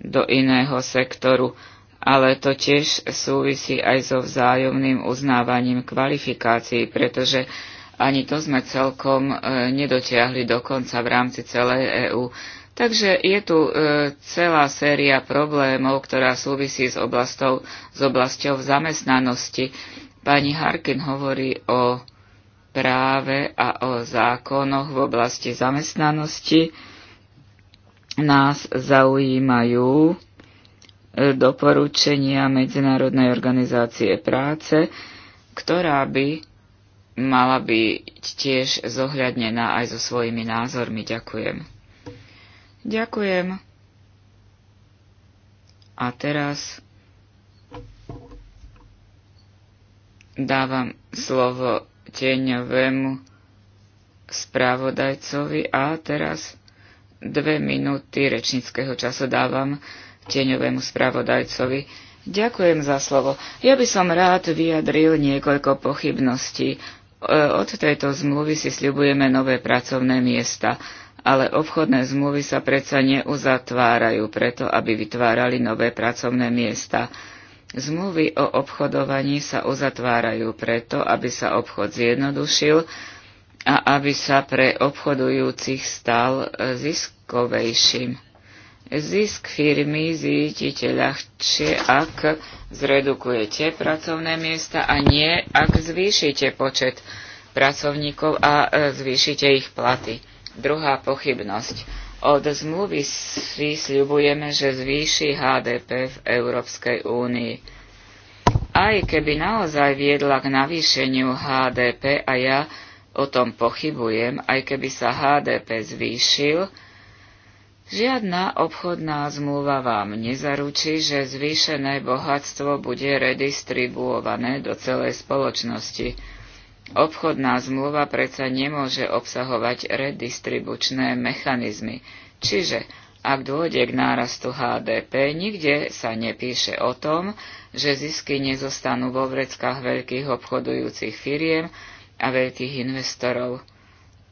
do iného sektoru ale to tiež súvisí aj so vzájomným uznávaním kvalifikácií, pretože ani to sme celkom e, nedotiahli dokonca v rámci celej EÚ. Takže je tu e, celá séria problémov, ktorá súvisí s, oblastou, s oblasťou zamestnanosti. Pani Harkin hovorí o práve a o zákonoch v oblasti zamestnanosti. Nás zaujímajú doporučenia Medzinárodnej organizácie práce, ktorá by mala byť tiež zohľadnená aj so svojimi názormi. Ďakujem. Ďakujem. A teraz dávam slovo tieňovému spravodajcovi a teraz dve minúty rečníckého času dávam tieňovému spravodajcovi. Ďakujem za slovo. Ja by som rád vyjadril niekoľko pochybností. E, od tejto zmluvy si sľubujeme nové pracovné miesta, ale obchodné zmluvy sa predsa neuzatvárajú preto, aby vytvárali nové pracovné miesta. Zmluvy o obchodovaní sa uzatvárajú preto, aby sa obchod zjednodušil a aby sa pre obchodujúcich stal e, ziskovejším. Zisk firmy zítite ľahšie, ak zredukujete pracovné miesta a nie, ak zvýšite počet pracovníkov a e, zvýšite ich platy. Druhá pochybnosť. Od zmluvy si sľubujeme, že zvýši HDP v Európskej únii. Aj keby naozaj viedla k navýšeniu HDP a ja o tom pochybujem, aj keby sa HDP zvýšil, Žiadna obchodná zmluva vám nezaručí, že zvýšené bohatstvo bude redistribuované do celej spoločnosti. Obchodná zmluva predsa nemôže obsahovať redistribučné mechanizmy, čiže ak dôjde k nárastu HDP, nikde sa nepíše o tom, že zisky nezostanú vo vreckách veľkých obchodujúcich firiem a veľkých investorov.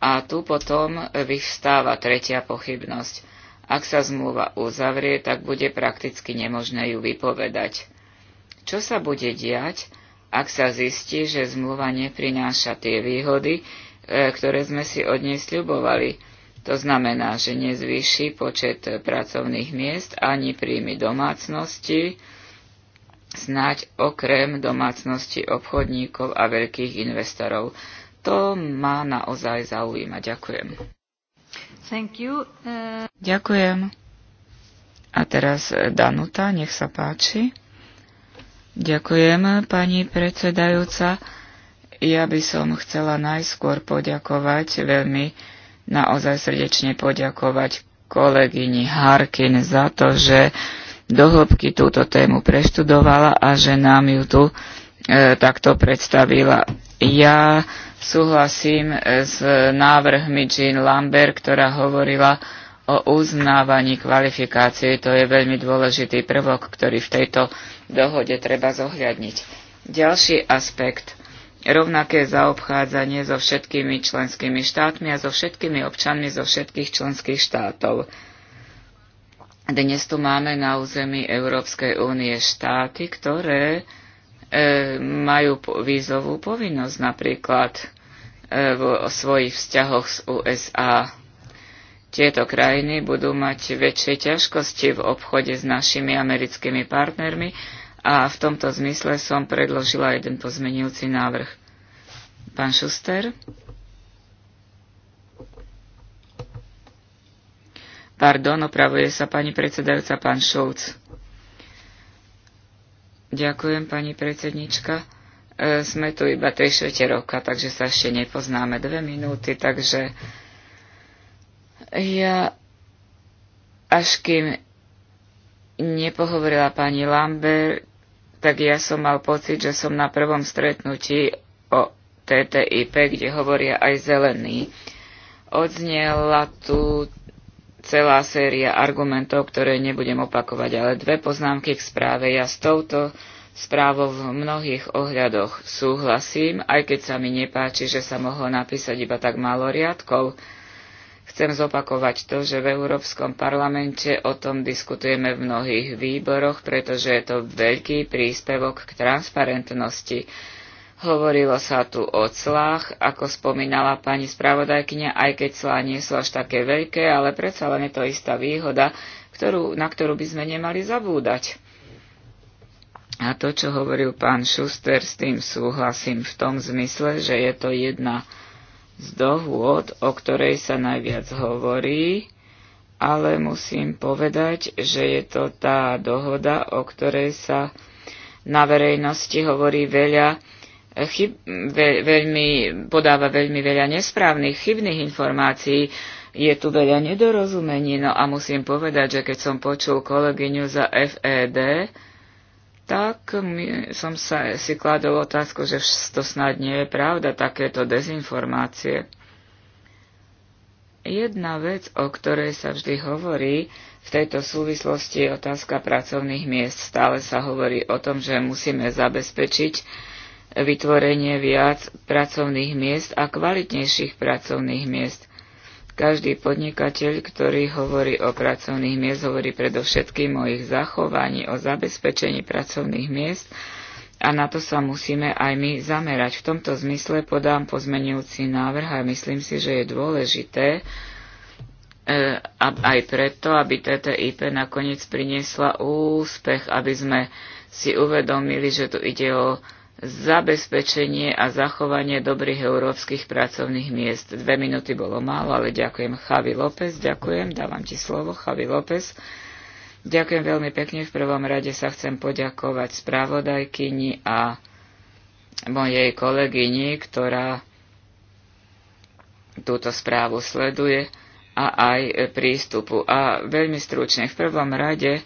A tu potom vyvstáva tretia pochybnosť – ak sa zmluva uzavrie, tak bude prakticky nemožné ju vypovedať. Čo sa bude diať, ak sa zistí, že zmluva neprináša tie výhody, e, ktoré sme si od nej sľubovali? To znamená, že nezvýši počet pracovných miest ani príjmy domácnosti, snáď okrem domácnosti obchodníkov a veľkých investorov. To má naozaj zaujímať. Ďakujem. Thank you. Uh... Ďakujem. A teraz eh, Danuta, nech sa páči. Ďakujem, pani predsedajúca. Ja by som chcela najskôr poďakovať veľmi naozaj srdečne poďakovať kolegyni Harkin za to, že dohlbky túto tému preštudovala a že nám ju tu e, takto predstavila. Ja Súhlasím e, s návrhmi Jean Lambert, ktorá hovorila o uznávaní kvalifikácií. To je veľmi dôležitý prvok, ktorý v tejto dohode treba zohľadniť. Ďalší aspekt. Rovnaké zaobchádzanie so všetkými členskými štátmi a so všetkými občanmi zo všetkých členských štátov. Dnes tu máme na území Európskej únie štáty, ktoré E, majú vízovú povinnosť napríklad e, v svojich vzťahoch s USA. Tieto krajiny budú mať väčšie ťažkosti v obchode s našimi americkými partnermi a v tomto zmysle som predložila jeden pozmenujúci návrh. Pán Šuster? Pardon, opravuje sa pani predsedajúca, pán Šulc. Ďakujem, pani predsednička. E, sme tu iba 3 švete roka, takže sa ešte nepoznáme dve minúty, takže ja až kým nepohovorila pani Lambert, tak ja som mal pocit, že som na prvom stretnutí o TTIP, kde hovoria aj zelení. Odznela tu celá séria argumentov, ktoré nebudem opakovať, ale dve poznámky k správe. Ja s touto správou v mnohých ohľadoch súhlasím, aj keď sa mi nepáči, že sa mohlo napísať iba tak málo riadkov. Chcem zopakovať to, že v Európskom parlamente o tom diskutujeme v mnohých výboroch, pretože je to veľký príspevok k transparentnosti. Hovorilo sa tu o clách, ako spomínala pani spravodajkyňa, aj keď clá nie sú až také veľké, ale predsa len je to istá výhoda, ktorú, na ktorú by sme nemali zabúdať. A to, čo hovoril pán Šuster, s tým súhlasím v tom zmysle, že je to jedna z dohôd, o ktorej sa najviac hovorí, ale musím povedať, že je to tá dohoda, o ktorej sa na verejnosti hovorí veľa, chyb, ve, veľmi, podáva veľmi veľa nesprávnych, chybných informácií, je tu veľa nedorozumení, no a musím povedať, že keď som počul kolegyňu za FED, tak my, som sa si kladol otázku, že to snad nie je pravda, takéto dezinformácie. Jedna vec, o ktorej sa vždy hovorí, v tejto súvislosti je otázka pracovných miest. Stále sa hovorí o tom, že musíme zabezpečiť, vytvorenie viac pracovných miest a kvalitnejších pracovných miest. Každý podnikateľ, ktorý hovorí o pracovných miest, hovorí predovšetkým o ich zachovaní, o zabezpečení pracovných miest a na to sa musíme aj my zamerať. V tomto zmysle podám pozmenujúci návrh a myslím si, že je dôležité e, aj preto, aby TTIP nakoniec priniesla úspech, aby sme si uvedomili, že tu ide o zabezpečenie a zachovanie dobrých európskych pracovných miest. Dve minúty bolo málo, ale ďakujem Chavi López, ďakujem, dávam ti slovo, Chavi López. Ďakujem veľmi pekne, v prvom rade sa chcem poďakovať správodajkyni a mojej kolegyni, ktorá túto správu sleduje a aj prístupu. A veľmi stručne, v prvom rade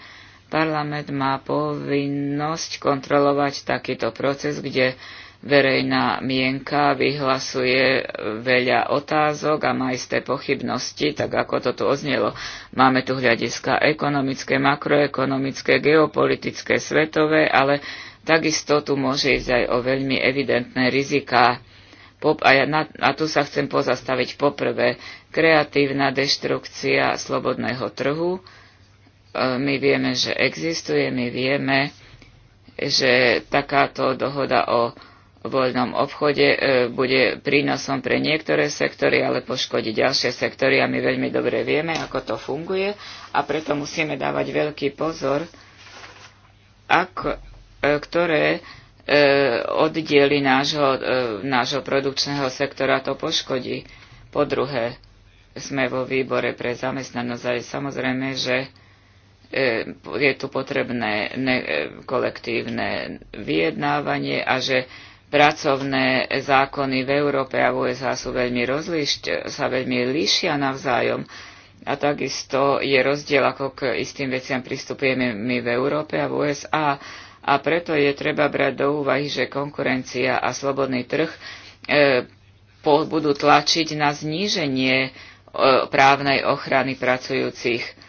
Parlament má povinnosť kontrolovať takýto proces, kde verejná mienka vyhlasuje veľa otázok a má isté pochybnosti, tak ako to tu oznelo. Máme tu hľadiska ekonomické, makroekonomické, geopolitické, svetové, ale takisto tu môže ísť aj o veľmi evidentné riziká. A, ja na, a tu sa chcem pozastaviť poprvé kreatívna deštrukcia slobodného trhu, E, my vieme, že existuje, my vieme, že takáto dohoda o voľnom obchode e, bude prínosom pre niektoré sektory, ale poškodí ďalšie sektory a my veľmi dobre vieme, ako to funguje a preto musíme dávať veľký pozor, ako, e, ktoré oddiely nášho, nášho produkčného sektora to poškodí. Po druhé, sme vo výbore pre zamestnanosť a je samozrejme, že E, je tu potrebné e, kolektívne vyjednávanie a že pracovné zákony v Európe a v USA sú veľmi rozlišť, sa veľmi líšia navzájom a takisto je rozdiel, ako k istým veciam pristupujeme my v Európe a v USA a preto je treba brať do úvahy, že konkurencia a slobodný trh e, po, budú tlačiť na zníženie e, právnej ochrany pracujúcich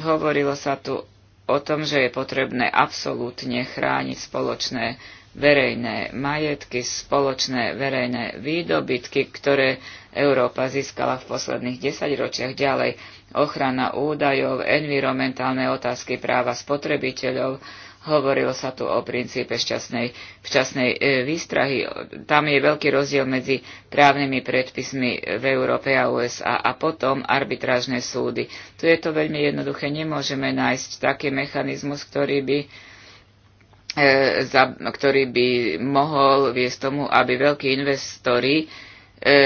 Hovorilo sa tu o tom, že je potrebné absolútne chrániť spoločné verejné majetky, spoločné verejné výdobytky, ktoré Európa získala v posledných desaťročiach ďalej, ochrana údajov, environmentálne otázky práva spotrebiteľov, Hovorilo sa tu o princípe šťastnej, šťastnej e, výstrahy. Tam je veľký rozdiel medzi právnymi predpismi v Európe a USA a potom arbitrážne súdy. Tu je to veľmi jednoduché. Nemôžeme nájsť taký mechanizmus, ktorý by e, ktorý by mohol viesť tomu, aby veľkí investori E,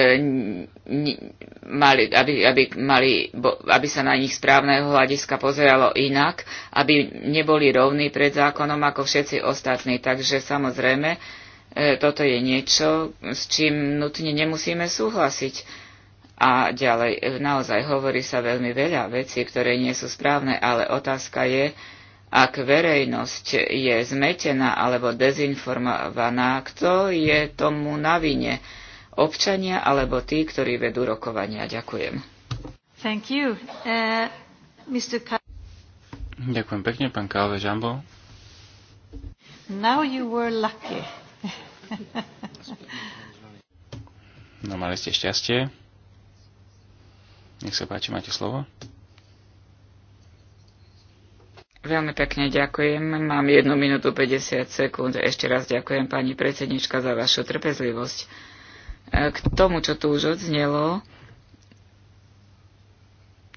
mali, aby, aby, mali, aby sa na nich správneho hľadiska pozeralo inak, aby neboli rovní pred zákonom ako všetci ostatní. Takže samozrejme, e, toto je niečo, s čím nutne nemusíme súhlasiť. A ďalej, e, naozaj hovorí sa veľmi veľa vecí, ktoré nie sú správne, ale otázka je, ak verejnosť je zmetená alebo dezinformovaná, kto je tomu na vine? občania alebo tí, ktorí vedú rokovania. Ďakujem. Thank you. Uh, Mr. Ďakujem pekne, pán Káve Žambo. Now you were lucky. no, mali ste šťastie. Nech sa páči, máte slovo. Veľmi pekne ďakujem. Mám 1 minútu 50 sekúnd. Ešte raz ďakujem pani predsednička za vašu trpezlivosť. E, k tomu, čo tu už odznelo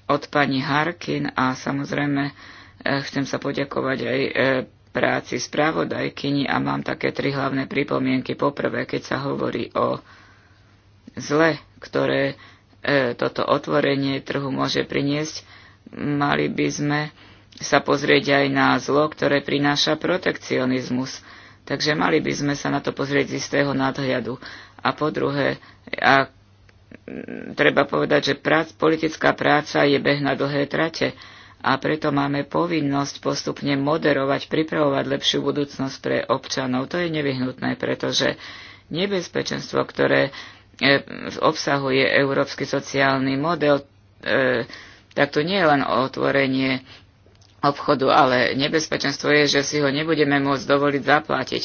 od pani Harkin a samozrejme e, chcem sa poďakovať aj e, práci spravodajkyni a mám také tri hlavné pripomienky. Poprvé, keď sa hovorí o zle, ktoré toto otvorenie trhu môže priniesť, mali by sme sa pozrieť aj na zlo, ktoré prináša protekcionizmus. Takže mali by sme sa na to pozrieť z istého nadhľadu. A po druhé, a treba povedať, že prác, politická práca je beh na dlhé trate a preto máme povinnosť postupne moderovať, pripravovať lepšiu budúcnosť pre občanov. To je nevyhnutné, pretože nebezpečenstvo, ktoré e, obsahuje európsky sociálny model, e, tak to nie je len otvorenie obchodu, ale nebezpečenstvo je, že si ho nebudeme môcť dovoliť zaplatiť.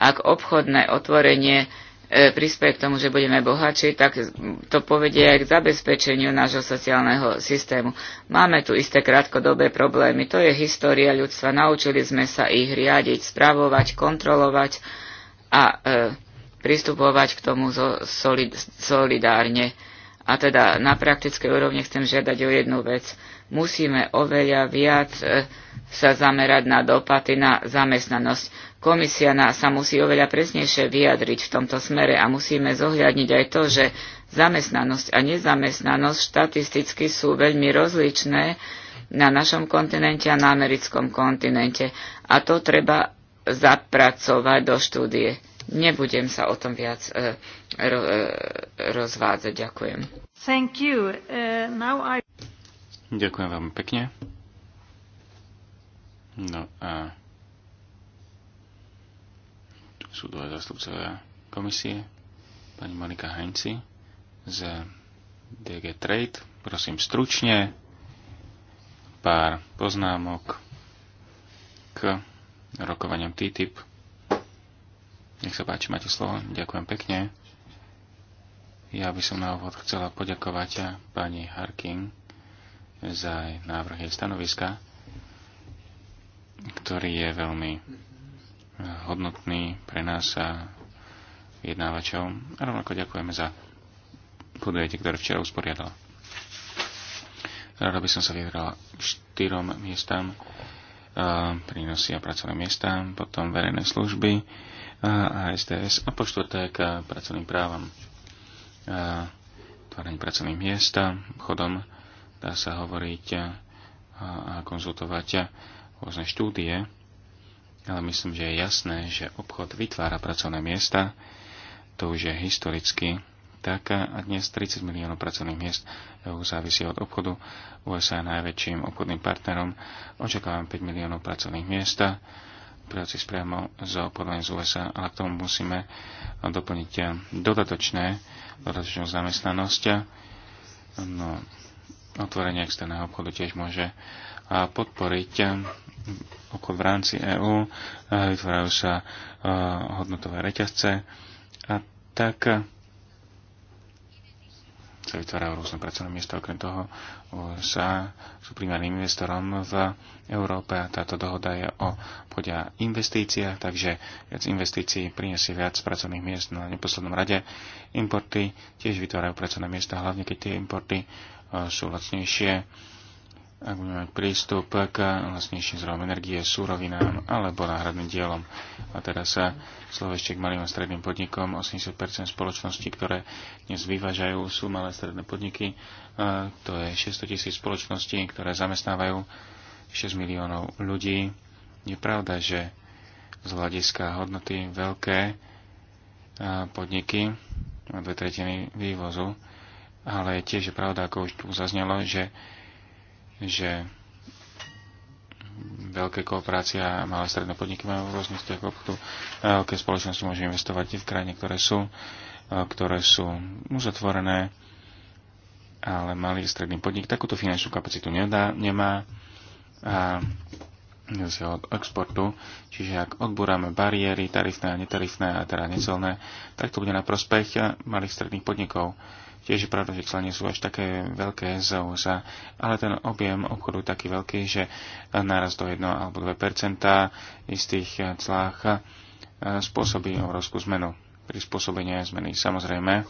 Ak obchodné otvorenie E, prispieje k tomu, že budeme bohatší, tak to povedie aj k zabezpečeniu nášho sociálneho systému. Máme tu isté krátkodobé problémy. To je história ľudstva. Naučili sme sa ich riadiť, spravovať, kontrolovať a e, pristupovať k tomu zo, solid, solidárne. A teda na praktickej úrovni chcem žiadať o jednu vec. E, musíme oveľa viac e, sa zamerať na dopady na zamestnanosť. Komisia sa musí oveľa presnejšie vyjadriť v tomto smere a musíme zohľadniť aj to, že zamestnanosť a nezamestnanosť štatisticky sú veľmi rozličné na našom kontinente a na americkom kontinente. A to treba zapracovať do štúdie. Nebudem sa o tom viac e, ro, e, rozvádzať. Ďakujem. Thank you. Uh, now I... Ďakujem veľmi pekne. No a tu sú dva zastupcovia komisie, pani Monika Heinci z DG Trade. Prosím stručne pár poznámok k rokovaniam TTIP. Nech sa páči, máte slovo. Ďakujem pekne. Ja by som na úvod chcela poďakovať pani Harking za návrhy stanoviska, ktorý je veľmi hodnotný pre nás a jednávačov. A rovnako ďakujeme za podujete, ktoré včera usporiadal. Rada by som sa vyhrala štyrom miestam prínosy a pracovné miesta, potom verejné služby a SDS a po štvrté k pracovným právam. Tvorenie pracovných miest, chodom dá sa hovoriť a konzultovať rôzne štúdie, ale myslím, že je jasné, že obchod vytvára pracovné miesta, to už je historicky tak a dnes 30 miliónov pracovných miest EU závisí od obchodu. USA je najväčším obchodným partnerom. Očakávam 5 miliónov pracovných miest práci priamo z obchodovaním z USA, ale k tomu musíme doplniť dodatočné, dodatočnú zamestnanosť. No, otvorenie externého obchodu tiež môže podporiť v rámci EÚ, vytvárajú sa hodnotové reťazce a tak sa vytvárajú rôzne pracovné miesta. Okrem toho USA sú primárnym investorom v Európe a táto dohoda je o podia investíciách, takže viac investícií priniesie viac pracovných miest na neposlednom rade. Importy tiež vytvárajú pracovné miesta, hlavne keď tie importy sú lacnejšie ak budeme mať prístup k vlastnejším zdrojom energie, súrovinám alebo náhradným dielom. A teda sa k malým a stredným podnikom 80% spoločností, ktoré dnes vyvážajú, sú malé a stredné podniky. A to je 600 tisíc spoločností, ktoré zamestnávajú 6 miliónov ľudí. Je pravda, že z hľadiska hodnoty veľké podniky, dve tretiny vývozu, ale tiež je pravda, ako už tu zaznelo, že že veľké kooperácie a malé stredné podniky majú rôzne vzťah k obchodu. Veľké spoločnosti môžu investovať v krajine, ktoré sú, ktoré sú uzatvorené, ale malý stredný podnik takúto finančnú kapacitu nedá, nemá a zasiaľ od exportu, čiže ak odbúrame bariéry tarifné a netarifné a teda necelné, tak to bude na prospech malých stredných podnikov. Tiež je pravda, že cla nie sú až také veľké zauza, ale ten objem obchodu je taký veľký, že naraz do 1 alebo 2 istých clách spôsobí obrovskú zmenu. Prispôsobenie zmeny samozrejme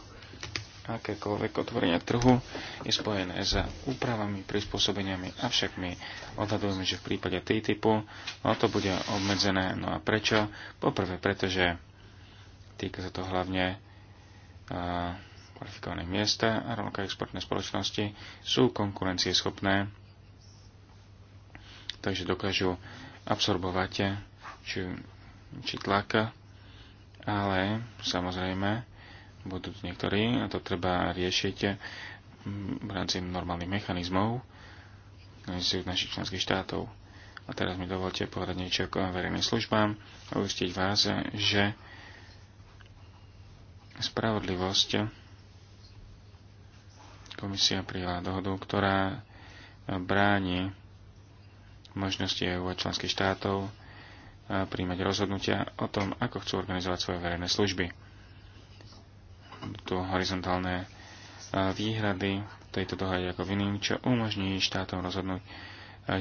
akékoľvek otvorenie trhu je spojené s úpravami, prispôsobeniami, avšak my odhadujeme, že v prípade T-typu no to bude obmedzené. No a prečo? Poprvé, pretože týka sa to hlavne uh, kvalifikované miesta a rovnaké exportné spoločnosti sú konkurencieschopné, takže dokážu absorbovať či, či tlak, ale samozrejme budú niektorí, a to treba riešiť v rámci normálnych mechanizmov z našich členských štátov. A teraz mi dovolte povedať niečo k verejným službám a uistiť vás, že spravodlivosť Komisia prijala dohodu, ktorá bráni možnosti EU a členských štátov e, príjmať rozhodnutia o tom, ako chcú organizovať svoje verejné služby. Tu horizontálne e, výhrady v tejto dohody ako v iným, čo umožní štátom rozhodnúť, e,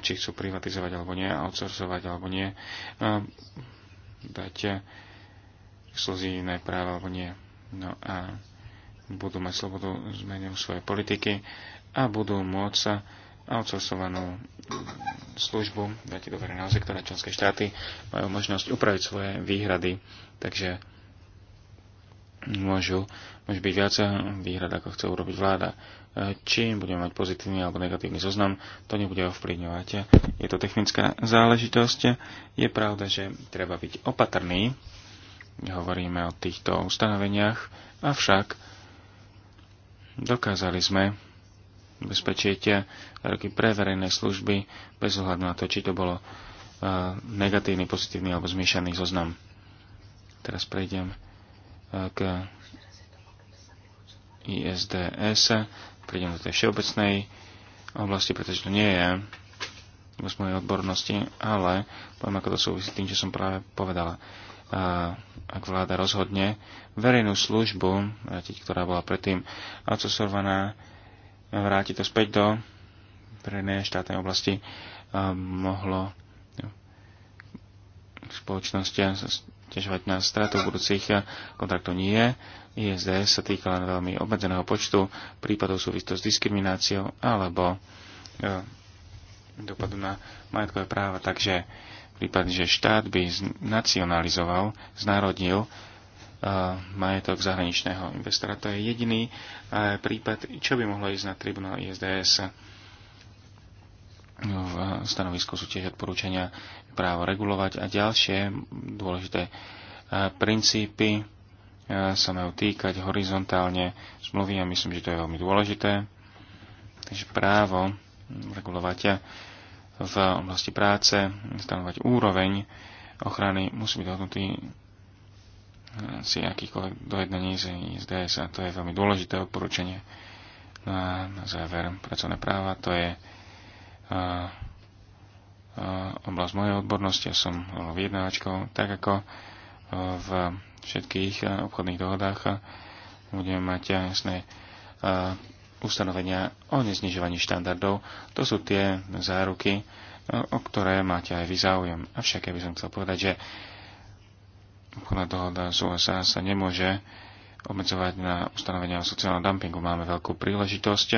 či chcú privatizovať alebo nie, outsourcovať alebo nie, dať exkluzívne práva alebo nie. No a budú mať slobodu zmeniť svoje politiky a budú môcť sa outsourcovanú službu, viete dobre, naozaj, ktoré členské štáty majú možnosť upraviť svoje výhrady, takže môžu, môže byť viac výhrad, ako chce urobiť vláda. Či budeme mať pozitívny alebo negatívny zoznam, to nebude ovplyvňovať. Je to technická záležitosť. Je pravda, že treba byť opatrný, hovoríme o týchto ustanoveniach, avšak Dokázali sme zabezpečiť roky eh, pre verejné služby bez ohľadu na to, či to bolo eh, negatívny, pozitívny alebo zmiešaný zoznam. Teraz prejdem eh, k ISDS, prejdem do tej všeobecnej oblasti, pretože to nie je z mojej odbornosti, ale poviem, ako to súvisí s tým, čo som práve povedala ak vláda rozhodne verejnú službu, vrátiť, ktorá bola predtým outsourcovaná, vráti to späť do verejnej štátnej oblasti, mohlo spoločnosti težovať na stratu budúcich kontraktov nie. ISDS sa týka len veľmi obmedzeného počtu prípadov súvisto s diskrimináciou alebo e, dopadu na majetkové práva. Takže prípadne, že štát by nacionalizoval, znárodnil uh, majetok zahraničného investora. To je jediný uh, prípad, čo by mohlo ísť na tribunál ISDS. V stanovisku sú tiež odporúčania právo regulovať a ďalšie dôležité uh, princípy sa majú týkať horizontálne zmluvy a myslím, že to je veľmi dôležité. Takže právo regulovať v oblasti práce, stanovať úroveň ochrany, musí byť dohodnutý eh, si akýkoľvek dojednaní z DS, a to je veľmi dôležité odporúčanie. No a na záver pracovné práva, to je a, eh, a, eh, oblasť mojej odbornosti, ja som vyjednávačkou, tak ako v všetkých obchodných dohodách budeme mať jasné ustanovenia o neznižovaní štandardov. To sú tie záruky, e, o ktoré máte aj vy záujem. Avšak ja by som chcel povedať, že obchodná dohoda z USA sa nemôže obmedzovať na ustanovenia o sociálnom dumpingu. Máme veľkú príležitosť.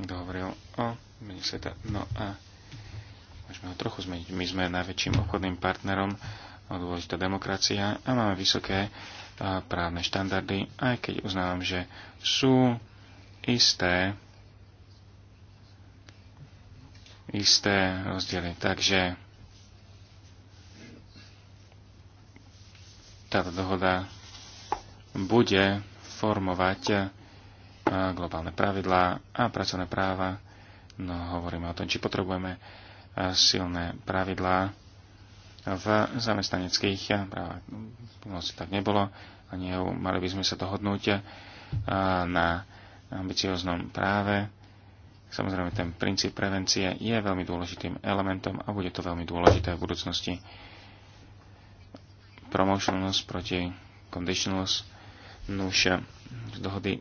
Kto hovoril o mene sveta. No a môžeme ho trochu zmeniť. My sme najväčším obchodným partnerom, dôležitá demokracia a máme vysoké právne štandardy, aj keď uznávam, že sú isté, isté rozdiely. Takže táto dohoda bude formovať eh, globálne pravidlá a pracovné práva. No, hovoríme o tom, či potrebujeme eh, silné pravidlá v zamestnaneckých eh, právach. No, tak nebolo. A mali by sme sa dohodnúť na ambicioznom práve. Samozrejme, ten princíp prevencie je veľmi dôležitým elementom a bude to veľmi dôležité v budúcnosti. Promotionalness proti conditionalness. Nuž eh, z dohody,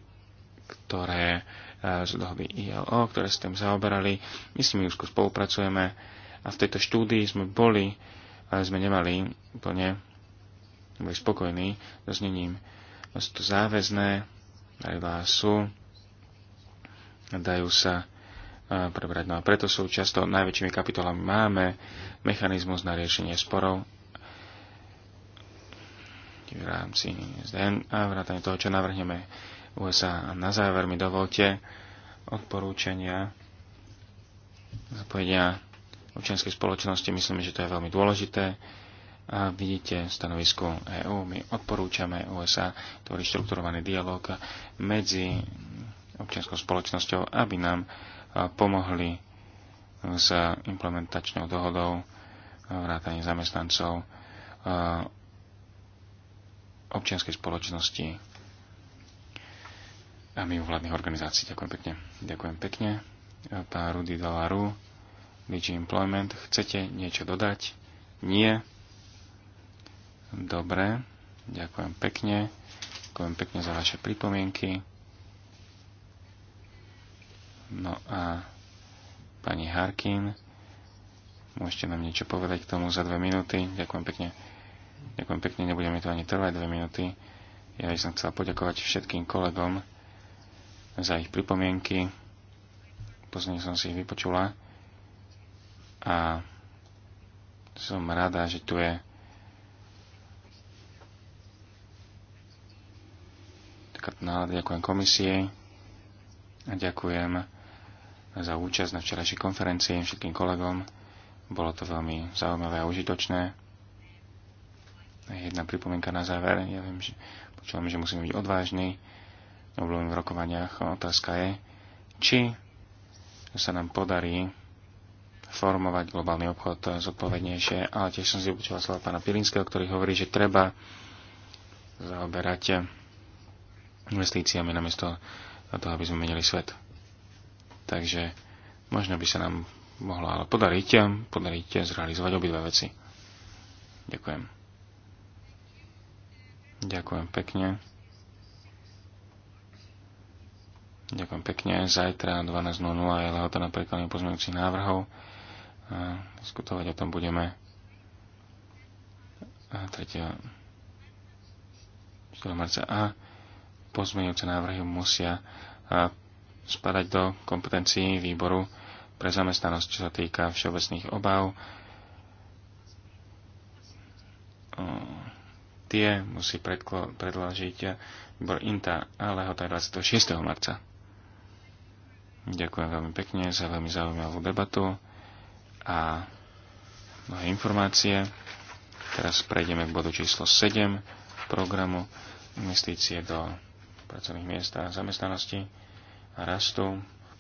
ktoré eh, z dohody ILO, ktoré s tým zaoberali. My s nimi už spolupracujeme a v tejto štúdii sme boli, ale sme nemali úplne boli spokojní so znením. To záväzné pravidlá sú dajú sa e, prebrať. No a preto sú často najväčšími kapitolami máme mechanizmus na riešenie sporov v rámci SDN a vrátane toho, čo navrhneme USA. A na záver mi dovolte odporúčania zapojenia občianskej spoločnosti. Myslím, že to je veľmi dôležité. A vidíte stanovisku EÚ, my odporúčame USA tvoriť štrukturovaný dialog medzi občianskou spoločnosťou, aby nám e, pomohli s implementačnou dohodou e, vrátanie zamestnancov e, občianskej spoločnosti a mimo vládnych organizácií. Ďakujem pekne. Ďakujem pekne. Pán Rudy Dalaru, DG Employment, chcete niečo dodať? Nie. Dobre. Ďakujem pekne. Ďakujem pekne za vaše pripomienky. No a pani Harkin, môžete nám niečo povedať k tomu za dve minúty. Ďakujem pekne. Ďakujem pekne, nebude mi to ani trvať dve minúty. Ja by som chcel poďakovať všetkým kolegom za ich pripomienky. Pozne som si ich vypočula. A som rada, že tu je taká nálada. Ďakujem komisie a ďakujem za účasť na včerajšej konferencii všetkým kolegom. Bolo to veľmi zaujímavé a užitočné. Jedna pripomienka na záver. Ja viem, že počujem, že musíme byť odvážni. Obľúbim v rokovaniach. Otázka je, či sa nám podarí formovať globálny obchod zodpovednejšie, ale tiež som si vypočula slova pána Pilinského, ktorý hovorí, že treba zaoberať investíciami namiesto toho, aby sme menili svet. Takže možno by sa nám mohlo ale podariť, podariť zrealizovať obidve veci. Ďakujem. Ďakujem pekne. Ďakujem pekne. Zajtra 12.00 je lehota na prekladanie pozmeňujúcich návrhov. A diskutovať o tom budeme 3. marca. A pozmeňujúce návrhy musia spadať do kompetencií výboru pre zamestnanosť, čo sa týka všeobecných obav. Tie musí predložiť výbor INTA, ale ho 26. Teda marca. Ďakujem veľmi pekne za veľmi zaujímavú debatu a mnohé informácie. Teraz prejdeme k bodu číslo 7 programu investície do pracovných miest a zamestnanosti rastu,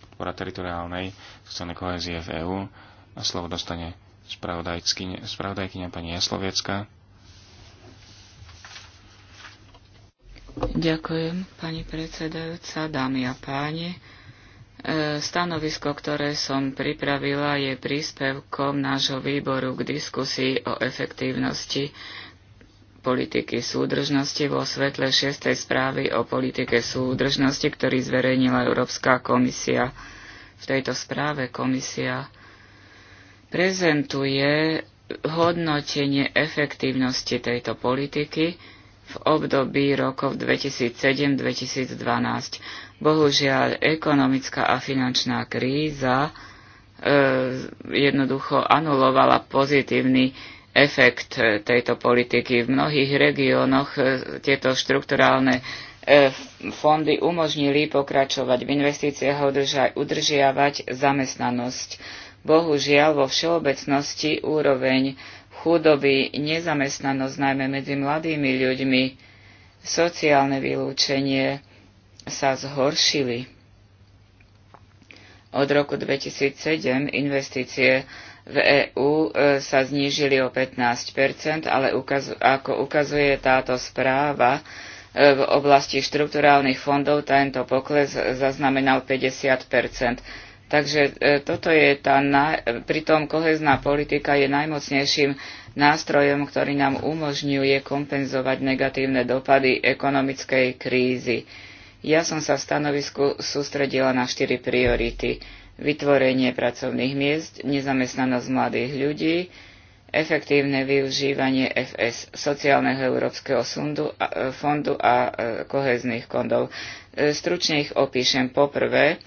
podpora teritoriálnej sociálnej kohezie v EÚ. A slovo dostane spravodajkyňa pani Jasloviecka. Ďakujem, pani predsedajúca, dámy a páni. E, stanovisko, ktoré som pripravila, je príspevkom nášho výboru k diskusii o efektívnosti politiky súdržnosti vo svetle 6. správy o politike súdržnosti, ktorý zverejnila Európska komisia. V tejto správe komisia prezentuje hodnotenie efektívnosti tejto politiky v období rokov 2007-2012. Bohužiaľ, ekonomická a finančná kríza e, jednoducho anulovala pozitívny efekt e, tejto politiky. V mnohých regiónoch e, tieto štrukturálne e, fondy umožnili pokračovať v investíciách a udržiavať zamestnanosť. Bohužiaľ, vo všeobecnosti úroveň chudoby, nezamestnanosť najmä medzi mladými ľuďmi, sociálne vylúčenie sa zhoršili. Od roku 2007 investície v EÚ e, sa znížili o 15 ale ukaz, ako ukazuje táto správa, e, v oblasti štrukturálnych fondov tento pokles zaznamenal 50 Takže e, toto je tá, pritom kohezná politika je najmocnejším nástrojom, ktorý nám umožňuje kompenzovať negatívne dopady ekonomickej krízy. Ja som sa v stanovisku sústredila na štyri priority vytvorenie pracovných miest, nezamestnanosť mladých ľudí, efektívne využívanie FS, sociálneho európskeho e, fondu a e, kohezných kondov. E, stručne ich opíšem poprvé.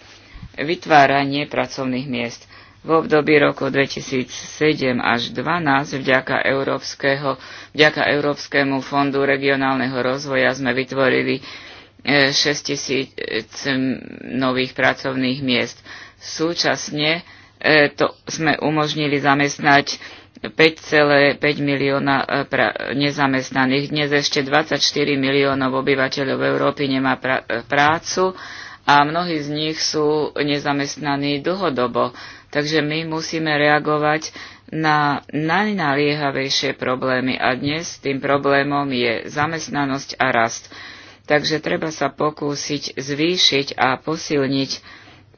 Vytváranie pracovných miest. V období roku 2007 až 2012 vďaka, Európskeho, vďaka Európskemu fondu regionálneho rozvoja sme vytvorili 6 tisíc nových pracovných miest Súčasne e, to sme umožnili zamestnať 5,5 milióna e, pra- nezamestnaných. Dnes ešte 24 miliónov obyvateľov Európy nemá pra- e, prácu a mnohí z nich sú nezamestnaní dlhodobo. Takže my musíme reagovať na najnaliehavejšie problémy a dnes tým problémom je zamestnanosť a rast. Takže treba sa pokúsiť zvýšiť a posilniť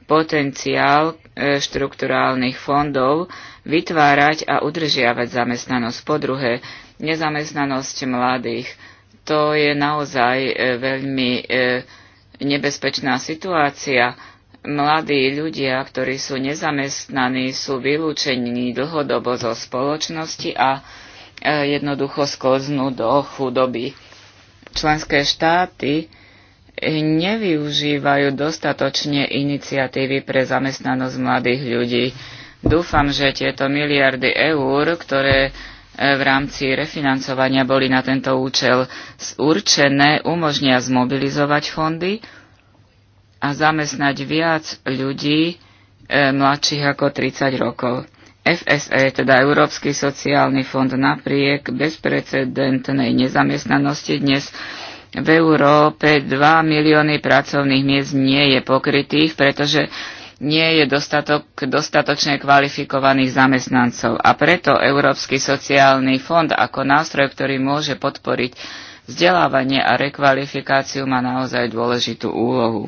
potenciál e, štrukturálnych fondov vytvárať a udržiavať zamestnanosť. Po druhé, nezamestnanosť mladých. To je naozaj e, veľmi e, nebezpečná situácia. Mladí ľudia, ktorí sú nezamestnaní, sú vylúčení dlhodobo zo spoločnosti a jednoducho sklznú do chudoby. Členské štáty nevyužívajú dostatočne iniciatívy pre zamestnanosť mladých ľudí. Dúfam, že tieto miliardy eur, ktoré e, v rámci refinancovania boli na tento účel určené, umožnia zmobilizovať fondy a zamestnať viac ľudí e, mladších ako 30 rokov. FSE, teda Európsky sociálny fond, napriek bezprecedentnej nezamestnanosti dnes v Európe 2 milióny pracovných miest nie je pokrytých, pretože nie je dostatok dostatočne kvalifikovaných zamestnancov. A preto Európsky sociálny fond ako nástroj, ktorý môže podporiť vzdelávanie a rekvalifikáciu, má naozaj dôležitú úlohu.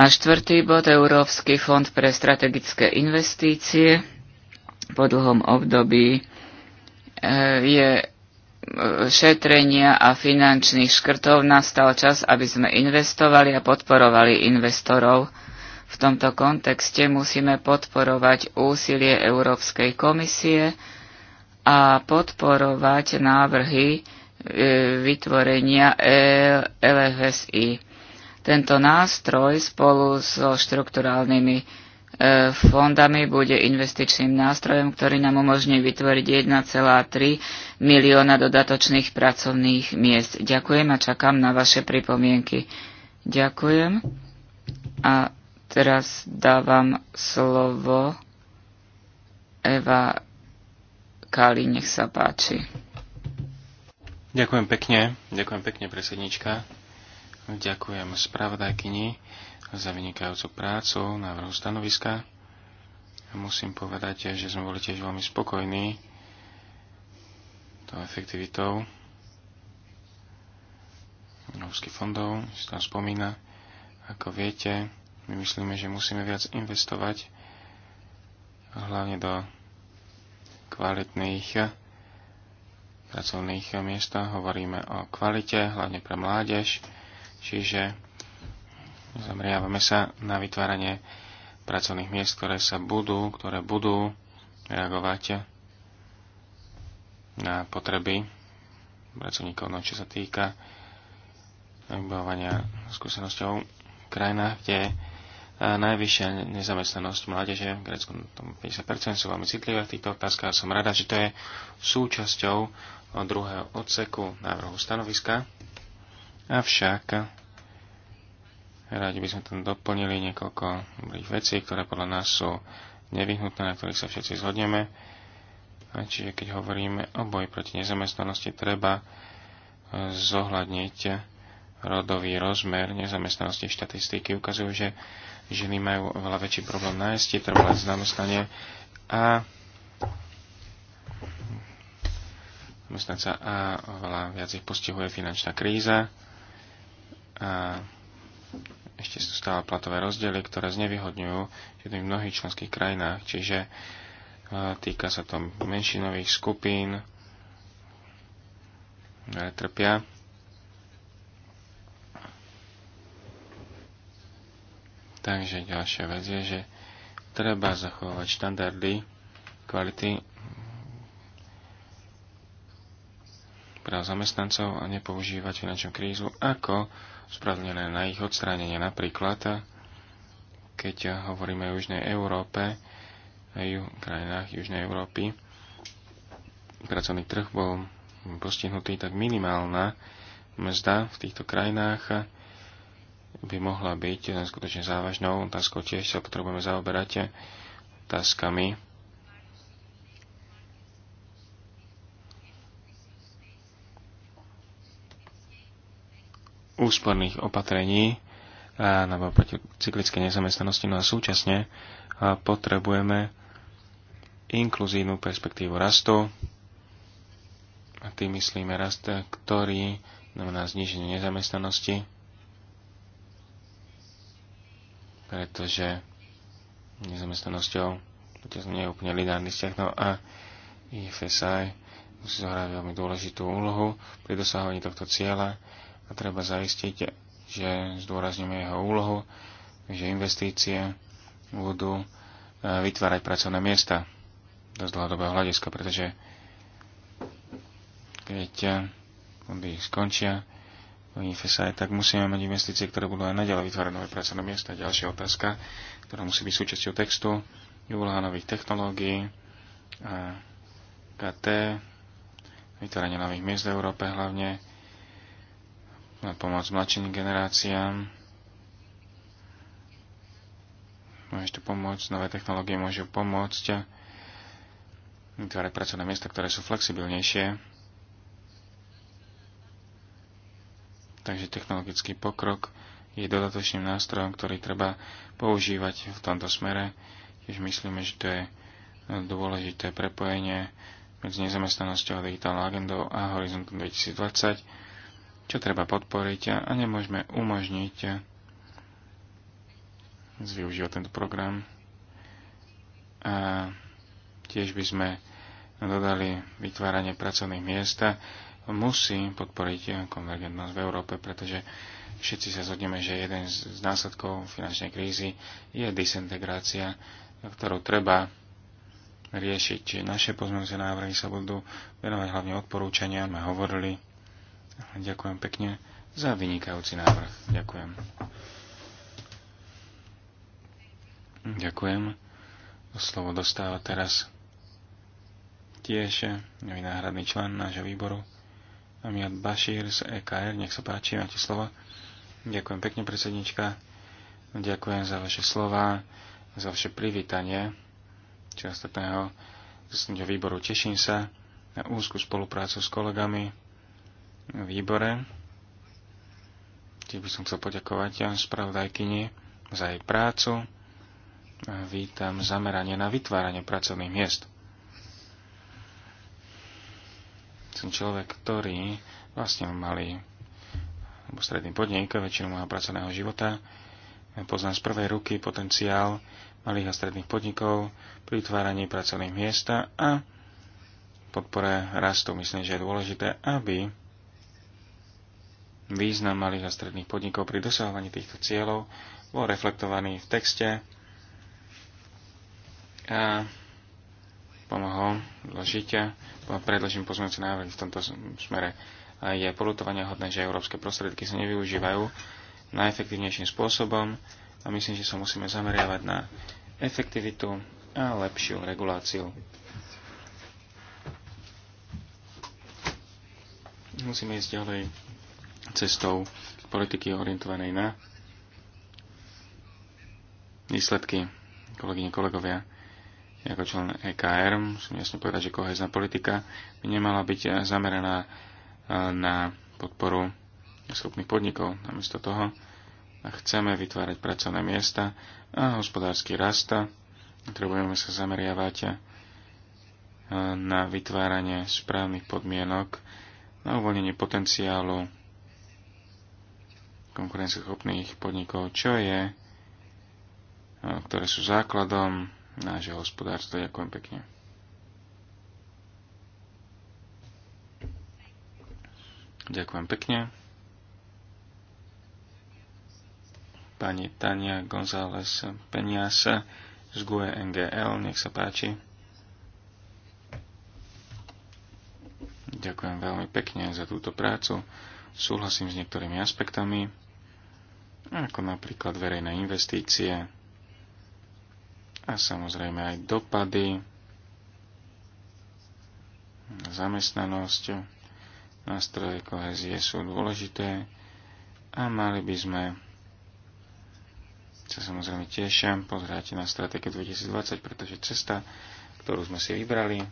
A štvrtý bod Európsky fond pre strategické investície po dlhom období eh, je šetrenia a finančných škrtov nastal čas, aby sme investovali a podporovali investorov. V tomto kontexte musíme podporovať úsilie Európskej komisie a podporovať návrhy e, vytvorenia e LFSI. Tento nástroj spolu so štrukturálnymi E, fondami bude investičným nástrojom, ktorý nám umožní vytvoriť 1,3 milióna dodatočných pracovných miest. Ďakujem a čakám na vaše pripomienky. Ďakujem. A teraz dávam slovo Eva Kali, nech sa páči. Ďakujem pekne, ďakujem pekne, predsednička. Ďakujem spravodajkyni za vynikajúcu prácu, návrhu stanoviska. Musím povedať, že sme boli tiež veľmi spokojní tou efektivitou európskych fondov, si tam spomína. Ako viete, my myslíme, že musíme viac investovať hlavne do kvalitných pracovných miest. Hovoríme o kvalite, hlavne pre mládež. Čiže Zameriavame sa na vytváranie pracovných miest, ktoré sa budú, ktoré budú reagovať na potreby pracovníkov, no čo sa týka vybavovania skúsenosťou krajinách, kde e, najvyššia nezamestnanosť mládeže, v Grécku 50% no, sú veľmi citlivé v týchto otázkach a som rada, že to je súčasťou druhého odseku návrhu stanoviska. Avšak Radi by sme tam doplnili niekoľko dobrých vecí, ktoré podľa nás sú nevyhnutné, na ktorých sa všetci zhodneme. A čiže keď hovoríme o boji proti nezamestnanosti, treba e, zohľadniť rodový rozmer nezamestnanosti. Štatistiky ukazujú, že ženy majú oveľa väčší problém nájsť trvalé zamestnanie a zamestnanca a oveľa viac ich postihuje finančná kríza a ešte sú stále platové rozdiely, ktoré znevýhodňujú ženy v mnohých členských krajinách, čiže e, týka sa to menšinových skupín, ktoré trpia. Takže ďalšia vec je, že treba zachovať štandardy kvality práv zamestnancov a nepoužívať finančnú krízu ako spravnené na ich odstránenie. Napríklad, keď hovoríme o Južnej Európe, ju, krajinách Južnej Európy, pracovný trh bol postihnutý, tak minimálna mzda v týchto krajinách by mohla byť skutočne závažnou otázkou. Tiež sa potrebujeme zaoberať otázkami úsporných opatrení na proti cyklickej nezamestnanosti, no a súčasne potrebujeme inkluzívnu perspektívu rastu. A tým myslíme rast, ktorý znamená zniženie nezamestnanosti, pretože nezamestnanosťou nie je úplne lidárny vzťah, no a IFSI musí zohrať veľmi dôležitú úlohu pri dosahovaní tohto cieľa a treba zaistiť, že zdôrazňujeme jeho úlohu, že investície budú e, vytvárať pracovné miesta z dlhodobého hľadiska, pretože keď e, fondy skončia, Unife aj tak musíme mať investície, ktoré budú aj naďalej vytvárať nové pracovné miesta. Ďalšia otázka, ktorá musí byť súčasťou textu, je úloha nových technológií, a KT, vytváranie nových miest v Európe hlavne, na pomoc mladším generáciám. Môžeš tu pomôcť, nové technológie môžu pomôcť vytvárať pracovné miesta, ktoré sú flexibilnejšie. Takže technologický pokrok je dodatočným nástrojom, ktorý treba používať v tomto smere. Tiež myslíme, že to je dôležité prepojenie medzi nezamestnanosťou a digitálnou agendou a horizontom 2020 čo treba podporiť a nemôžeme umožniť e, využívať tento program. A tiež by sme dodali vytváranie pracovných miest musí podporiť e, konvergentnosť v Európe, pretože všetci sa zhodneme, že jeden z následkov finančnej krízy je disintegrácia, ktorú treba riešiť. Naše pozmeňujúce návrhy sa budú venovať hlavne odporúčania. My hovorili Ďakujem pekne za vynikajúci návrh. Ďakujem. Ďakujem. Slovo dostáva teraz tiež náhradný člen nášho výboru Amiad Bašír z EKR. Nech sa páči, máte slovo. Ďakujem pekne, predsednička. Ďakujem za vaše slova, za vaše privítanie čiastočného výboru. Teším sa na úzku spoluprácu s kolegami výbore. Tiež by som chcel poďakovať spravodajkyni za jej prácu. Vítam zameranie na vytváranie pracovných miest. Som človek, ktorý vlastne malý alebo stredný podnik väčšinu môjho pracovného života. Poznám z prvej ruky potenciál malých a stredných podnikov pri vytváraní pracovných miesta a podpore rastu. Myslím, že je dôležité, aby Význam malých a stredných podnikov pri dosahovaní týchto cieľov bol reflektovaný v texte a pomohol vložiť, predložím pozmeňujúce návrh v tomto smere. A je polutovania hodné, že európske prostriedky sa nevyužívajú najefektívnejším spôsobom a myslím, že sa musíme zameriavať na efektivitu a lepšiu reguláciu. Musíme ísť ďalej cestou politiky orientovanej na výsledky, kolegyne, kolegovia. Ako člen EKR musím jasne povedať, že kohezná politika by nemala byť zameraná e, na podporu schopných podnikov. Namiesto toho chceme vytvárať pracovné miesta a hospodársky rast. Potrebujeme sa zameriavať e, na vytváranie správnych podmienok, na uvoľnenie potenciálu konkurenceschopných podnikov, čo je, e, ktoré sú základom nášho hospodárstva. Ďakujem pekne. Ďakujem pekne. Pani Tania González Peniaz z GUE NGL, nech sa páči. Ďakujem veľmi pekne za túto prácu. Súhlasím s niektorými aspektami, ako napríklad verejné investície a samozrejme aj dopady, na zamestnanosť, nástroje kohezie sú dôležité a mali by sme sa samozrejme teším pozrieť na stratégiu 2020, pretože cesta, ktorú sme si vybrali,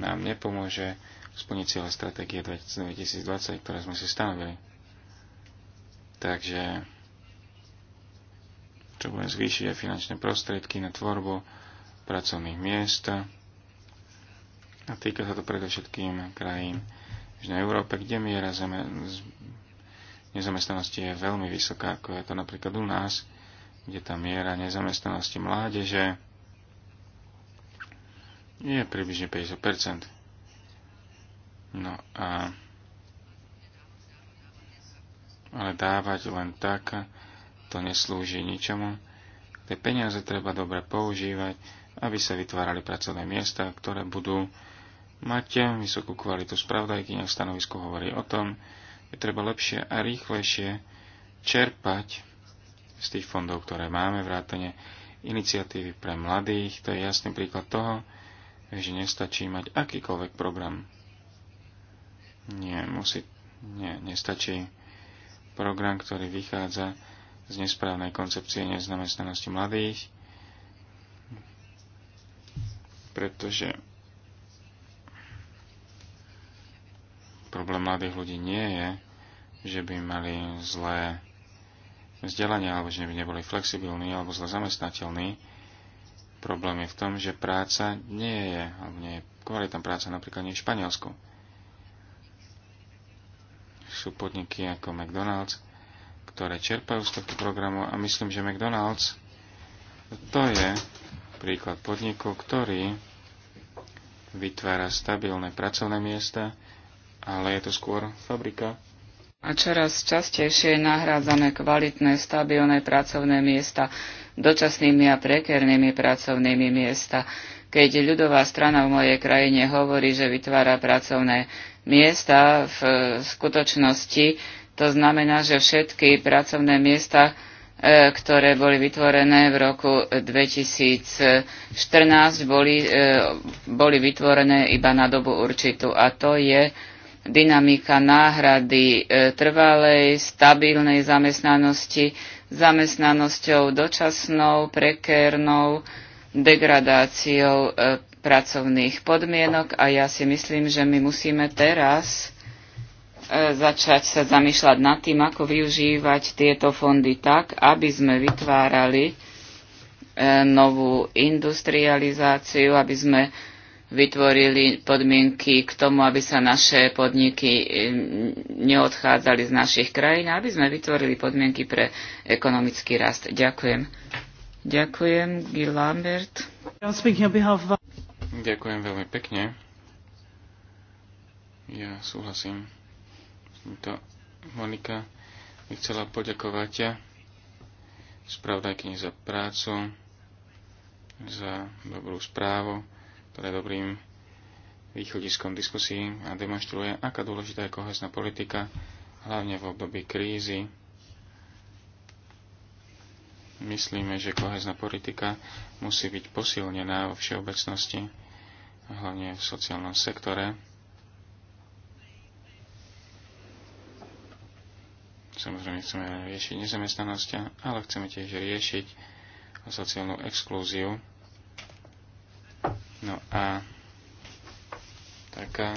nám nepomôže splniť cieľe stratégie 2020, ktoré sme si stanovili. Takže čo budem zvýšiť aj finančné prostriedky na tvorbu pracovných miest. A týka sa to predovšetkým krajín Južnej Európe, kde miera nezamestnanosti je veľmi vysoká, ako je to napríklad u nás, kde tá miera nezamestnanosti mládeže je približne 50 No a ale dávať len tak, to neslúži ničomu. Tie peniaze treba dobre používať, aby sa vytvárali pracovné miesta, ktoré budú mať vysokú kvalitu. Spravodajkyňa v stanovisku hovorí o tom, že treba lepšie a rýchlejšie čerpať z tých fondov, ktoré máme, vrátane iniciatívy pre mladých. To je jasný príklad toho, že nestačí mať akýkoľvek program nie, musí, nie, nestačí program, ktorý vychádza z nesprávnej koncepcie nezamestnanosti mladých, pretože problém mladých ľudí nie je, že by mali zlé vzdelanie, alebo že by neboli flexibilní, alebo zle zamestnateľní. Problém je v tom, že práca nie je, alebo nie je kvalitná práca napríklad nie v Španielsku sú podniky ako McDonald's, ktoré čerpajú z tohto programu a myslím, že McDonald's to je príklad podniku, ktorý vytvára stabilné pracovné miesta, ale je to skôr fabrika. A čoraz častejšie je nahrádzame kvalitné, stabilné pracovné miesta dočasnými a prekernými pracovnými miesta. Keď ľudová strana v mojej krajine hovorí, že vytvára pracovné miesta v e, skutočnosti. To znamená, že všetky pracovné miesta, e, ktoré boli vytvorené v roku 2014, boli, e, boli vytvorené iba na dobu určitú. A to je dynamika náhrady trvalej, stabilnej zamestnanosti, zamestnanosťou dočasnou, prekérnou, degradáciou pracovných podmienok a ja si myslím, že my musíme teraz e, začať sa zamýšľať nad tým, ako využívať tieto fondy tak, aby sme vytvárali e, novú industrializáciu, aby sme vytvorili podmienky k tomu, aby sa naše podniky e, neodchádzali z našich krajín, aby sme vytvorili podmienky pre ekonomický rast. Ďakujem. Ďakujem, Gil Lambert. Ďakujem veľmi pekne. Ja súhlasím s týmto. Monika by chcela poďakovať ťa, spravodajkyni za prácu, za dobrú správu, ktorá je dobrým východiskom diskusí a demonstruje, aká dôležitá je kohesná politika, hlavne v období krízy. Myslíme, že kohezná politika musí byť posilnená vo všeobecnosti hlavne v sociálnom sektore. Samozrejme chceme riešiť nezamestnanosť, ale chceme tiež riešiť sociálnu exklúziu. No a tak eh,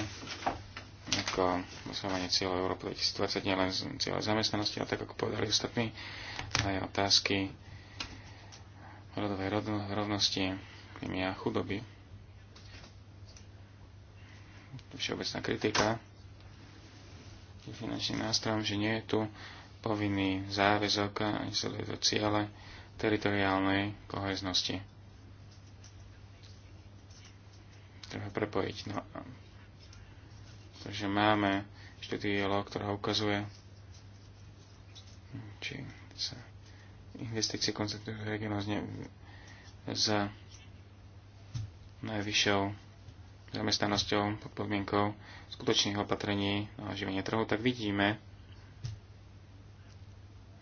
ako dosahovanie cieľov Európy 2020 nielen cieľa zamestnanosti, ale tak ako povedali ostatní, aj otázky rodovej rovnosti, chudoby všeobecná kritika finančným nástrojom, že nie je tu povinný záväzok a sleduje to ciele teritoriálnej koheznosti. Treba prepojiť. No, takže máme štúdiolo, ktorá ukazuje, či sa investície koncentrujú regionov s najvyššou zamestnanosťou pod podmienkou skutočných opatrení na oživenie trhu, tak vidíme,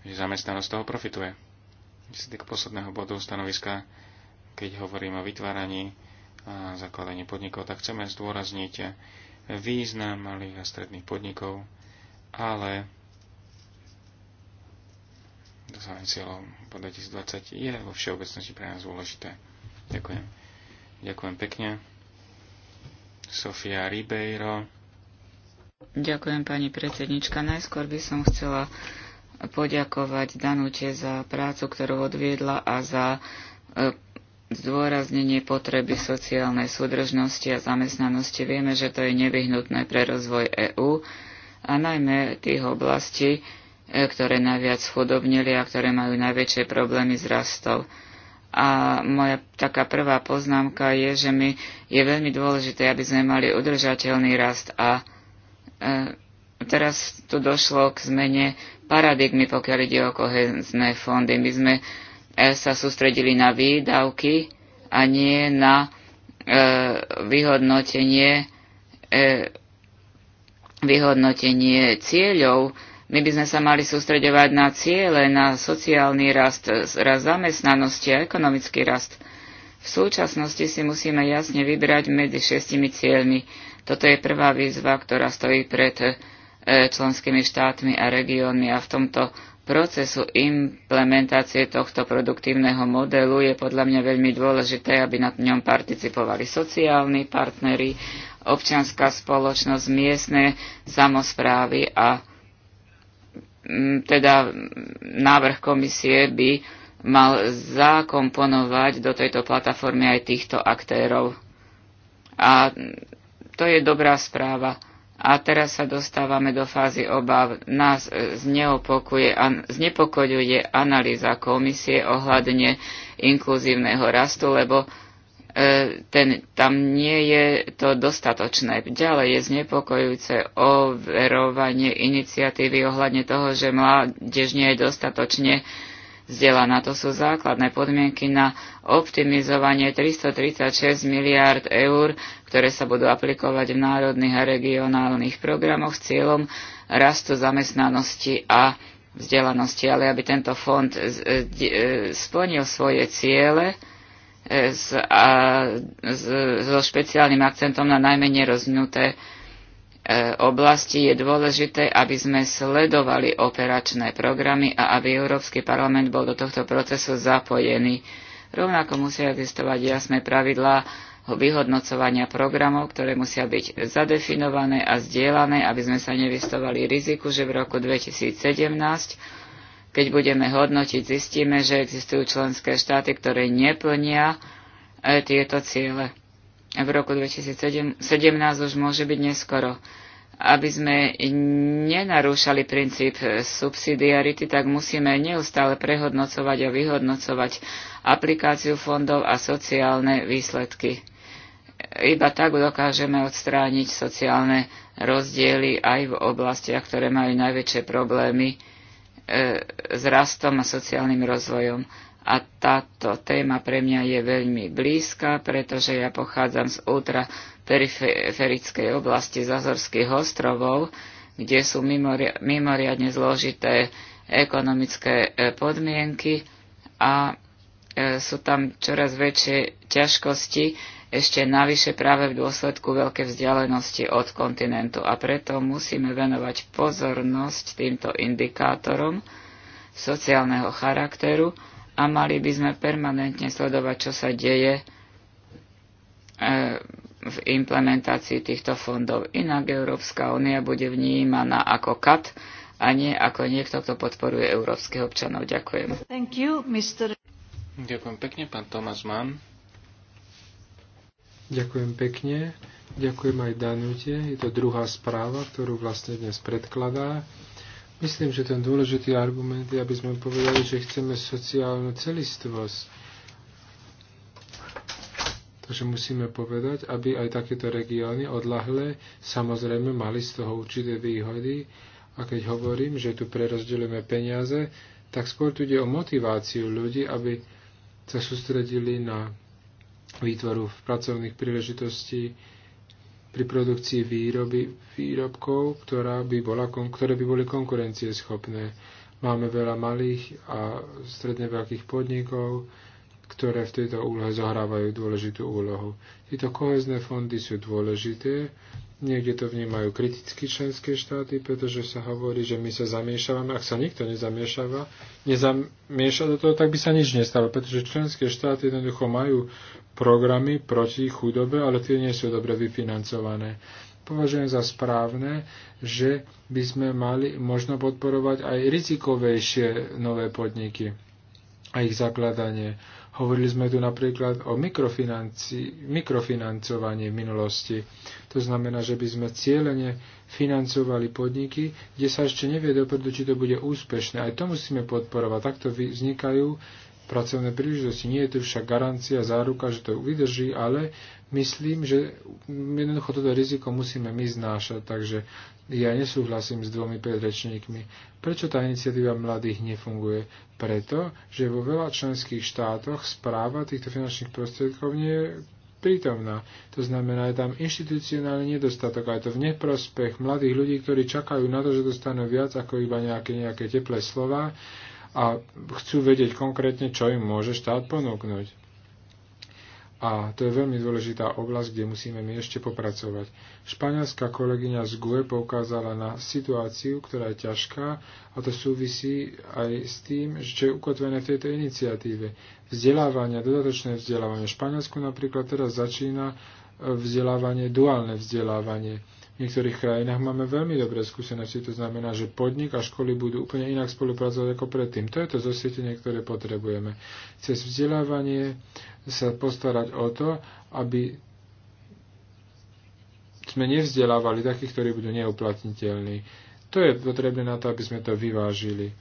že zamestnanosť toho profituje. Čo sa týka posledného bodu stanoviska, keď hovorím o vytváraní a zakladaní podnikov, tak chceme zdôrazniť význam malých a stredných podnikov, ale dosahovanie cieľov po 2020 je vo všeobecnosti pre nás dôležité. Ďakujem. Ďakujem pekne. Sofia Ribeiro. Ďakujem, pani predsednička. Najskôr by som chcela poďakovať Danute za prácu, ktorú odviedla a za e, zdôraznenie potreby sociálnej súdržnosti a zamestnanosti. Vieme, že to je nevyhnutné pre rozvoj EÚ a najmä tých oblastí, e, ktoré najviac chudobnili a ktoré majú najväčšie problémy s rastou. A moja taká prvá poznámka je, že mi je veľmi dôležité, aby sme mali udržateľný rast. A e, teraz tu došlo k zmene paradigmy, pokiaľ ide o kohezné fondy. My sme e, sa sústredili na výdavky a nie na e, vyhodnotenie, e, vyhodnotenie cieľov, my by sme sa mali sústredovať na ciele, na sociálny rast, rast zamestnanosti a ekonomický rast. V súčasnosti si musíme jasne vybrať medzi šestimi cieľmi. Toto je prvá výzva, ktorá stojí pred e, členskými štátmi a regiónmi a v tomto procesu implementácie tohto produktívneho modelu je podľa mňa veľmi dôležité, aby na ňom participovali sociálni partnery, občianská spoločnosť, miestne samozprávy a teda návrh komisie by mal zakomponovať do tejto platformy aj týchto aktérov. A to je dobrá správa. A teraz sa dostávame do fázy obáv. Nás e, znepokojuje analýza komisie ohľadne inkluzívneho rastu, lebo E, ten, tam nie je to dostatočné. Ďalej je znepokojujúce overovanie iniciatívy ohľadne toho, že mládež nie je dostatočne vzdelaná. To sú základné podmienky na optimizovanie 336 miliárd eur, ktoré sa budú aplikovať v národných a regionálnych programoch s cieľom rastu zamestnanosti a vzdelanosti. Ale aby tento fond e, e, splnil svoje ciele, s, a, s, so špeciálnym akcentom na najmenej rozvinuté e, oblasti je dôležité, aby sme sledovali operačné programy a aby Európsky parlament bol do tohto procesu zapojený. Rovnako musia existovať jasné pravidlá vyhodnocovania programov, ktoré musia byť zadefinované a zdieľané, aby sme sa nevystovali riziku, že v roku 2017 keď budeme hodnotiť, zistíme, že existujú členské štáty, ktoré neplnia e, tieto ciele. V roku 2017 už môže byť neskoro. Aby sme nenarúšali princíp e, subsidiarity, tak musíme neustále prehodnocovať a vyhodnocovať aplikáciu fondov a sociálne výsledky e, iba tak dokážeme odstrániť sociálne rozdiely aj v oblastiach, ktoré majú najväčšie problémy E, s rastom a sociálnym rozvojom. A táto téma pre mňa je veľmi blízka, pretože ja pochádzam z ultraperiferickej oblasti Zazorských ostrovov, kde sú mimoriadne zložité ekonomické e, podmienky a e, sú tam čoraz väčšie ťažkosti ešte navyše práve v dôsledku veľké vzdialenosti od kontinentu a preto musíme venovať pozornosť týmto indikátorom sociálneho charakteru a mali by sme permanentne sledovať, čo sa deje e, v implementácii týchto fondov. Inak Európska únia bude vnímaná ako kat a nie ako niekto, kto podporuje európskych občanov. Ďakujem. Thank you, Mr. Ďakujem pekne, pán Tomás Mann. Ďakujem pekne. Ďakujem aj Danute. Je to druhá správa, ktorú vlastne dnes predkladá. Myslím, že ten dôležitý argument je, aby sme povedali, že chceme sociálnu celistvosť. Takže musíme povedať, aby aj takéto regióny odlahlé samozrejme mali z toho určité výhody. A keď hovorím, že tu prerozdeľujeme peniaze, tak skôr tu ide o motiváciu ľudí, aby sa sústredili na výtvoru v pracovných príležitostí pri produkcii výroby výrobkov, ktorá by bola, ktoré by boli konkurencieschopné. Máme veľa malých a stredne veľkých podnikov, ktoré v tejto úlohe zohrávajú dôležitú úlohu. Tieto kohezné fondy sú dôležité, Niekde to vnímajú kriticky členské štáty, pretože sa hovorí, že my sa zamiešavame. Ak sa nikto nezamiešava, nezamieša do toho, tak by sa nič nestalo, pretože členské štáty jednoducho majú programy proti chudobe, ale tie nie sú dobre vyfinancované. Považujem za správne, že by sme mali možno podporovať aj rizikovejšie nové podniky a ich zakladanie. Hovorili sme tu napríklad o mikrofinancovaní v minulosti. To znamená, že by sme cieľene financovali podniky, kde sa ešte nevie dopredu, či to bude úspešné. Aj to musíme podporovať. Takto vznikajú pracovné príležitosti. Nie je tu však garancia, záruka, že to vydrží, ale myslím, že jednoducho toto riziko musíme my znášať, takže ja nesúhlasím s dvomi predrečníkmi. Prečo tá iniciatíva mladých nefunguje? Preto, že vo veľa členských štátoch správa týchto finančných prostriedkov nie je prítomná. To znamená, je tam inštitucionálny nedostatok a je to v neprospech mladých ľudí, ktorí čakajú na to, že dostanú viac ako iba nejaké, nejaké teplé slova a chcú vedieť konkrétne, čo im môže štát ponúknuť. A to je veľmi dôležitá oblasť, kde musíme my ešte popracovať. Španielská kolegyňa z GUE poukázala na situáciu, ktorá je ťažká a to súvisí aj s tým, čo je ukotvené v tejto iniciatíve. Vzdelávanie, dodatočné vzdelávanie. V Španielsku napríklad teraz začína eh, vzdelávanie, duálne vzdelávanie v niektorých krajinách máme veľmi dobré skúsenosti, to znamená, že podnik a školy budú úplne inak spolupracovať ako predtým. To je to zosvietenie, ktoré potrebujeme. Cez vzdelávanie sa postarať o to, aby sme nevzdelávali takých, ktorí budú neuplatniteľní. To je potrebné na to, aby sme to vyvážili.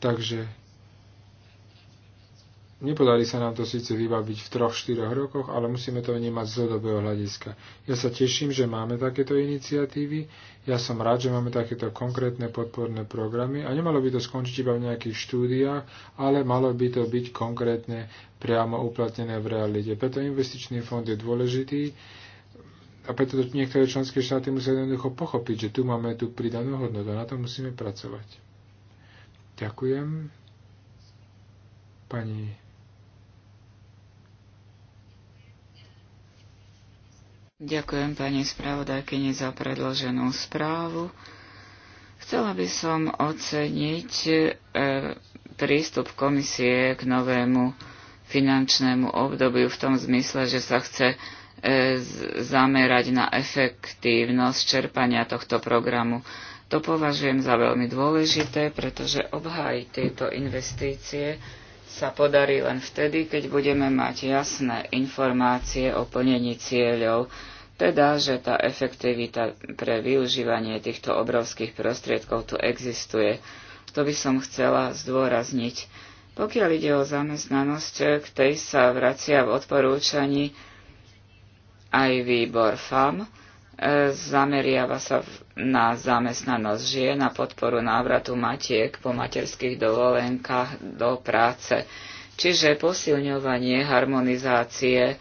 Takže Nepodarí sa nám to síce vybaviť v 3-4 rokoch, ale musíme to vnímať z dlhodobého hľadiska. Ja sa teším, že máme takéto iniciatívy, ja som rád, že máme takéto konkrétne podporné programy a nemalo by to skončiť iba v nejakých štúdiách, ale malo by to byť konkrétne priamo uplatnené v realite. Preto investičný fond je dôležitý a preto niektoré členské štáty musia jednoducho pochopiť, že tu máme tú pridanú hodnotu a na to musíme pracovať. Ďakujem. Pani Ďakujem pani spravodajkyni za predloženú správu. Chcela by som oceniť e, prístup komisie k novému finančnému obdobiu v tom zmysle, že sa chce e, zamerať na efektívnosť čerpania tohto programu. To považujem za veľmi dôležité, pretože obhájiť tieto investície sa podarí len vtedy, keď budeme mať jasné informácie o plnení cieľov, teda, že tá efektivita pre využívanie týchto obrovských prostriedkov tu existuje. To by som chcela zdôrazniť. Pokiaľ ide o zamestnanosť, k tej sa vracia v odporúčaní aj výbor FAM, E, zameriava sa na zamestnanosť žien, na podporu návratu matiek po materských dovolenkách do práce. Čiže posilňovanie harmonizácie e,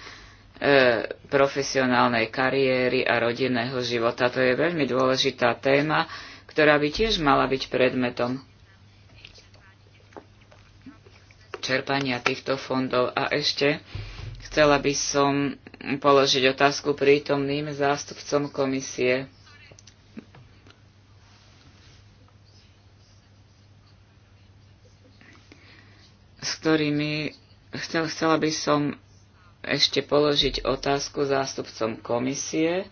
profesionálnej kariéry a rodinného života. To je veľmi dôležitá téma, ktorá by tiež mala byť predmetom čerpania týchto fondov. A ešte Chcela by som položiť otázku prítomným zástupcom komisie. s ktorými chcel, chcela by som ešte položiť otázku zástupcom komisie.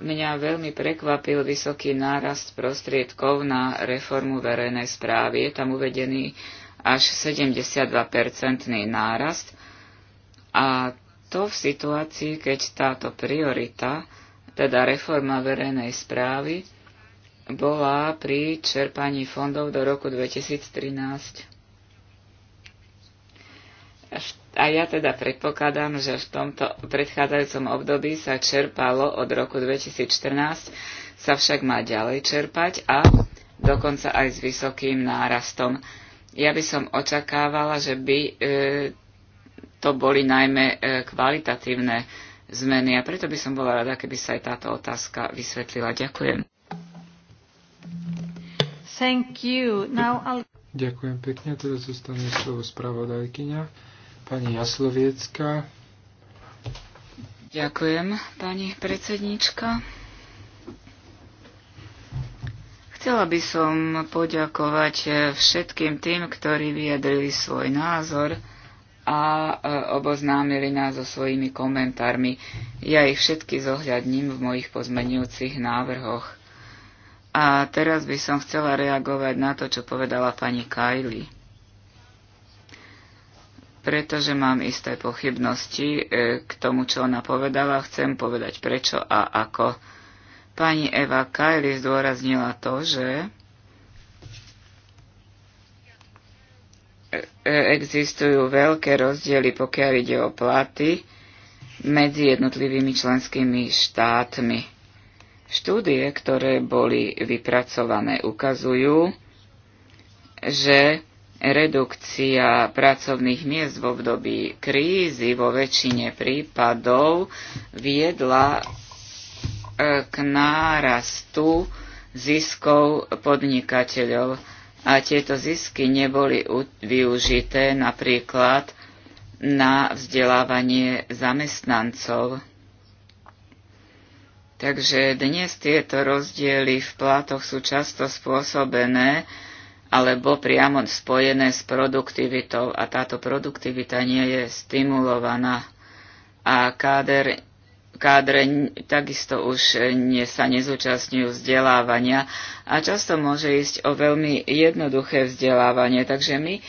Mňa veľmi prekvapil vysoký nárast prostriedkov na reformu verejnej správy. Je tam uvedený až 72-percentný nárast a to v situácii, keď táto priorita, teda reforma verejnej správy, bola pri čerpaní fondov do roku 2013. A ja teda predpokladám, že v tomto predchádzajúcom období sa čerpalo od roku 2014, sa však má ďalej čerpať a dokonca aj s vysokým nárastom. Ja by som očakávala, že by e, to boli najmä e, kvalitatívne zmeny a preto by som bola rada, keby sa aj táto otázka vysvetlila. Ďakujem. Thank you. Now I'll... Ďakujem pekne. Teraz zostane slovo spravodajkyňa. Pani Jasloviecka. Ďakujem, pani predsednička. Chcela by som poďakovať e, všetkým tým, ktorí vyjadrili svoj názor a e, oboznámili nás so svojimi komentármi. Ja ich všetky zohľadním v mojich pozmenujúcich návrhoch. A teraz by som chcela reagovať na to, čo povedala pani Kajli. Pretože mám isté pochybnosti e, k tomu, čo ona povedala, chcem povedať prečo a ako. Pani Eva Kajli zdôraznila to, že E, existujú veľké rozdiely, pokiaľ ide o platy medzi jednotlivými členskými štátmi. Štúdie, ktoré boli vypracované, ukazujú, že redukcia pracovných miest v období krízy vo väčšine prípadov viedla e, k nárastu ziskov podnikateľov a tieto zisky neboli využité napríklad na vzdelávanie zamestnancov. Takže dnes tieto rozdiely v plátoch sú často spôsobené alebo priamo spojené s produktivitou a táto produktivita nie je stimulovaná a káder kádre takisto už e, sa nezúčastňujú vzdelávania a často môže ísť o veľmi jednoduché vzdelávanie, takže my e,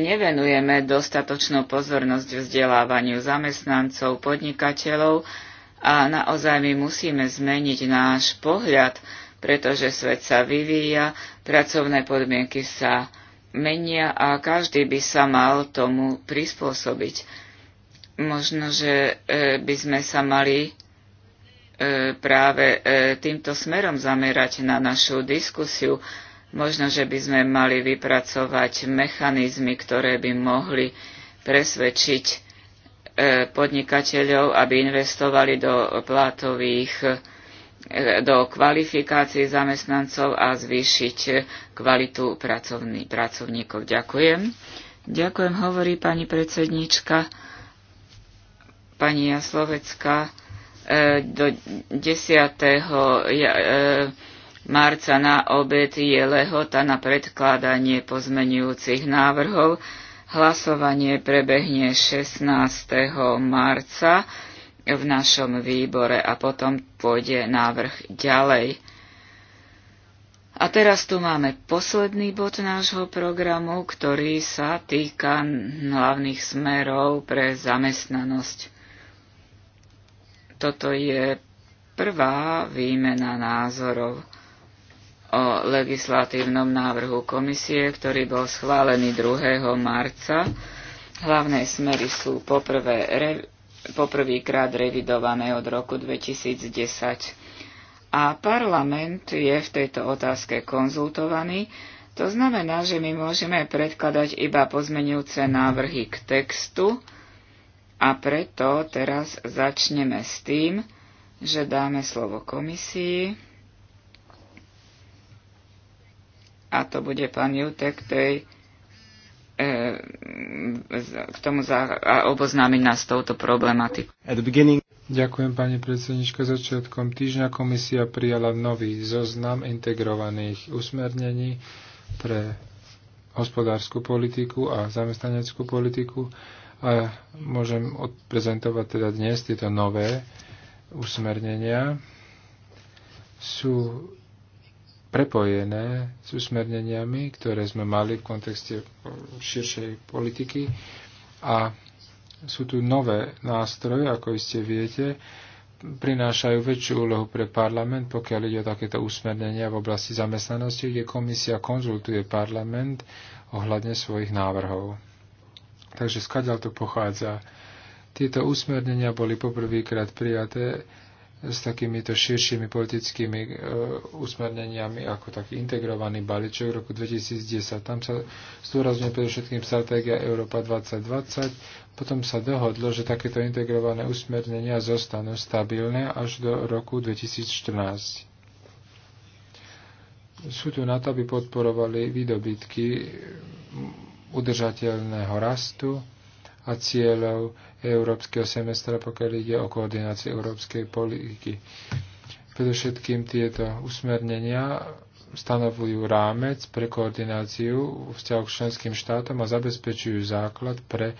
nevenujeme dostatočnú pozornosť vzdelávaniu zamestnancov, podnikateľov a naozaj my musíme zmeniť náš pohľad, pretože svet sa vyvíja, pracovné podmienky sa menia a každý by sa mal tomu prispôsobiť. Možno, že e, by sme sa mali e, práve e, týmto smerom zamerať na našu diskusiu. Možno, že by sme mali vypracovať mechanizmy, ktoré by mohli presvedčiť podnikateľov, aby investovali do plátových do kvalifikácií zamestnancov a zvýšiť kvalitu pracovníkov. Ďakujem. Ďakujem, hovorí pani predsednička pani Jaslovecka e, do 10. E, marca na obed je lehota na predkladanie pozmenujúcich návrhov. Hlasovanie prebehne 16. marca v našom výbore a potom pôjde návrh ďalej. A teraz tu máme posledný bod nášho programu, ktorý sa týka hlavných smerov pre zamestnanosť. Toto je prvá výmena názorov o legislatívnom návrhu komisie, ktorý bol schválený 2. marca. Hlavné smery sú poprvé, re, poprvýkrát revidované od roku 2010. A parlament je v tejto otázke konzultovaný, to znamená, že my môžeme predkladať iba pozmenujúce návrhy k textu, a preto teraz začneme s tým, že dáme slovo komisii. A to bude pán Jutek tej, e, k tomu za, a oboznámiť nás s touto problematikou. Ďakujem, pani predsednička. Začiatkom týždňa komisia prijala nový zoznam integrovaných usmernení pre hospodárskú politiku a zamestnaneckú politiku a môžem odprezentovať teda dnes tieto nové usmernenia. Sú prepojené s usmerneniami, ktoré sme mali v kontexte širšej politiky a sú tu nové nástroje, ako iste viete, prinášajú väčšiu úlohu pre parlament, pokiaľ ide o takéto usmernenia v oblasti zamestnanosti, kde komisia konzultuje parlament ohľadne svojich návrhov. Takže skadiaľ to pochádza. Tieto usmernenia boli poprvýkrát prijaté s takýmito širšími politickými e, usmerneniami ako taký integrovaný balíček v roku 2010. Tam sa zdôrazňuje predovšetkým stratégia Európa 2020. Potom sa dohodlo, že takéto integrované usmernenia zostanú stabilné až do roku 2014. Sú tu na to, aby podporovali výdobytky udržateľného rastu a cieľov európskeho semestra, pokiaľ ide o koordináciu európskej politiky. Predovšetkým tieto usmernenia stanovujú rámec pre koordináciu vzťahu k členským štátom a zabezpečujú základ pre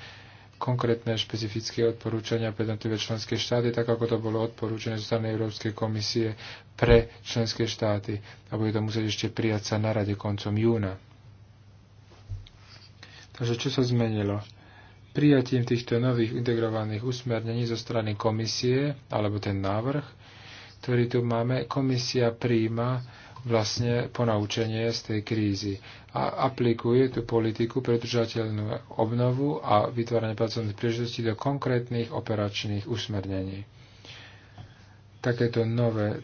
konkrétne špecifické odporúčania pre jednotlivé členské štáty, tak ako to bolo odporúčané zo strany Európskej komisie pre členské štáty. A bude to musieť ešte prijať sa na rade koncom júna. Takže čo sa zmenilo? Prijatím týchto nových integrovaných usmernení zo strany komisie, alebo ten návrh, ktorý tu máme, komisia príjma vlastne ponaučenie z tej krízy a aplikuje tú politiku predržateľnú obnovu a vytváranie pracovných príležitostí do konkrétnych operačných usmernení. Takéto nové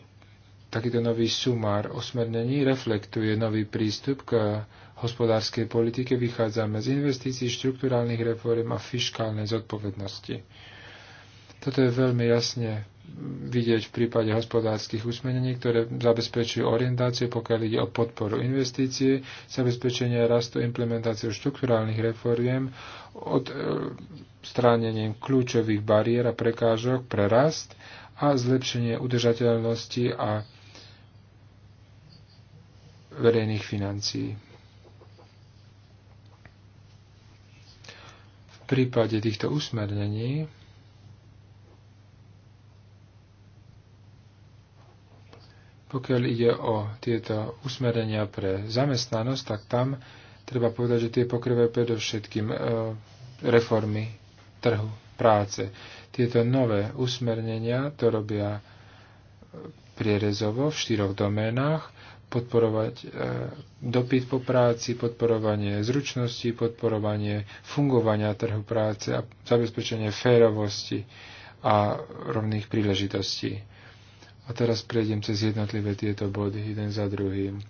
takýto nový sumár osmernení reflektuje nový prístup k hospodárskej politike, vychádzame z investícií, štruktúrálnych reform a fiskálnej zodpovednosti. Toto je veľmi jasne vidieť v prípade hospodárskych usmenení, ktoré zabezpečujú orientáciu, pokiaľ ide o podporu investície, zabezpečenie rastu, implementáciu štrukturálnych reforiem, odstránením kľúčových bariér a prekážok pre rast a zlepšenie udržateľnosti a verejných financií. V prípade týchto usmernení pokiaľ ide o tieto usmerenia pre zamestnanosť, tak tam treba povedať, že tie pokrývajú predovšetkým e, reformy trhu práce. Tieto nové usmernenia to robia prierezovo v štyroch doménach podporovať e, dopyt po práci, podporovanie zručnosti, podporovanie fungovania trhu práce a zabezpečenie férovosti a rovných príležitostí. A teraz prejdem cez jednotlivé tieto body, jeden za druhým.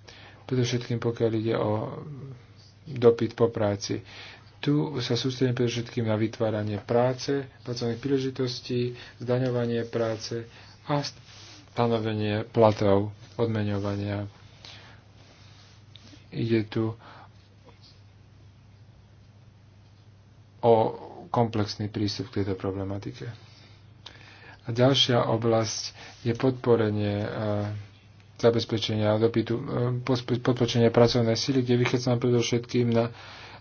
Predovšetkým pokiaľ ide o dopyt po práci. Tu sa sústredím predovšetkým na vytváranie práce, pracovných príležitostí, zdaňovanie práce a stanovenie platov, odmeňovania Ide tu o komplexný prístup k tejto problematike. A ďalšia oblasť je podporenie eh, zabezpečenia dopytu, eh, podporenie pracovnej síly, kde vychádzame predovšetkým na,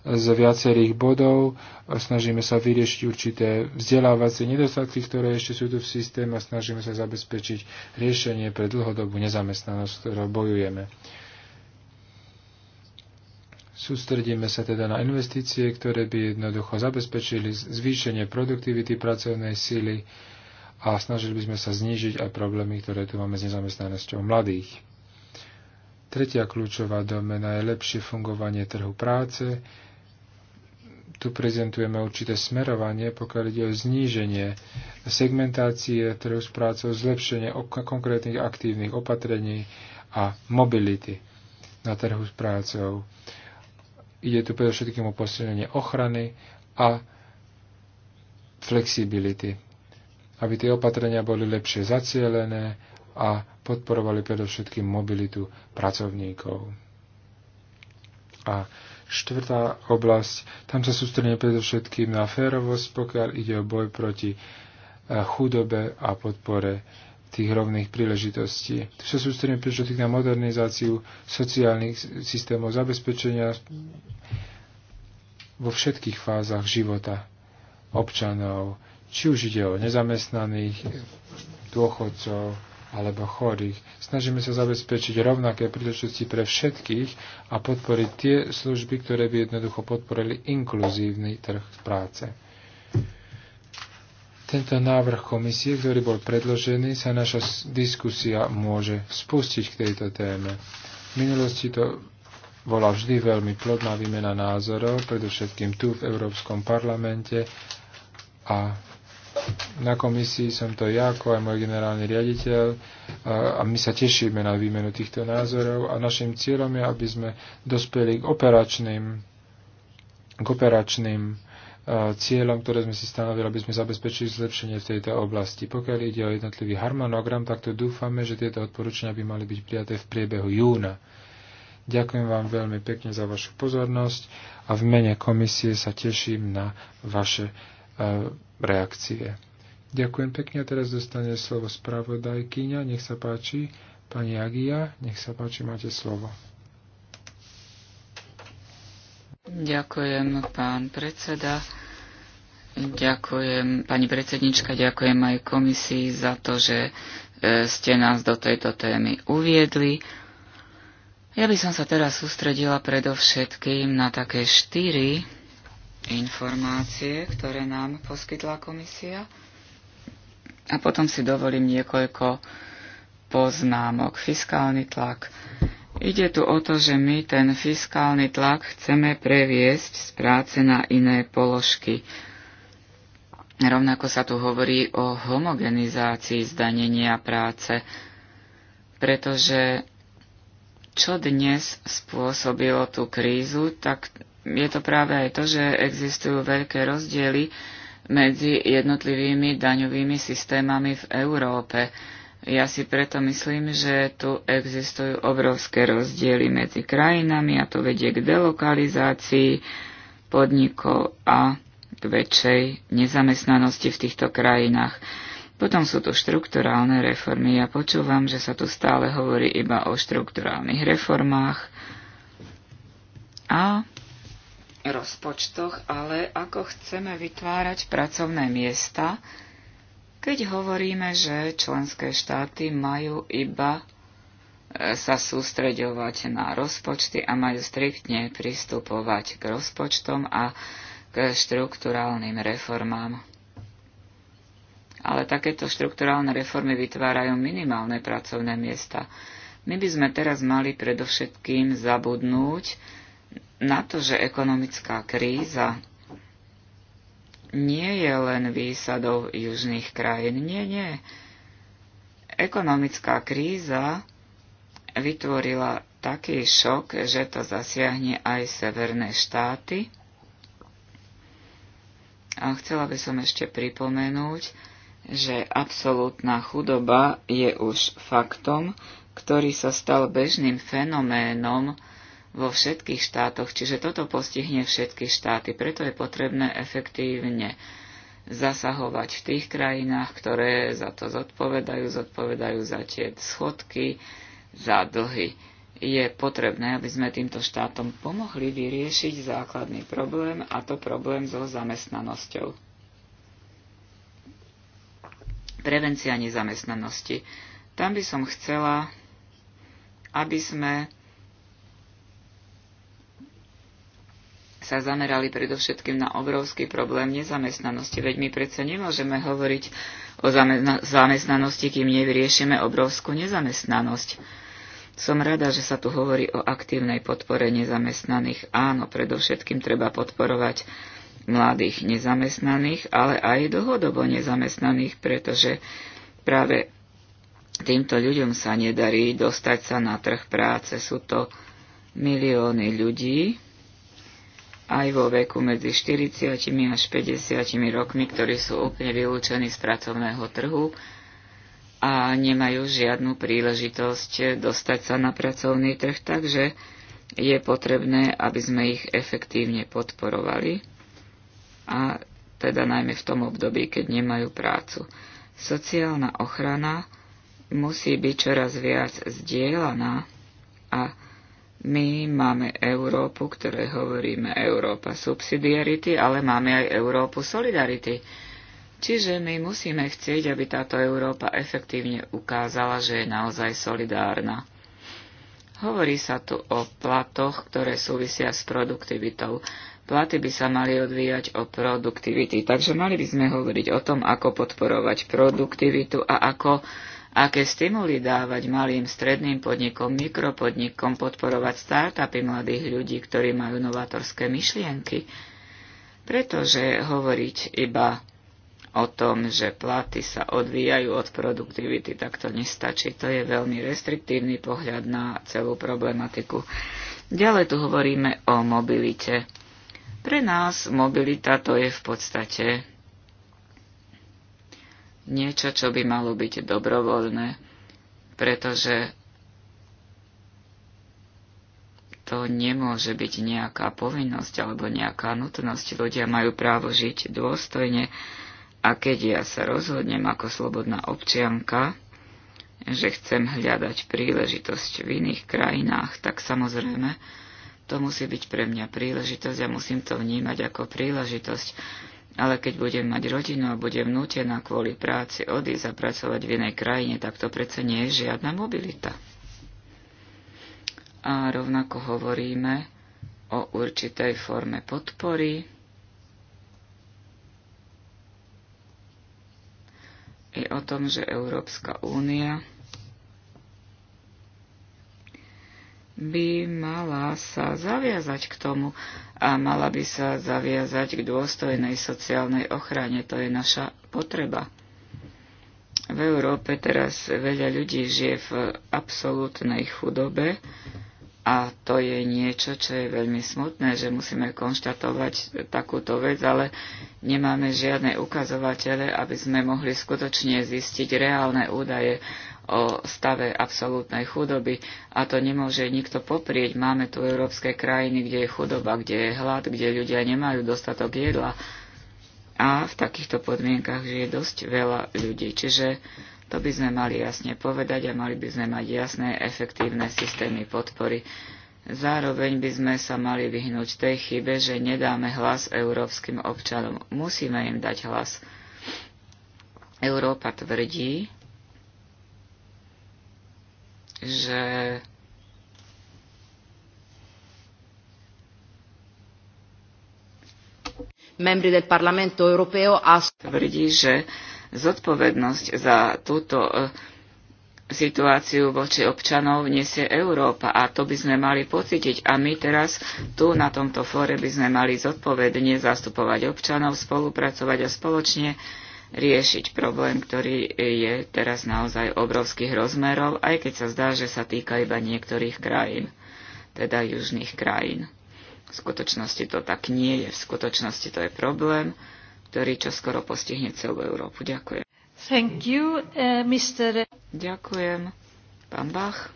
z viacerých bodov. Eh, snažíme sa vyriešiť určité vzdelávacie nedostatky, ktoré ešte sú tu v systéme a snažíme sa zabezpečiť riešenie pre dlhodobú nezamestnanosť, ktorou bojujeme. Sústredíme sa teda na investície, ktoré by jednoducho zabezpečili zvýšenie produktivity pracovnej síly a snažili by sme sa znížiť aj problémy, ktoré tu máme s nezamestnanosťou mladých. Tretia kľúčová domena je lepšie fungovanie trhu práce. Tu prezentujeme určité smerovanie, pokiaľ ide o zníženie segmentácie trhu s prácou, zlepšenie konkrétnych aktívnych opatrení a mobility na trhu s prácou. Ide tu predovšetkým o posilnenie ochrany a flexibility, aby tie opatrenia boli lepšie zacielené a podporovali predovšetkým mobilitu pracovníkov. A štvrtá oblasť, tam sa sústredne predovšetkým na férovosť, pokiaľ ide o boj proti eh, chudobe a podpore tých rovných príležitostí. Tu sa sústredíme predovšetkým na modernizáciu sociálnych systémov zabezpečenia vo všetkých fázach života občanov, či už ide o nezamestnaných, dôchodcov alebo chorých. Snažíme sa zabezpečiť rovnaké príležitosti pre všetkých a podporiť tie služby, ktoré by jednoducho podporili inkluzívny trh práce tento návrh komisie, ktorý bol predložený, sa naša diskusia môže spustiť k tejto téme. V minulosti to bola vždy veľmi plodná výmena názorov, predovšetkým tu v Európskom parlamente a na komisii som to ja, ako aj môj generálny riaditeľ a my sa tešíme na výmenu týchto názorov a našim cieľom je, aby sme dospeli k operačným, k operačným cieľom, ktoré sme si stanovili, aby sme zabezpečili zlepšenie v tejto oblasti. Pokiaľ ide o jednotlivý harmonogram, takto dúfame, že tieto odporúčania by mali byť prijaté v priebehu júna. Ďakujem vám veľmi pekne za vašu pozornosť a v mene komisie sa teším na vaše e, reakcie. Ďakujem pekne a teraz dostane slovo spravodajkyňa. Nech sa páči, pani Agia, nech sa páči, máte slovo. Ďakujem, pán predseda. Ďakujem, pani predsednička, ďakujem aj komisii za to, že e, ste nás do tejto témy uviedli. Ja by som sa teraz sústredila predovšetkým na také štyri informácie, ktoré nám poskytla komisia. A potom si dovolím niekoľko poznámok. Fiskálny tlak, Ide tu o to, že my ten fiskálny tlak chceme previesť z práce na iné položky. Rovnako sa tu hovorí o homogenizácii zdanenia práce, pretože čo dnes spôsobilo tú krízu, tak je to práve aj to, že existujú veľké rozdiely medzi jednotlivými daňovými systémami v Európe. Ja si preto myslím, že tu existujú obrovské rozdiely medzi krajinami a to vedie k delokalizácii podnikov a k väčšej nezamestnanosti v týchto krajinách. Potom sú tu štrukturálne reformy. Ja počúvam, že sa tu stále hovorí iba o štrukturálnych reformách a rozpočtoch, ale ako chceme vytvárať pracovné miesta, keď hovoríme, že členské štáty majú iba e, sa sústreďovať na rozpočty a majú striktne pristupovať k rozpočtom a k štruktúrálnym reformám. Ale takéto štruktúrálne reformy vytvárajú minimálne pracovné miesta. My by sme teraz mali predovšetkým zabudnúť na to, že ekonomická kríza nie je len výsadou južných krajín. Nie, nie. Ekonomická kríza vytvorila taký šok, že to zasiahne aj severné štáty. A chcela by som ešte pripomenúť, že absolútna chudoba je už faktom, ktorý sa stal bežným fenoménom, vo všetkých štátoch, čiže toto postihne všetky štáty. Preto je potrebné efektívne zasahovať v tých krajinách, ktoré za to zodpovedajú, zodpovedajú za tie schodky, za dlhy. Je potrebné, aby sme týmto štátom pomohli vyriešiť základný problém, a to problém so zamestnanosťou. Prevencia nezamestnanosti. Tam by som chcela, aby sme sa zamerali predovšetkým na obrovský problém nezamestnanosti. Veď my predsa nemôžeme hovoriť o zamestnanosti, kým nevyriešime obrovskú nezamestnanosť. Som rada, že sa tu hovorí o aktívnej podpore nezamestnaných. Áno, predovšetkým treba podporovať mladých nezamestnaných, ale aj dlhodobo nezamestnaných, pretože práve týmto ľuďom sa nedarí dostať sa na trh práce. Sú to milióny ľudí, aj vo veku medzi 40 až 50 rokmi, ktorí sú úplne vylúčení z pracovného trhu a nemajú žiadnu príležitosť dostať sa na pracovný trh, takže je potrebné, aby sme ich efektívne podporovali a teda najmä v tom období, keď nemajú prácu. Sociálna ochrana musí byť čoraz viac zdieľaná a my máme Európu, ktoré hovoríme Európa subsidiarity, ale máme aj Európu solidarity. Čiže my musíme chcieť, aby táto Európa efektívne ukázala, že je naozaj solidárna. Hovorí sa tu o platoch, ktoré súvisia s produktivitou. Platy by sa mali odvíjať o produktivity, takže mali by sme hovoriť o tom, ako podporovať produktivitu a ako aké stimuly dávať malým, stredným podnikom, mikropodnikom, podporovať startupy mladých ľudí, ktorí majú novatorské myšlienky. Pretože hovoriť iba o tom, že platy sa odvíjajú od produktivity, tak to nestačí. To je veľmi restriktívny pohľad na celú problematiku. Ďalej tu hovoríme o mobilite. Pre nás mobilita to je v podstate niečo, čo by malo byť dobrovoľné, pretože to nemôže byť nejaká povinnosť alebo nejaká nutnosť. Ľudia majú právo žiť dôstojne a keď ja sa rozhodnem ako slobodná občianka, že chcem hľadať príležitosť v iných krajinách, tak samozrejme to musí byť pre mňa príležitosť a musím to vnímať ako príležitosť. Ale keď budem mať rodinu a budem nútená kvôli práci odísť a pracovať v inej krajine, tak to predsa nie je žiadna mobilita. A rovnako hovoríme o určitej forme podpory. I o tom, že Európska únia by mala sa zaviazať k tomu a mala by sa zaviazať k dôstojnej sociálnej ochrane. To je naša potreba. V Európe teraz veľa ľudí žije v absolútnej chudobe a to je niečo, čo je veľmi smutné, že musíme konštatovať takúto vec, ale nemáme žiadne ukazovatele, aby sme mohli skutočne zistiť reálne údaje o stave absolútnej chudoby. A to nemôže nikto poprieť. Máme tu európske krajiny, kde je chudoba, kde je hlad, kde ľudia nemajú dostatok jedla. A v takýchto podmienkach žije dosť veľa ľudí. Čiže to by sme mali jasne povedať a mali by sme mať jasné, efektívne systémy podpory. Zároveň by sme sa mali vyhnúť tej chybe, že nedáme hlas európskym občanom. Musíme im dať hlas. Európa tvrdí, že membri del Parlamento europeo a... tvrdí, že zodpovednosť za túto e, situáciu voči občanov nesie Európa a to by sme mali pocítiť. A my teraz tu na tomto fóre by sme mali zodpovedne zastupovať občanov, spolupracovať a spoločne riešiť problém, ktorý je teraz naozaj obrovských rozmerov, aj keď sa zdá, že sa týka iba niektorých krajín, teda južných krajín. V skutočnosti to tak nie je, v skutočnosti to je problém, ktorý čoskoro postihne celú Európu. Ďakujem. Thank you, uh, eh, Mr. Ďakujem. Pán Bach.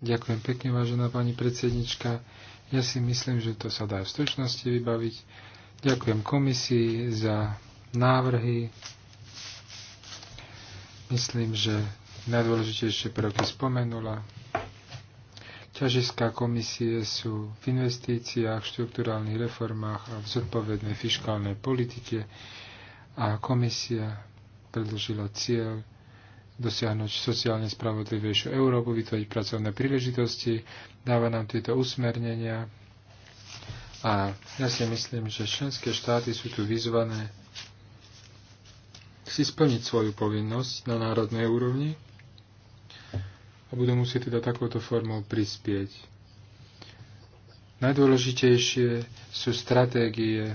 Ďakujem pekne, vážená pani predsednička. Ja si myslím, že to sa dá v stručnosti vybaviť. Ďakujem komisii za návrhy. Myslím, že najdôležitejšie prvky spomenula ťažiská komisie sú v investíciách, štruktúrálnych reformách a v zodpovednej fiskálnej politike a komisia predložila cieľ dosiahnuť sociálne spravodlivejšiu Európu, vytvoriť pracovné príležitosti, dáva nám tieto usmernenia a ja si myslím, že členské štáty sú tu vyzvané si splniť svoju povinnosť na národnej úrovni a budú musieť teda takouto formou prispieť. Najdôležitejšie sú stratégie,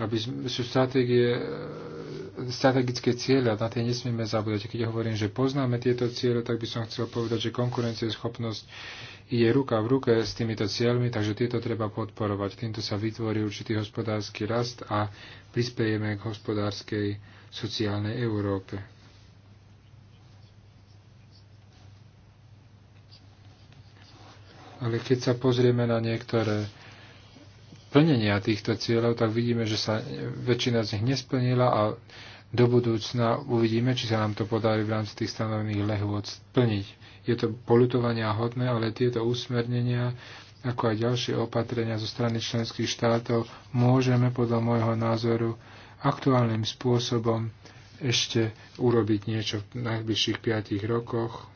aby sú stratégie, e, strategické a na tie nesmieme zabúdať. Keď ja hovorím, že poznáme tieto cieľe, tak by som chcel povedať, že konkurencieschopnosť je ruka v ruke s týmito cieľmi, takže tieto treba podporovať. Týmto sa vytvorí určitý hospodársky rast a prispiejeme k hospodárskej sociálnej Európe. ale keď sa pozrieme na niektoré plnenia týchto cieľov, tak vidíme, že sa väčšina z nich nesplnila a do budúcna uvidíme, či sa nám to podarí v rámci tých stanovených lehôd splniť. Je to polutovania hodné, ale tieto usmernenia, ako aj ďalšie opatrenia zo strany členských štátov, môžeme podľa môjho názoru aktuálnym spôsobom ešte urobiť niečo v najbližších 5 rokoch,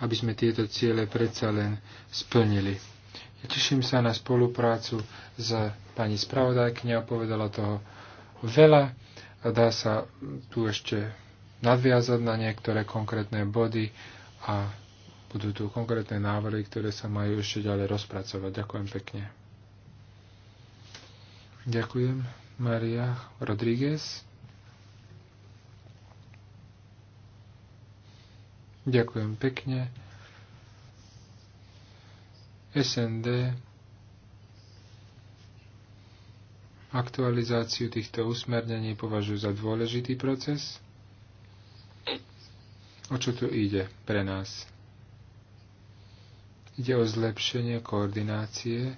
aby sme tieto ciele predsa len splnili. Ja teším sa na spoluprácu s pani spravodajkňa, povedala toho veľa a dá sa tu ešte nadviazať na niektoré konkrétne body a budú tu konkrétne návrhy, ktoré sa majú ešte ďalej rozpracovať. Ďakujem pekne. Ďakujem. Maria Rodríguez. Ďakujem pekne. SND aktualizáciu týchto usmernení považujú za dôležitý proces. O čo tu ide pre nás? Ide o zlepšenie koordinácie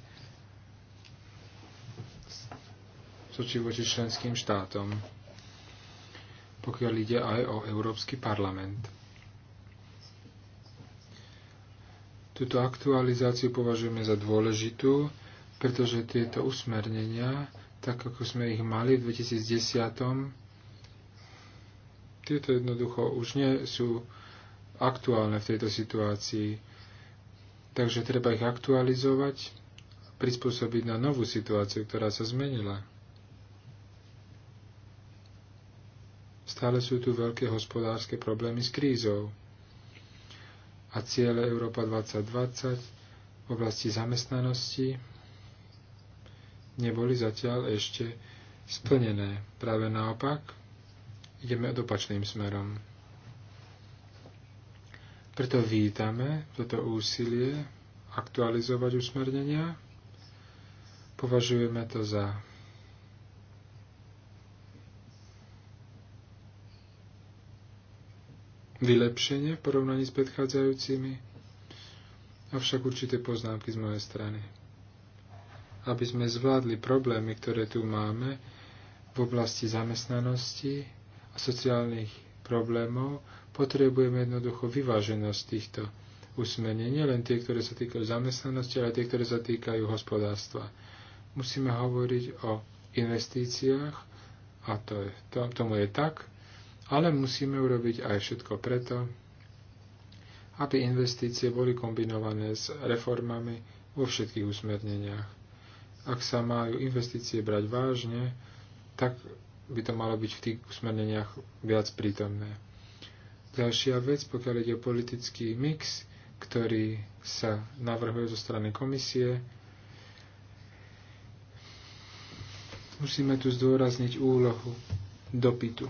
soči voči členským štátom, pokiaľ ide aj o Európsky parlament. Tuto aktualizáciu považujeme za dôležitú, pretože tieto usmernenia, tak ako sme ich mali v 2010, tieto jednoducho už nie sú aktuálne v tejto situácii. Takže treba ich aktualizovať, prispôsobiť na novú situáciu, ktorá sa zmenila. Stále sú tu veľké hospodárske problémy s krízou a ciele Európa 2020 v oblasti zamestnanosti neboli zatiaľ ešte splnené. Práve naopak, ideme opačným smerom. Preto vítame toto úsilie aktualizovať usmernenia. Považujeme to za vylepšenie v porovnaní s predchádzajúcimi, avšak určité poznámky z mojej strany. Aby sme zvládli problémy, ktoré tu máme v oblasti zamestnanosti a sociálnych problémov, potrebujeme jednoducho vyváženosť týchto nie len tie, ktoré sa týkajú zamestnanosti, ale tie, ktoré sa týkajú hospodárstva. Musíme hovoriť o investíciách, a to je, to, tomu je tak, ale musíme urobiť aj všetko preto, aby investície boli kombinované s reformami vo všetkých usmerneniach. Ak sa majú investície brať vážne, tak by to malo byť v tých usmerneniach viac prítomné. Ďalšia vec, pokiaľ ide o politický mix, ktorý sa navrhuje zo strany komisie, musíme tu zdôrazniť úlohu dopytu.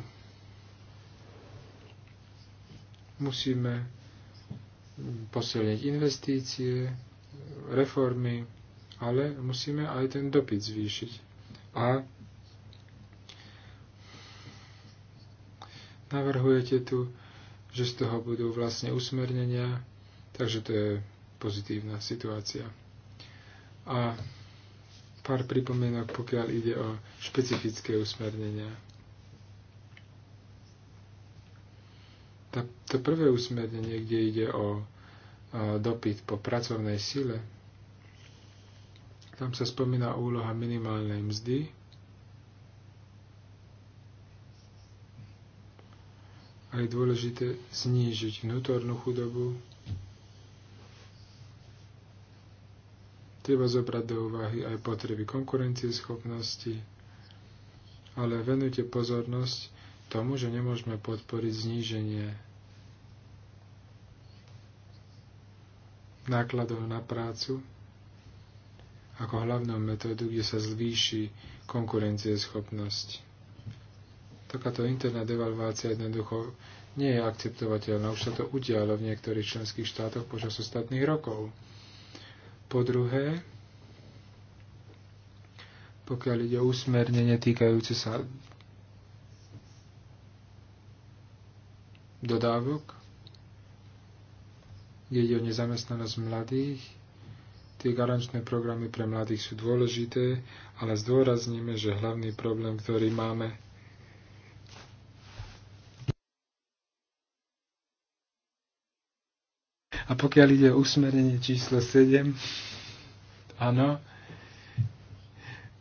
Musíme posilniť investície, reformy, ale musíme aj ten dopyt zvýšiť. A navrhujete tu, že z toho budú vlastne usmernenia, takže to je pozitívna situácia. A pár pripomienok, pokiaľ ide o špecifické usmernenia. to, to prvé usmernenie, kde ide o, o dopyt po pracovnej sile, tam sa spomína úloha minimálnej mzdy. A je dôležité znížiť vnútornú chudobu. Treba zobrať do úvahy aj potreby konkurencieschopnosti, ale venujte pozornosť tomu, že nemôžeme podporiť zníženie nákladov na prácu ako hlavnú metódu, kde sa zvýši konkurencieschopnosť. Takáto interná devalvácia jednoducho nie je akceptovateľná. Už sa to udialo v niektorých členských štátoch počas ostatných rokov. Po druhé, pokiaľ ide o usmernenie týkajúce sa dodávok, kde ide o nezamestnanosť mladých. Tie garančné programy pre mladých sú dôležité, ale zdôrazníme, že hlavný problém, ktorý máme, A pokiaľ ide o usmerenie číslo 7, áno,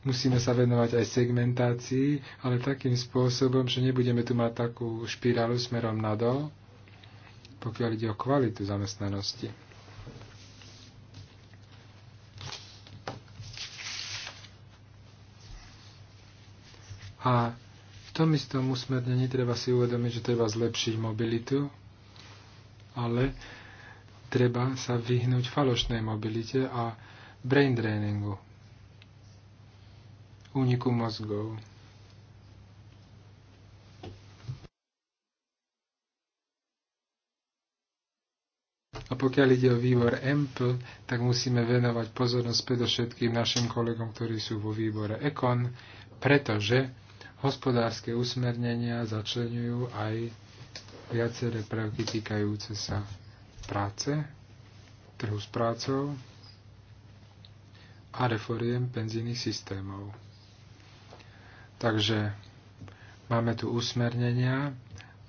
Musíme sa venovať aj segmentácii, ale takým spôsobom, že nebudeme tu mať takú špirálu smerom nadol, pokiaľ ide o kvalitu zamestnanosti. A v tom istom usmernení treba si uvedomiť, že treba zlepšiť mobilitu, ale treba sa vyhnúť falošnej mobilite a brain drainingu úniku mozgov. A pokiaľ ide o výbor EMPL, tak musíme venovať pozornosť predovšetkým našim kolegom, ktorí sú vo výbore EKON, pretože hospodárske usmernenia začlenujú aj viaceré prvky týkajúce sa práce, trhu s prácou a reforiem penzijných systémov. Takže máme tu usmernenia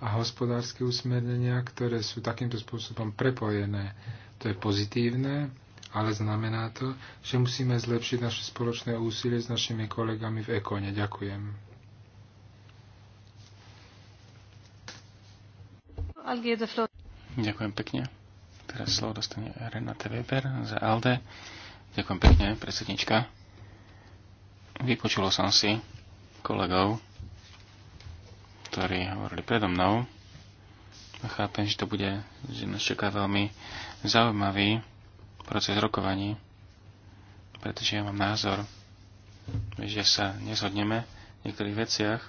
a hospodárske usmernenia, ktoré sú takýmto spôsobom prepojené. To je pozitívne, ale znamená to, že musíme zlepšiť naše spoločné úsilie s našimi kolegami v Ekone. Ďakujem. Ďakujem pekne. Teraz slovo dostane Renate Weber za ALDE. Ďakujem pekne, predsednička. Vypočulo som si kolegov, ktorí hovorili predo mnou. A chápem, že to bude, že nás čaká veľmi zaujímavý proces rokovaní, pretože ja mám názor, že sa nezhodneme v niektorých veciach.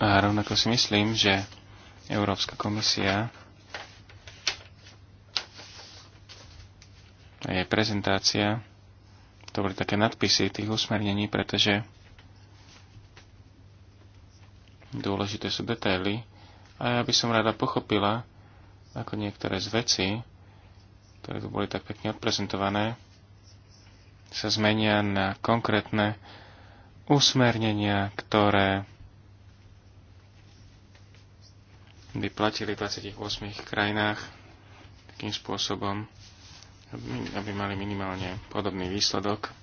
A rovnako si myslím, že Európska komisia a jej prezentácia to boli také nadpisy tých usmernení, pretože dôležité sú detaily. A ja by som rada pochopila, ako niektoré z veci, ktoré tu boli tak pekne odprezentované, sa zmenia na konkrétne usmernenia, ktoré by platili v 28 krajinách takým spôsobom, aby mali minimálne podobný výsledok.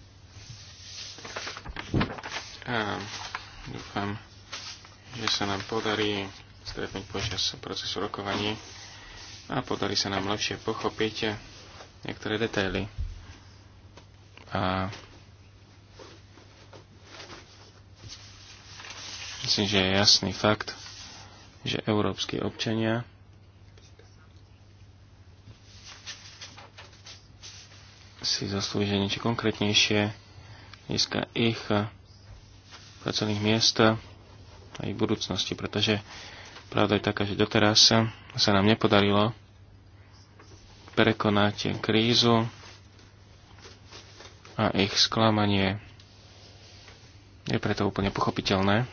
A dúfam, že sa nám podarí stretnúť počas procesu rokovaní a podarí sa nám lepšie pochopiť niektoré detaily. A myslím, že je jasný fakt, že európsky občania si zaslúžia niečo konkrétnejšie, získa ich eh, pracovných miest a ich budúcnosti, pretože pravda je taká, že doteraz sa nám nepodarilo prekonať krízu a ich sklamanie je preto úplne pochopiteľné.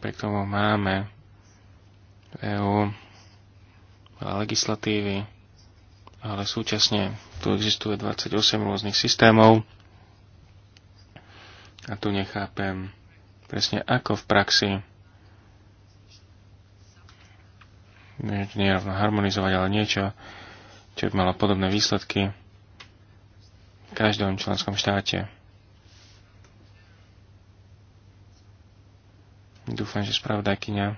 Pre tomu máme EU legislatívy, ale súčasne tu existuje 28 rôznych systémov a tu nechápem presne ako v praxi nerovno harmonizovať, ale niečo, čo by malo podobné výsledky v každom členskom štáte. Dúfam, že spravodajkyňa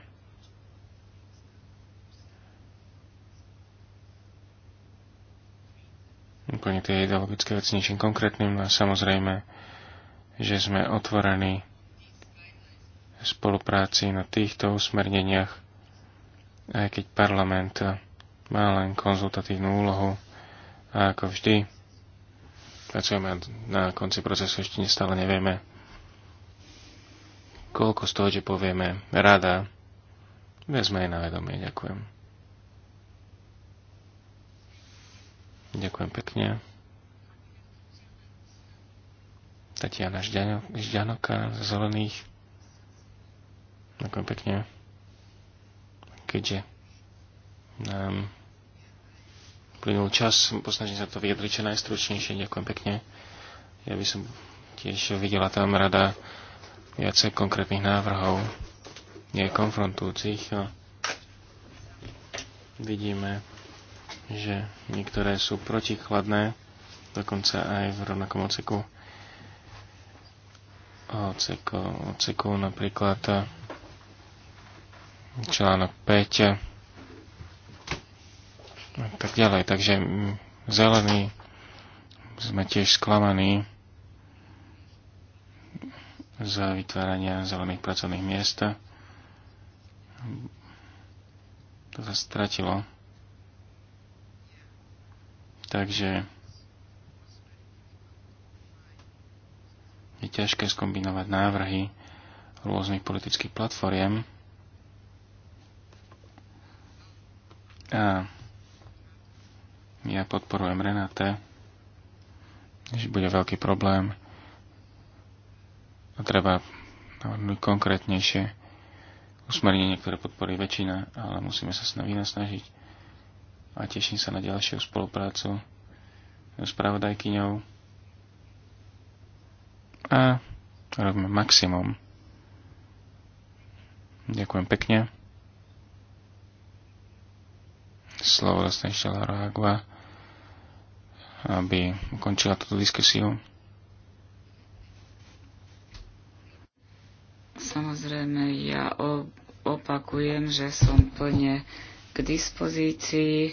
tie ideologické veci niečím konkrétnym no a samozrejme, že sme otvorení spolupráci na týchto usmerneniach, aj keď parlament má len konzultatívnu úlohu a ako vždy pracujeme na konci procesu, ešte nestále nevieme, koľko z toho, že povieme rada, vezme aj na vedomie. Ďakujem. Ďakujem pekne. Tatiana Žďanoka z Zelených. Ďakujem pekne. Keďže nám plynul čas, posnažím sa to vyjadriť čo najstručnejšie. Ďakujem pekne. Ja by som tiež videla tam rada viacej konkrétnych návrhov, nie konfrontujúcich. No. Vidíme, že niektoré sú protikladné, dokonca aj v rovnakom oceku odsekov, odsekov napríklad eh, článok 5 eh, a tak ďalej. Takže mm, zelení sme tiež sklamaní za vytvárania zelených pracovných miest. To sa stratilo. Takže je ťažké skombinovať návrhy rôznych politických platformiem a ja podporujem Renate, že bude veľký problém a treba navrhnúť konkrétnejšie usmernenie, ktoré podporí väčšina, ale musíme sa s nami nasnažiť a teším sa na ďalšiu spoluprácu s pravodajkyňou a robíme maximum. Ďakujem pekne. Slovo dostane Štelára Agua, aby ukončila túto diskusiu. Samozrejme, ja opakujem, že som plne k dispozícii, e,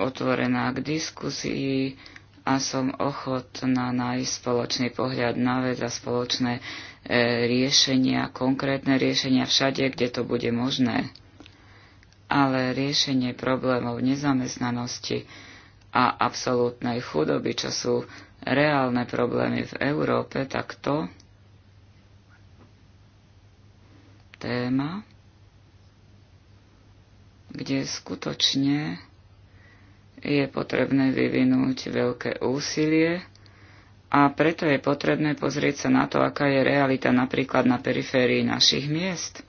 otvorená k diskusii, a som ochotná nájsť spoločný pohľad na vec a spoločné e, riešenia, konkrétne riešenia všade, kde to bude možné. Ale riešenie problémov nezamestnanosti a absolútnej chudoby, čo sú reálne problémy v Európe, tak to téma, kde skutočne je potrebné vyvinúť veľké úsilie a preto je potrebné pozrieť sa na to, aká je realita napríklad na periférii našich miest.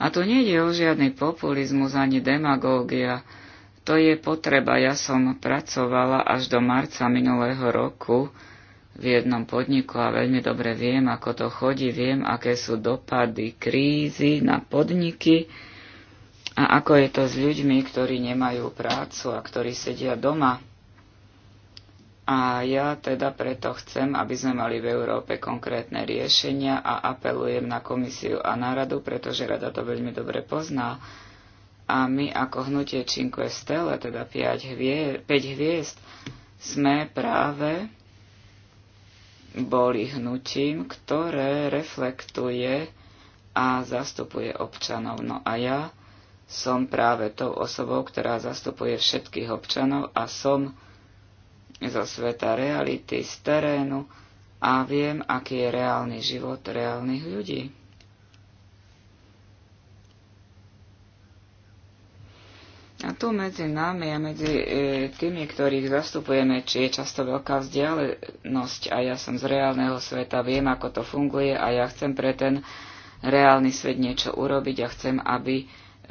A tu nejde o žiadny populizmus ani demagógia. To je potreba. Ja som pracovala až do marca minulého roku v jednom podniku a veľmi dobre viem, ako to chodí, viem, aké sú dopady krízy na podniky, a ako je to s ľuďmi, ktorí nemajú prácu a ktorí sedia doma? A ja teda preto chcem, aby sme mali v Európe konkrétne riešenia a apelujem na komisiu a na radu, pretože rada to veľmi dobre pozná. A my ako hnutie Cinque Stelle, teda 5 hviezd, 5 hviezd sme práve boli hnutím, ktoré reflektuje a zastupuje občanov. No a ja som práve tou osobou, ktorá zastupuje všetkých občanov a som zo sveta reality, z terénu a viem, aký je reálny život reálnych ľudí. A tu medzi nami a medzi e, tými, ktorých zastupujeme, či je často veľká vzdialenosť a ja som z reálneho sveta, viem, ako to funguje a ja chcem pre ten reálny svet niečo urobiť a chcem, aby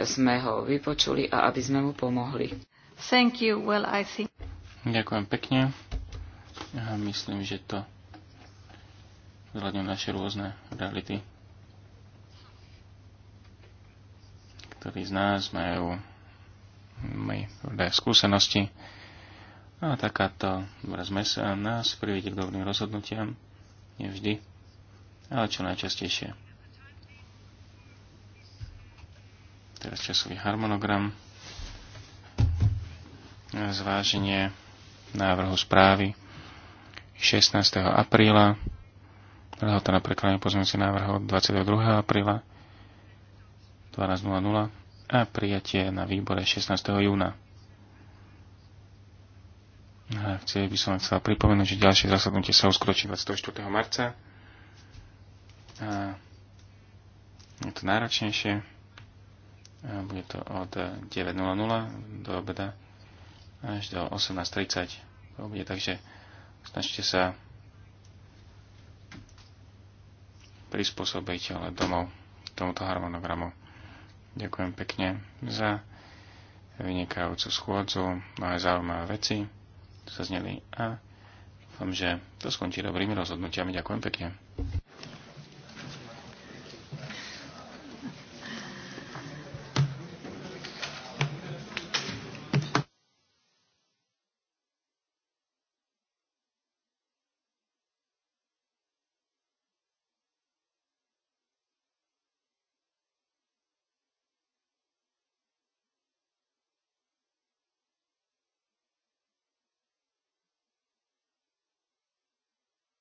sme ho vypočuli a aby sme mu pomohli. Thank you. Well, I think... Ďakujem pekne. Ja myslím, že to vzhľadne naše rôzne reality, ktorí z nás majú my rôzne skúsenosti, a takáto zmes nás privedie k dobrým rozhodnutiam, nevždy, ale čo najčastejšie. Teraz časový harmonogram. Zváženie návrhu správy 16. apríla. Lehota na prekladanie pozmeňujúcich návrhov 22. apríla 12.00 a prijatie na výbore 16. júna. A chcel by som chcela pripomenúť, že ďalšie zasadnutie sa uskročí 24. marca. A je to náročnejšie. Bude to od 9.00 do obeda až do 18.30 To bude, takže snažte sa prispôsobiť ale domov tomuto harmonogramu. Ďakujem pekne za vynikajúcu schôdzu, mnohé zaujímavé veci sa zneli a dúfam, že to skončí dobrými rozhodnutiami. Ďakujem pekne.